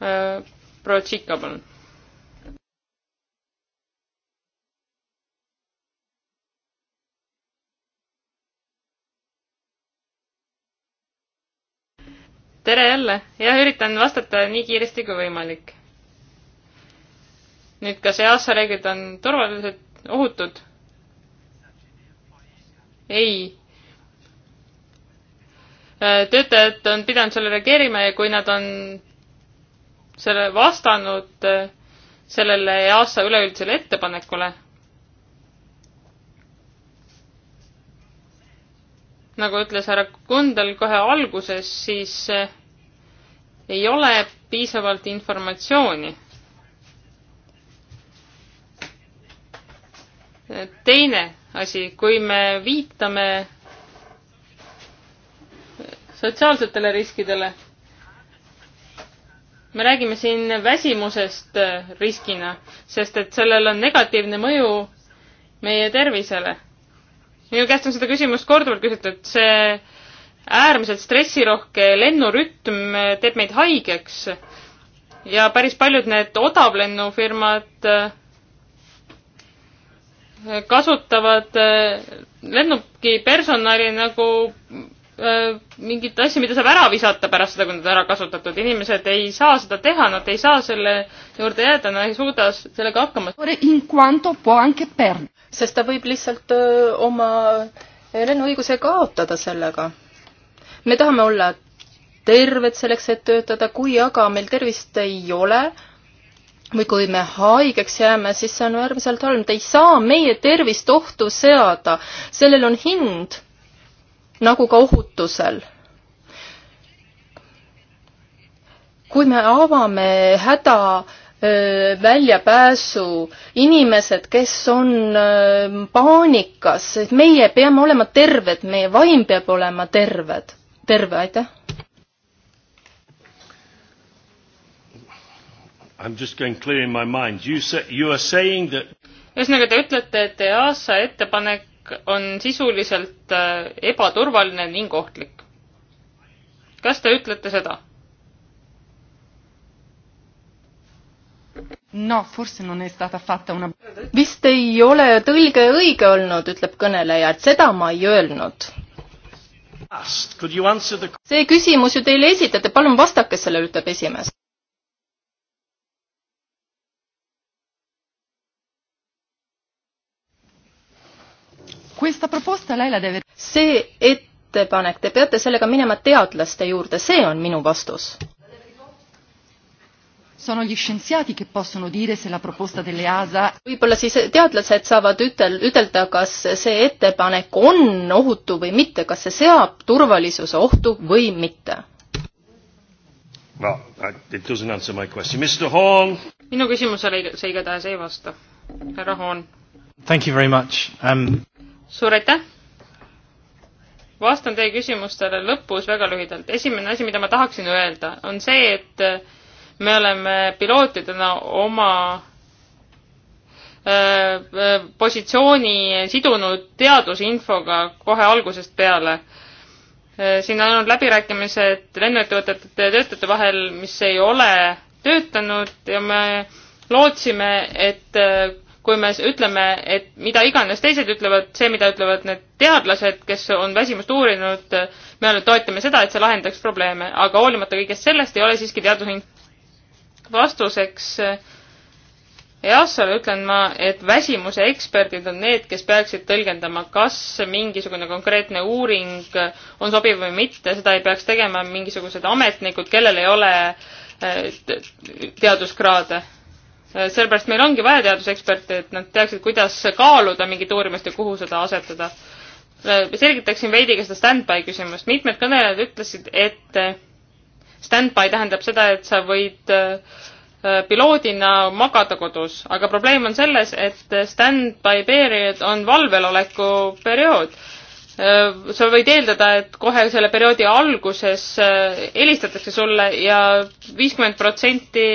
Äh, proua Tšika, palun. tere jälle, jah, üritan vastata nii kiiresti kui võimalik. nüüd, kas EASA reeglid on turvalised, ohutud? ei Äh, töötajad on pidanud sellele reageerima ja kui nad on selle vastanud äh, sellele EASA üleüldisele ettepanekule, nagu ütles härra Kundel kohe alguses, siis äh, ei ole piisavalt informatsiooni. teine asi, kui me viitame sotsiaalsetele riskidele. me räägime siin väsimusest äh, riskina, sest et sellel on negatiivne mõju meie tervisele. minu käest on seda küsimust korduvalt küsitud, see äärmiselt stressirohke lennurütm äh, teeb meid haigeks ja päris paljud need odavlennufirmad äh, kasutavad lennuki personali nagu Äh, mingit asja, mida saab ära visata pärast seda, kui nad ära kasutatud. inimesed ei saa seda teha, nad ei saa selle juurde jääda, nad ei suuda sellega hakkama.
sest ta võib lihtsalt öö, oma lennuõiguse kaotada sellega. me tahame olla terved selleks, et töötada, kui aga meil tervist ei ole, või kui me haigeks jääme, siis see on äärmiselt halb. ei saa meie tervist ohtu seada, sellel on hind nagu ka ohutusel kui me avame häda väljapääsu, inimesed, kes on paanikas, et meie peame olema terved, meie vaim peab olema terved, terve, aitäh.
I am just going clear in my mind, you say, you are saying that
ühesõnaga, te ütlete, et EASA ettepanek on sisuliselt äh, ebaturvaline ning ohtlik. kas te ütlete seda?
no forse non è stata fatta una vist ei ole tõlge õige olnud, ütleb kõneleja, et seda ma ei öelnud. see küsimus ju teile esitati, palun vastake sellele, ütleb esimees. see ettepanek, te peate sellega minema teadlaste juurde, see on minu vastus. võib-olla siis teadlased saavad ütel-, ütelda, kas see ettepanek on ohutu või mitte, kas see seab turvalisuse ohtu või
mitte Well, it doesn't answer my question. Mr. Horn.
minu küsimusele see igatahes ei vasta. härra Horn.
Thank you very much um
suur aitäh! vastan teie küsimustele lõpus väga lühidalt. esimene asi, mida ma tahaksin öelda, on see, et äh, me oleme pilootidena oma öö, äh, äh, positsiooni sidunud teadusinfoga kohe algusest peale. siin on olnud läbirääkimised lennuettevõtete ja töötajate vahel, mis ei ole töötanud ja me lootsime, et kui me ütleme, et mida iganes teised ütlevad, see, mida ütlevad need teadlased, kes on väsimust uurinud, me ainult toetame seda, et see lahendaks probleeme, aga hoolimata kõigest sellest ei ole siiski teadusuhin-. vastuseks EASA-le ütlen ma, et väsimuse eksperdid on need, kes peaksid tõlgendama, kas mingisugune konkreetne uuring on sobiv või mitte, seda ei peaks tegema mingisugused ametnikud, kellel ei ole eh, teaduskraade Äh, sellepärast meil ongi vaja teaduseksperte, et nad teaksid, kuidas kaaluda mingit uurimust ja kuhu seda asetada. Äh, selgitaksin veidi ka seda stand-by küsimust. mitmed kõnelejad ütlesid, et äh, stand-by tähendab seda, et sa võid piloodina magada kodus, aga probleem on selles, et stand-by period on valveloleku periood. sa võid eeldada, et kohe selle perioodi alguses helistatakse sulle ja viiskümmend protsenti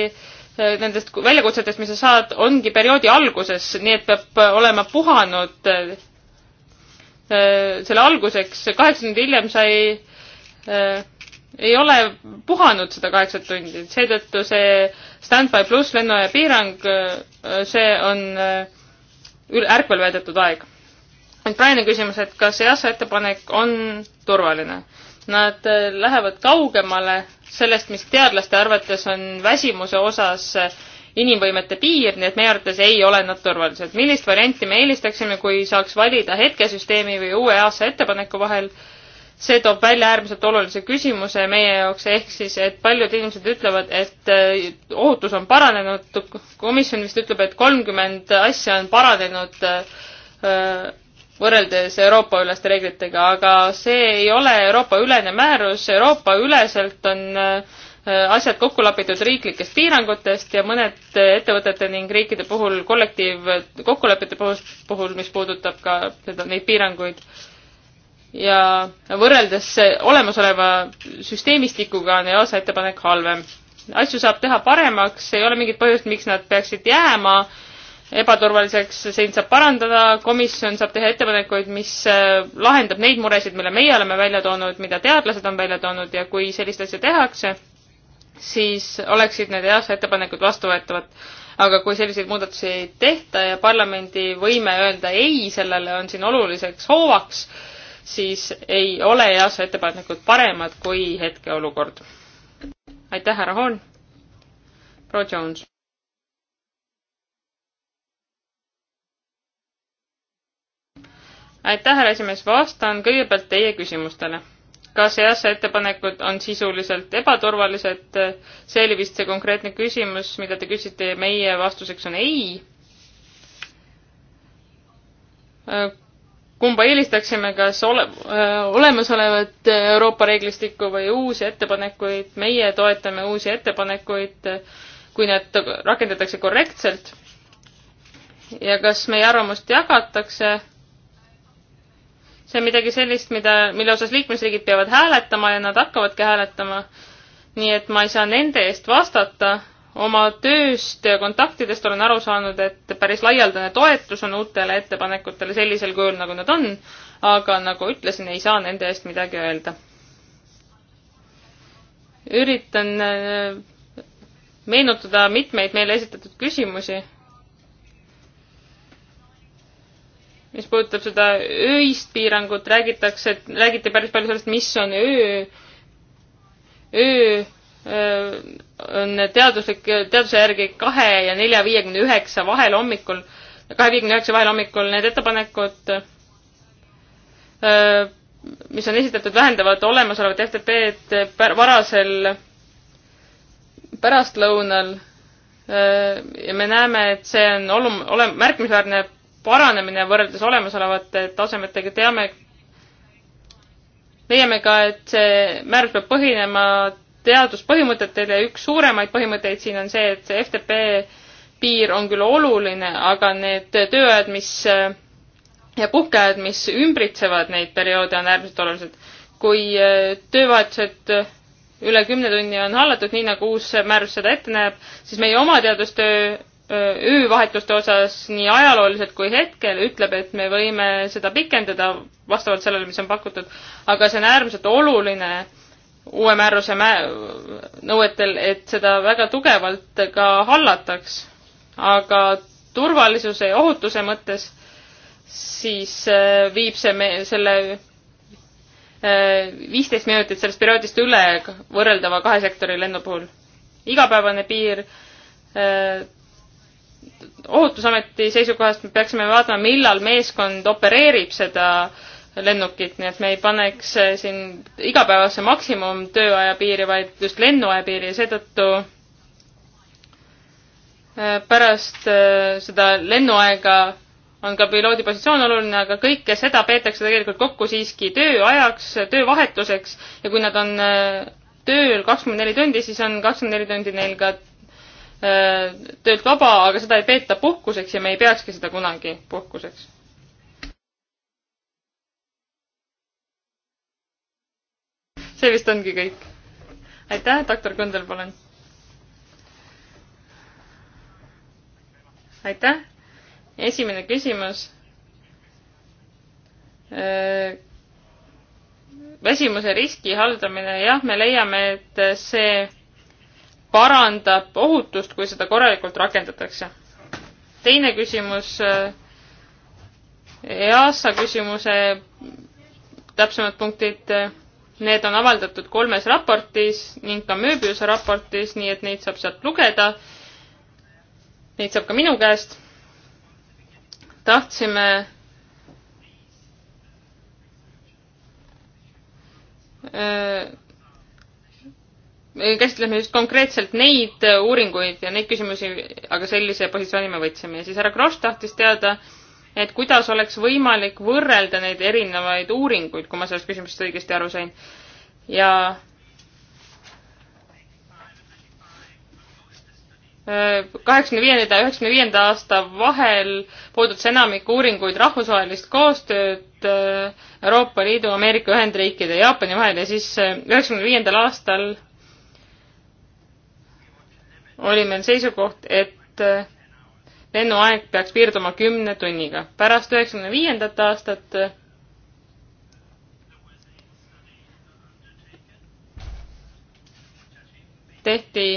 nendest väljakutsetest, mis sa saad, ongi perioodi alguses, nii et peab olema puhanud äh, selle alguseks, kaheksa tundi hiljem sa ei, äh, ei ole puhanud seda kaheksat tundi, seetõttu see standby pluss lennuaja piirang, äh, see on ärkvel veedetud aeg. nüüd praegune küsimus, et kas EASA ettepanek on turvaline? Nad lähevad kaugemale sellest, mis teadlaste arvates on väsimuse osas inimvõimete piir, nii et meie arvates ei ole nad turvalised. millist varianti me eelistaksime, kui saaks valida hetkesüsteemi või uue aasta ettepaneku vahel? see toob välja äärmiselt olulise küsimuse meie jaoks, ehk siis, et paljud inimesed ütlevad, et äh, ohutus on paranenud, komisjon vist ütleb, et kolmkümmend asja on paranenud äh, võrreldes Euroopa-üleste reeglitega, aga see ei ole Euroopa-ülene määrus, Euroopa-üleselt on äh, asjad kokku lapitud riiklikest piirangutest ja mõned ettevõtete ning riikide puhul kollektiivkokkulepete puhul, puhul, mis puudutab ka seda, neid piiranguid. ja võrreldes olemasoleva süsteemistikuga on EASA ettepanek halvem. asju saab teha paremaks, ei ole mingit põhjust, miks nad peaksid jääma äh, ebaturvaliseks, siin saab parandada, komisjon saab teha ettepanekuid, mis äh, lahendab neid muresid, mille meie oleme välja toonud, mida teadlased on välja toonud ja kui sellist asja tehakse, siis oleksid need EASA ettepanekud vastuvõetavad. aga kui selliseid muudatusi ei tehta ja parlamendi võime öelda ei sellele on siin oluliseks hoovaks, siis ei ole EASA ettepanekud paremad kui hetkeolukord. aitäh, härra Hoon! proua Jones aitäh, härra esimees, vastan kõigepealt teie küsimustele. kas EASA ettepanekud on sisuliselt ebaturvalised? see oli vist see konkreetne küsimus, mida te küsite ja meie vastuseks on ei. kumba eelistaksime, kas ole, olemasolevat Euroopa reeglistikku või uusi ettepanekuid? meie toetame uusi ettepanekuid, kui need rakendatakse korrektselt. ja kas meie arvamust jagatakse? see on midagi sellist, mida, mille osas liikmesriigid peavad hääletama ja nad hakkavadki hääletama. nii et ma ei saa nende eest vastata. oma tööst ja kontaktidest olen aru saanud, et päris laialdane toetus on uutele ettepanekutele sellisel kujul, nagu nad on, aga nagu ütlesin, ei saa nende eest midagi öelda. üritan äh, meenutada mitmeid meile esitatud küsimusi mis puudutab seda öist piirangut, räägitakse, räägiti päris palju sellest, mis on öö. öö äh, on teaduslik, teaduse järgi kahe ja nelja viiekümne üheksa vahel hommikul, kahe viiekümne üheksa vahel hommikul need ettepanekud, äh, mis on esitatud, vähendavad olemasolevat FTP-d varasel pärastlõunal äh, ja me näeme, et see on olum-, ole-, märkimisväärne paranemine võrreldes olemasolevate tasemetega, teame, leiame ka, et see määrus peab põhinema teaduspõhimõtetel ja üks suuremaid põhimõtteid siin on see, et see FTP piir on küll oluline, aga need tööajad, mis ja puhkeajad, mis ümbritsevad neid perioode, on äärmiselt olulised. kui äh, töövahetused üle kümne tunni on hallatud, nii nagu uus määrus seda ette näeb, siis meie oma teadustöö öövahetuste osas nii ajalooliselt kui hetkel ütleb, et me võime seda pikendada vastavalt sellele, mis on pakutud, aga see on äärmiselt oluline uue määruse mä-, nõuetel, et seda väga tugevalt ka hallataks. aga turvalisuse ja ohutuse mõttes siis viib see me-, selle viisteist minutit sellest perioodist üle võrreldava kahe sektori lennu puhul. igapäevane piir ohutusameti seisukohast me peaksime vaatama, millal meeskond opereerib seda lennukit, nii et me ei paneks eh, siin igapäevase maksimumtööaja piiri, vaid just lennuaja piiri ja seetõttu eh, pärast eh, seda lennuaega on ka piloodi positsioon oluline, aga kõike seda peetakse tegelikult kokku siiski tööajaks, töövahetuseks ja kui nad on tööl kakskümmend neli tundi, siis on kakskümmend neli tundi neil ka Äh, töölt vaba, aga seda ei peeta puhkuseks ja me ei peakski seda kunagi puhkuseks. see vist ongi kõik. aitäh, doktor Kõndel, palun. aitäh. esimene küsimus. Äh, väsimuse riski haldamine, jah, me leiame, et see parandab ohutust, kui seda korralikult rakendatakse. teine küsimus, äh, EASA küsimuse täpsemad punktid, äh, need on avaldatud kolmes raportis ning ka Mööbiuse raportis, nii et neid saab sealt lugeda. Neid saab ka minu käest. tahtsime öö, äh, käsitleme just konkreetselt neid äh, uuringuid ja neid küsimusi, aga sellise positsiooni me võtsime ja siis härra Kross tahtis teada, et kuidas oleks võimalik võrrelda neid erinevaid uuringuid, kui ma sellest küsimusest õigesti aru sain. ja äh, kaheksakümne viienda ja üheksakümne viienda aasta vahel puudutas enamik uuringuid rahvusvahelist koostööd äh, Euroopa Liidu, Ameerika Ühendriikide ja Jaapani vahel ja siis üheksakümne viiendal aastal oli meil seisukoht, et äh, lennuaeg peaks piirduma kümne tunniga. pärast üheksakümne viiendat aastat äh, tehti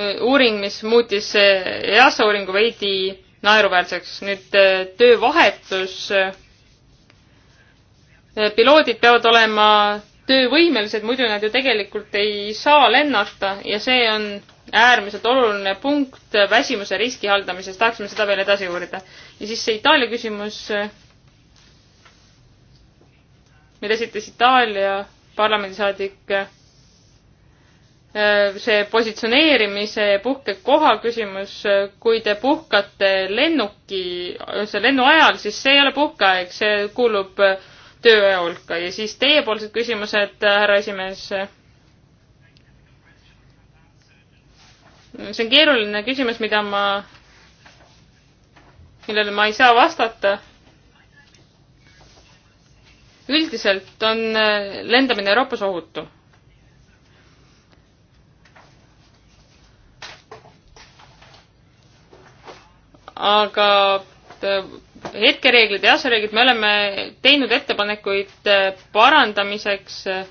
äh, uuring, mis muutis EASA uuringu veidi naeruväärseks. nüüd töövahetus. piloodid peavad olema töövõimelised, muidu nad ju tegelikult ei saa lennata ja see on äärmiselt oluline punkt väsimuse riski haldamises, tahaksime seda veel edasi uurida. ja siis see Itaalia küsimus, mille esitas Itaalia parlamendisaadik, see positsioneerimise puhkekoha küsimus, kui te puhkate lennuki, see lennu ajal, siis see ei ole puhkeaeg, see kuulub äh, tööaja hulka ja siis teiepoolsed küsimused, härra esimees. see on keeruline küsimus, mida ma, millele ma ei saa vastata. üldiselt on äh, lendamine Euroopas ohutu aga äh, hetkereeglid ja asjareeglid, me oleme teinud ettepanekuid äh, parandamiseks. Äh,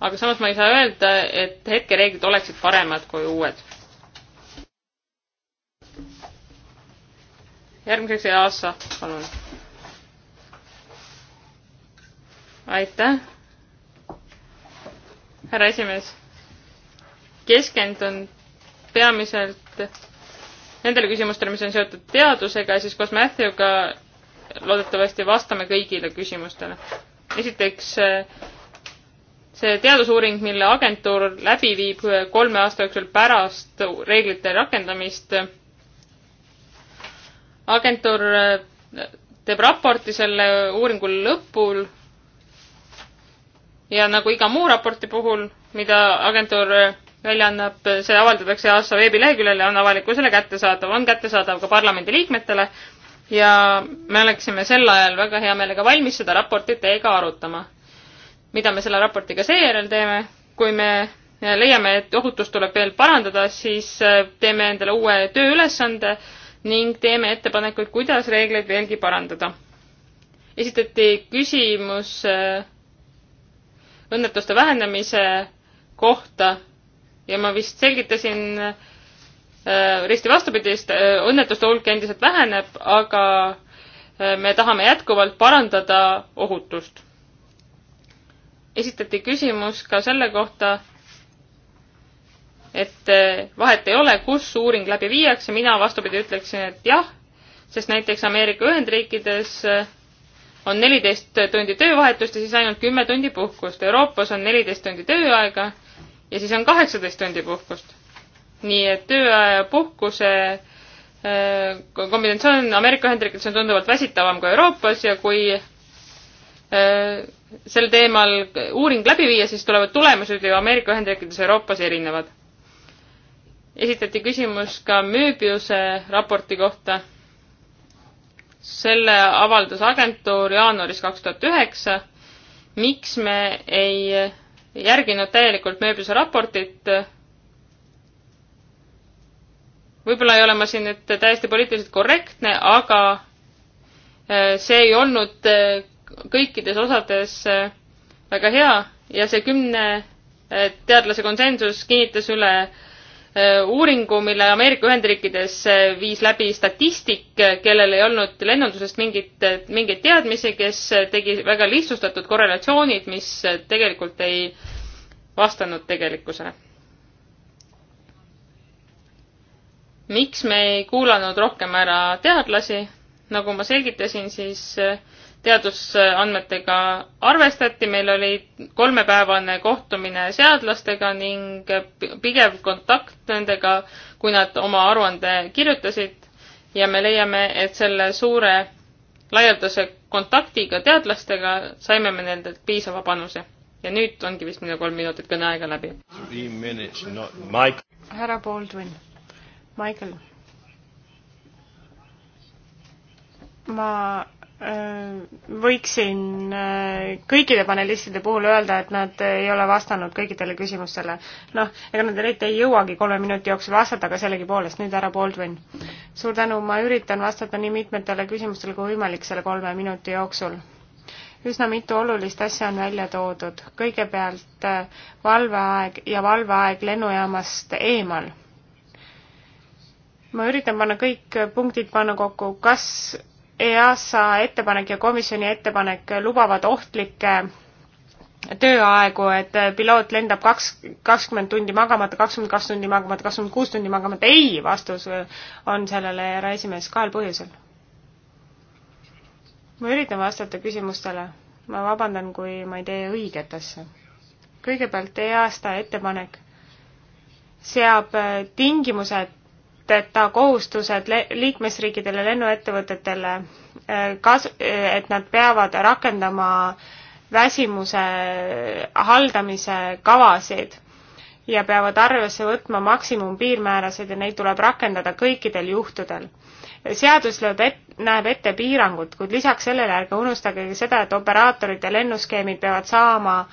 aga samas ma ei saa öelda, et hetkereeglid oleksid paremad kui uued. järgmiseks EASA, palun. aitäh, härra esimees. keskendun peamiselt nendele küsimustele, mis on seotud teadusega, siis koos Matthew'ga loodetavasti vastame kõigile küsimustele. esiteks eh, see teadusuuring, mille agentuur läbi viib kolme aasta jooksul pärast reeglite rakendamist. agentuur eh, teeb raporti selle uuringu lõpul ja nagu iga muu raporti puhul, mida agentuur eh, välja annab, see avaldatakse EASA veebileheküljel ja on avalikkusele kättesaadav, on kättesaadav ka parlamendiliikmetele ja me oleksime sel ajal väga hea meelega valmis seda raportit teiega arutama.
mida me selle raportiga seejärel
teeme, kui me leiame, et ohutust tuleb veel parandada, siis teeme endale uue tööülesande ning teeme ettepanekuid, kuidas reegleid veelgi parandada. esitati küsimus äh, õnnetuste vähendamise kohta ja ma vist selgitasin äh, risti vastupidist äh,, õnnetuste hulk endiselt väheneb, aga äh, me tahame jätkuvalt parandada ohutust. esitati küsimus ka selle kohta, et äh, vahet ei ole, kus uuring läbi viiakse, mina vastupidi ütleksin, et jah, sest näiteks Ameerika Ühendriikides äh, on neliteist tundi töövahetust ja siis ainult kümme tundi puhkust. Euroopas on neliteist tundi tööaega ja siis on kaheksateist tundi puhkust. nii et tööaja ja puhkuse äh, kombinatsioon Ameerika Ühendriikides on tunduvalt väsitavam kui Euroopas ja kui äh, sel teemal uuring läbi viia, siis tulevad tulemused ju Ameerika Ühendriikides ja Euroopas erinevad. esitati küsimus ka Mööbiuse raporti kohta. selle avaldas agentuur jaanuaris kaks tuhat üheksa. miks me ei järginud täielikult Mööbluse raportit. võib-olla ei ole ma siin nüüd täiesti poliitiliselt korrektne, aga äh, see ei olnud äh, kõikides osades äh, väga hea ja see kümne teadlase konsensus kinnitas üle Äh, uuringu, mille Ameerika Ühendriikides äh, viis läbi statistik, äh, kellel ei olnud lennundusest mingit, mingeid teadmisi, kes tegi väga lihtsustatud korrelatsioonid, mis tegelikult ei vastanud tegelikkusele. miks me ei kuulanud rohkem ära teadlasi? nagu ma selgitasin, siis teadusandmetega arvestati, meil oli kolmepäevane kohtumine seadlastega ning pigev kontakt nendega, kui nad oma aruande kirjutasid ja me leiame, et selle suure laialdase kontaktiga teadlastega saime me nendelt piisava panuse. ja nüüd ongi vist minu kolm minutit kõneaega läbi.
härra Baldwin, Michael. ma võiksin äh, kõikide panelistide puhul öelda, et nad ei ole vastanud kõikidele küsimustele. noh, ega nad eriti ei jõuagi kolme minuti jooksul vastata, aga sellegipoolest nüüd härra Baldwin. suur tänu, ma üritan vastata nii mitmetele küsimustele kui võimalik selle kolme minuti jooksul. üsna mitu olulist asja on välja toodud. kõigepealt äh, valveaeg ja valveaeg lennujaamast eemal. ma üritan panna kõik punktid panna kokku, kas EASA ettepanek ja komisjoni ettepanek lubavad ohtlikke tööaegu, et piloot lendab kaks, kakskümmend tundi magamata, kakskümmend kaks tundi magamata, kakskümmend kuus tundi magamata. ei, vastus on sellele, härra esimees, kahel põhjusel. ma üritan vastata küsimustele. ma vabandan, kui ma ei tee õiget asja. kõigepealt EASA ettepanek seab tingimused katteta kohustused liikmesriikidele, lennuettevõtetele, äh, kas, äh, et nad peavad rakendama väsimuse haldamise kavasid ja peavad arvesse võtma maksimumpiirmäärasid ja neid tuleb rakendada kõikidel juhtudel. seadus lööb et-, näeb ette piirangud, kuid lisaks sellele ärge unustage seda, et operaatorid ja lennuskeemid peavad saama äh,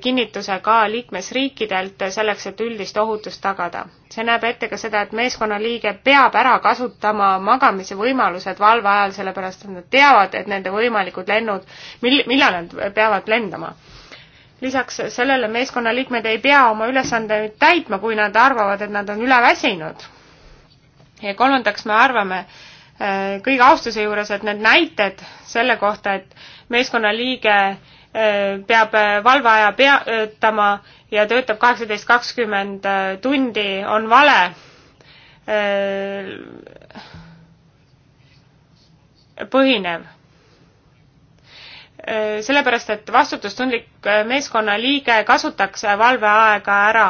kinnituse ka liikmesriikidelt selleks, et üldist ohutust tagada. see näeb ette ka seda, et meeskonnaliige peab ära kasutama magamise võimalused valve ajal, sellepärast et nad teavad, et nende võimalikud lennud, mil-, millal nad peavad lendama. lisaks sellele meeskonnaliikmed ei pea oma ülesandeid täitma, kui nad arvavad, et nad on üleväsinud. ja kolmandaks me arvame, äh, kõige austuse juures, et need näited selle kohta, et meeskonnaliige peab äh, valveaja peatama ja töötab kaheksateist kakskümmend äh, tundi, on vale. Äh, põhinev. sellepärast, et vastutustundlik meeskonnaliige kasutaks valveaega ära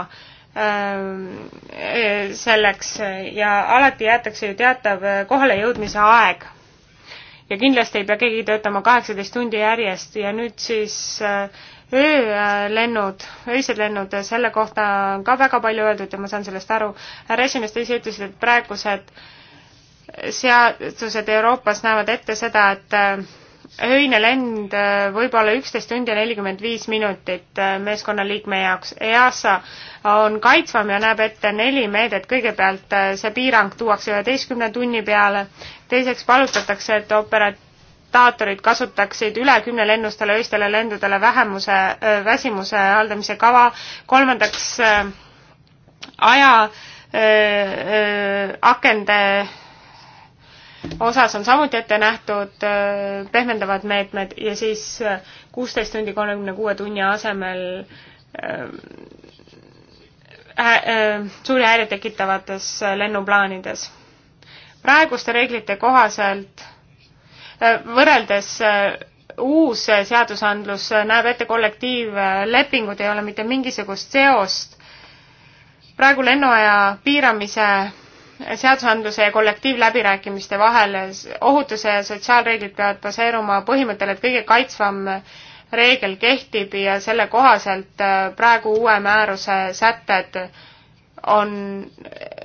selleks ja alati jäetakse ju teatav kohalejõudmise aeg ja kindlasti ei pea keegi töötama kaheksateist tundi järjest ja nüüd siis äh, öölennud, öised lennud, selle kohta on ka väga palju öeldud ja ma saan sellest aru. härra esimees, te ise ütlesite, et praegused seadused Euroopas näevad ette seda, et äh, öine lend äh, võib-olla üksteist tundi ja nelikümmend viis minutit äh, meeskonnaliikme jaoks. EASA on kaitsvam ja näeb ette neli meedet, kõigepealt äh, see piirang tuuakse üheteistkümne tunni peale, teiseks palutatakse, et operaatorid kasutaksid üle kümne lennustele öistele lendudele vähemuse, väsimuse haldamise kava, kolmandaks aja öö, öö, akende osas on samuti ette nähtud äh, pehmendavad meetmed ja siis äh, kuusteist tundi kolmekümne kuue tunni asemel äh, äh, suuri häireid tekitavates äh, lennuplaanides. praeguste reeglite kohaselt äh, võrreldes uus seadusandlus näeb ette kollektiivlepingud, ei ole mitte mingisugust seost praegu lennuaja piiramise seadusandluse ja kollektiivläbirääkimiste vahel ohutuse ja sotsiaalreeglid peavad baseeruma põhimõttel, et kõige kaitsvam reegel kehtib ja selle kohaselt äh, praegu uue määruse sätted on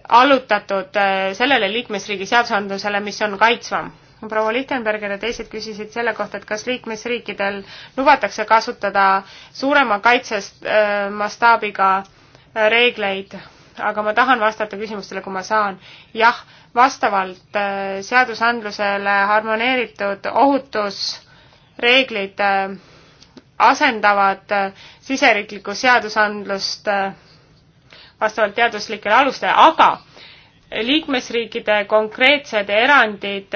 allutatud äh, sellele liikmesriigi seadusandlusele, mis on kaitsvam. proua Lichtenberger ja teised küsisid selle kohta, et kas liikmesriikidel lubatakse kasutada suurema kaitsest äh, mastaabiga reegleid aga ma tahan vastata küsimustele, kui ma saan. jah, vastavalt äh, seadusandlusele harmoneeritud ohutusreeglid äh, asendavad äh, siseriiklikku seadusandlust vastavalt teaduslikele alustele, aga liikmesriikide konkreetsed erandid,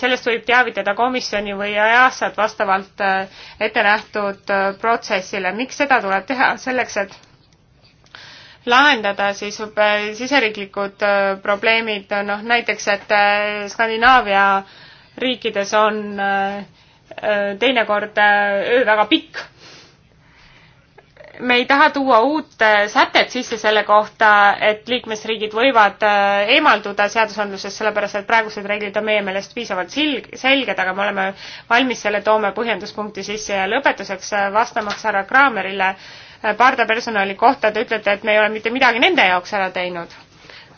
sellest võib teavitada komisjoni või EASA-t vastavalt ette nähtud protsessile. miks seda tuleb teha? selleks, et lahendada siis eh, siseriiklikud eh, probleemid, noh näiteks, et eh, Skandinaavia riikides on teinekord öö väga pikk. me ei taha tuua uut sätet sisse selle kohta, et liikmesriigid võivad eemalduda seadusandlusest, sellepärast et praegused reeglid on meie meelest piisavalt silg-, selged, aga me oleme valmis selle toome põhjenduspunkti sisse ja lõpetuseks vastamaks härra Kraamerile äh, Äh, pardapersonali kohta, te ütlete, et me ei ole mitte midagi nende jaoks ära teinud.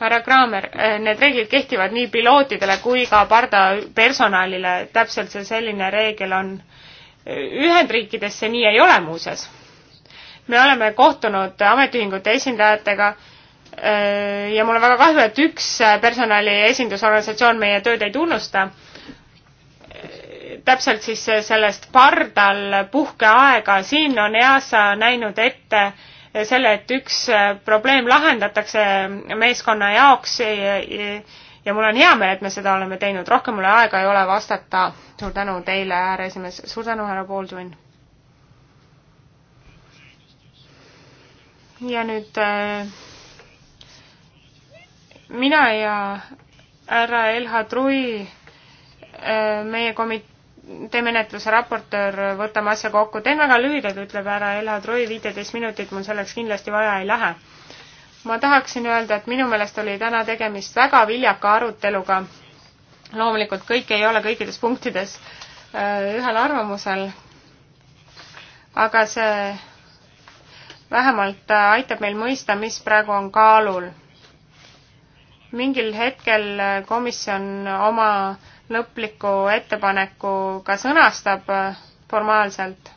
härra Kraamer, äh, need reeglid kehtivad nii pilootidele kui ka pardapersonalile, täpselt see selline reegel on. Äh, Ühendriikides see nii ei ole muuseas. me oleme kohtunud ametiühingute esindajatega ja mul on väga kahju, et üks personali esindusorganisatsioon meie tööd ei tunnusta täpselt siis sellest pardal puhkeaega, siin on EASA näinud ette selle, et üks probleem lahendatakse meeskonna jaoks ja mul on hea meel, et me seda oleme teinud, rohkem mul aega ei ole vastata. suur tänu teile, härra esimees, suur tänu, härra Baldwin. ja nüüd äh, mina ja härra Elha Trui äh, meie komit-, tee menetluse raportöör, võtame asja kokku. teen väga lühidalt, ütleb härra Elha Troi, viiteist minutit mul selleks kindlasti vaja ei lähe. ma tahaksin öelda, et minu meelest oli täna tegemist väga viljaka aruteluga. loomulikult kõik ei ole kõikides punktides äh, ühel arvamusel, aga see vähemalt äh, aitab meil mõista, mis praegu on kaalul. mingil hetkel äh, komisjon oma äh, lõpliku ettepaneku ka sõnastab äh, formaalselt.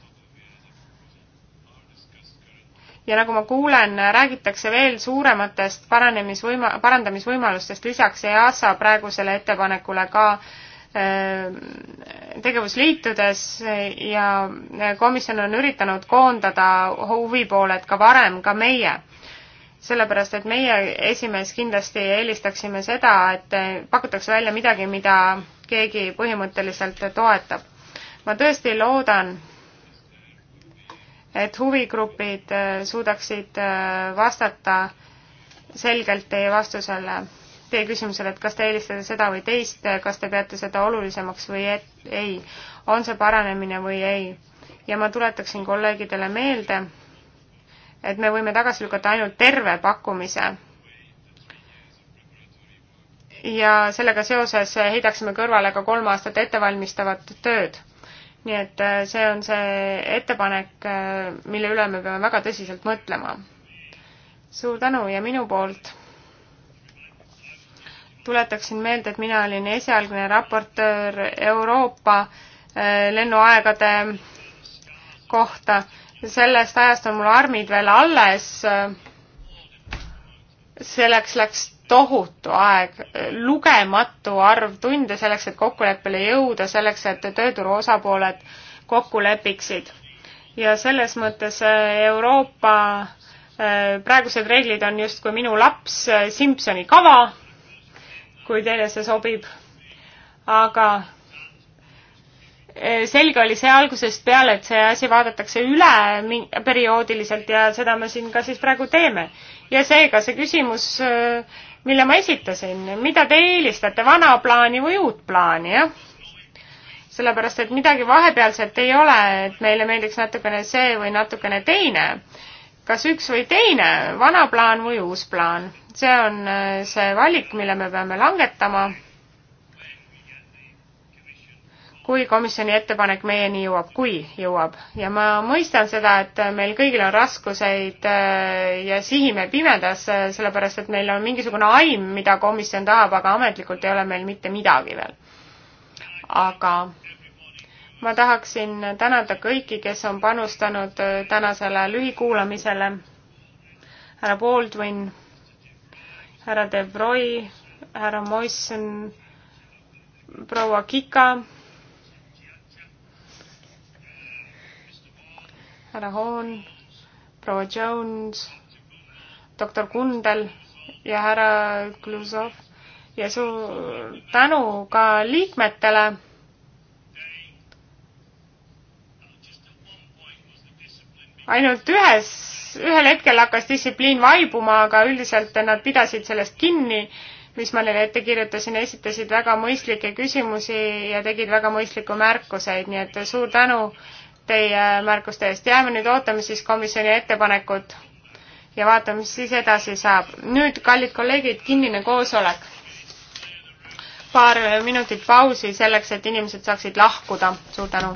ja nagu ma kuulen, räägitakse veel suurematest paranemisvõima-, parandamisvõimalustest lisaks EASA praegusele ettepanekule ka äh, tegevusliitudes ja komisjon on üritanud koondada huvipooled ka varem, ka meie sellepärast, et meie esimees kindlasti eelistaksime seda, et pakutakse välja midagi, mida keegi põhimõtteliselt toetab. ma tõesti loodan, et huvigrupid äh, suudaksid äh, vastata selgelt teie vastusele, teie küsimusele, et kas te eelistate seda või teist, kas te peate seda olulisemaks või et, ei, on see paranemine või ei. ja ma tuletaksin kolleegidele meelde, et me võime tagasi lükata ainult terve pakkumise ja sellega seoses heidaksime kõrvale ka kolm aastat ettevalmistavat tööd. nii et äh, see on see ettepanek, äh, mille üle me peame väga tõsiselt mõtlema. suur tänu ja minu poolt tuletaksin meelde, et mina olin esialgne raportöör Euroopa äh, lennuaegade kohta. sellest ajast on mul armid veel alles. selleks läks tohutu aeg, lugematu arv tunde selleks, et kokkuleppele jõuda, selleks, et tööturu osapooled kokku lepiksid. ja selles mõttes äh, Euroopa äh, praegused reeglid on justkui minu laps äh, Simsoni kava, kui teile see sobib. aga selge oli see algusest peale, et see asi vaadatakse üle perioodiliselt ja seda me siin ka siis praegu teeme. ja seega see küsimus mille ma esitasin, mida te eelistate, vana plaani või uut plaani, jah? sellepärast, et midagi vahepealset ei ole, et meile meeldiks natukene see või natukene teine. kas üks või teine, vana plaan või uus plaan, see on äh, see valik, mille me peame langetama kui komisjoni ettepanek meieni jõuab, kui jõuab. ja ma mõistan seda, et meil kõigil on raskuseid äh, ja sihime pimedas, äh, sellepärast et meil on mingisugune aim, mida komisjon tahab, aga ametlikult ei ole meil mitte midagi veel. aga ma tahaksin tänada kõiki, kes on panustanud äh, tänasele lühikuulamisele. härra Baldwin, härra De Broi, härra Moisson, proua Kika härra Hoon, proua Jones, doktor Kundel ja härra Kluzov ja suur tänu ka liikmetele ainult ühes, ühel hetkel hakkas distsipliin vaibuma, aga üldiselt nad pidasid sellest kinni, mis ma neile ette kirjutasin, esitasid väga mõistlikke küsimusi ja tegid väga mõistlikku märkuseid, nii et suur tänu teie märkuste eest. jääme nüüd ootame siis komisjoni ettepanekut ja vaatame, mis siis edasi saab. nüüd, kallid kolleegid, kinnine koosolek. paar minutit pausi selleks, et inimesed saaksid lahkuda. suur tänu!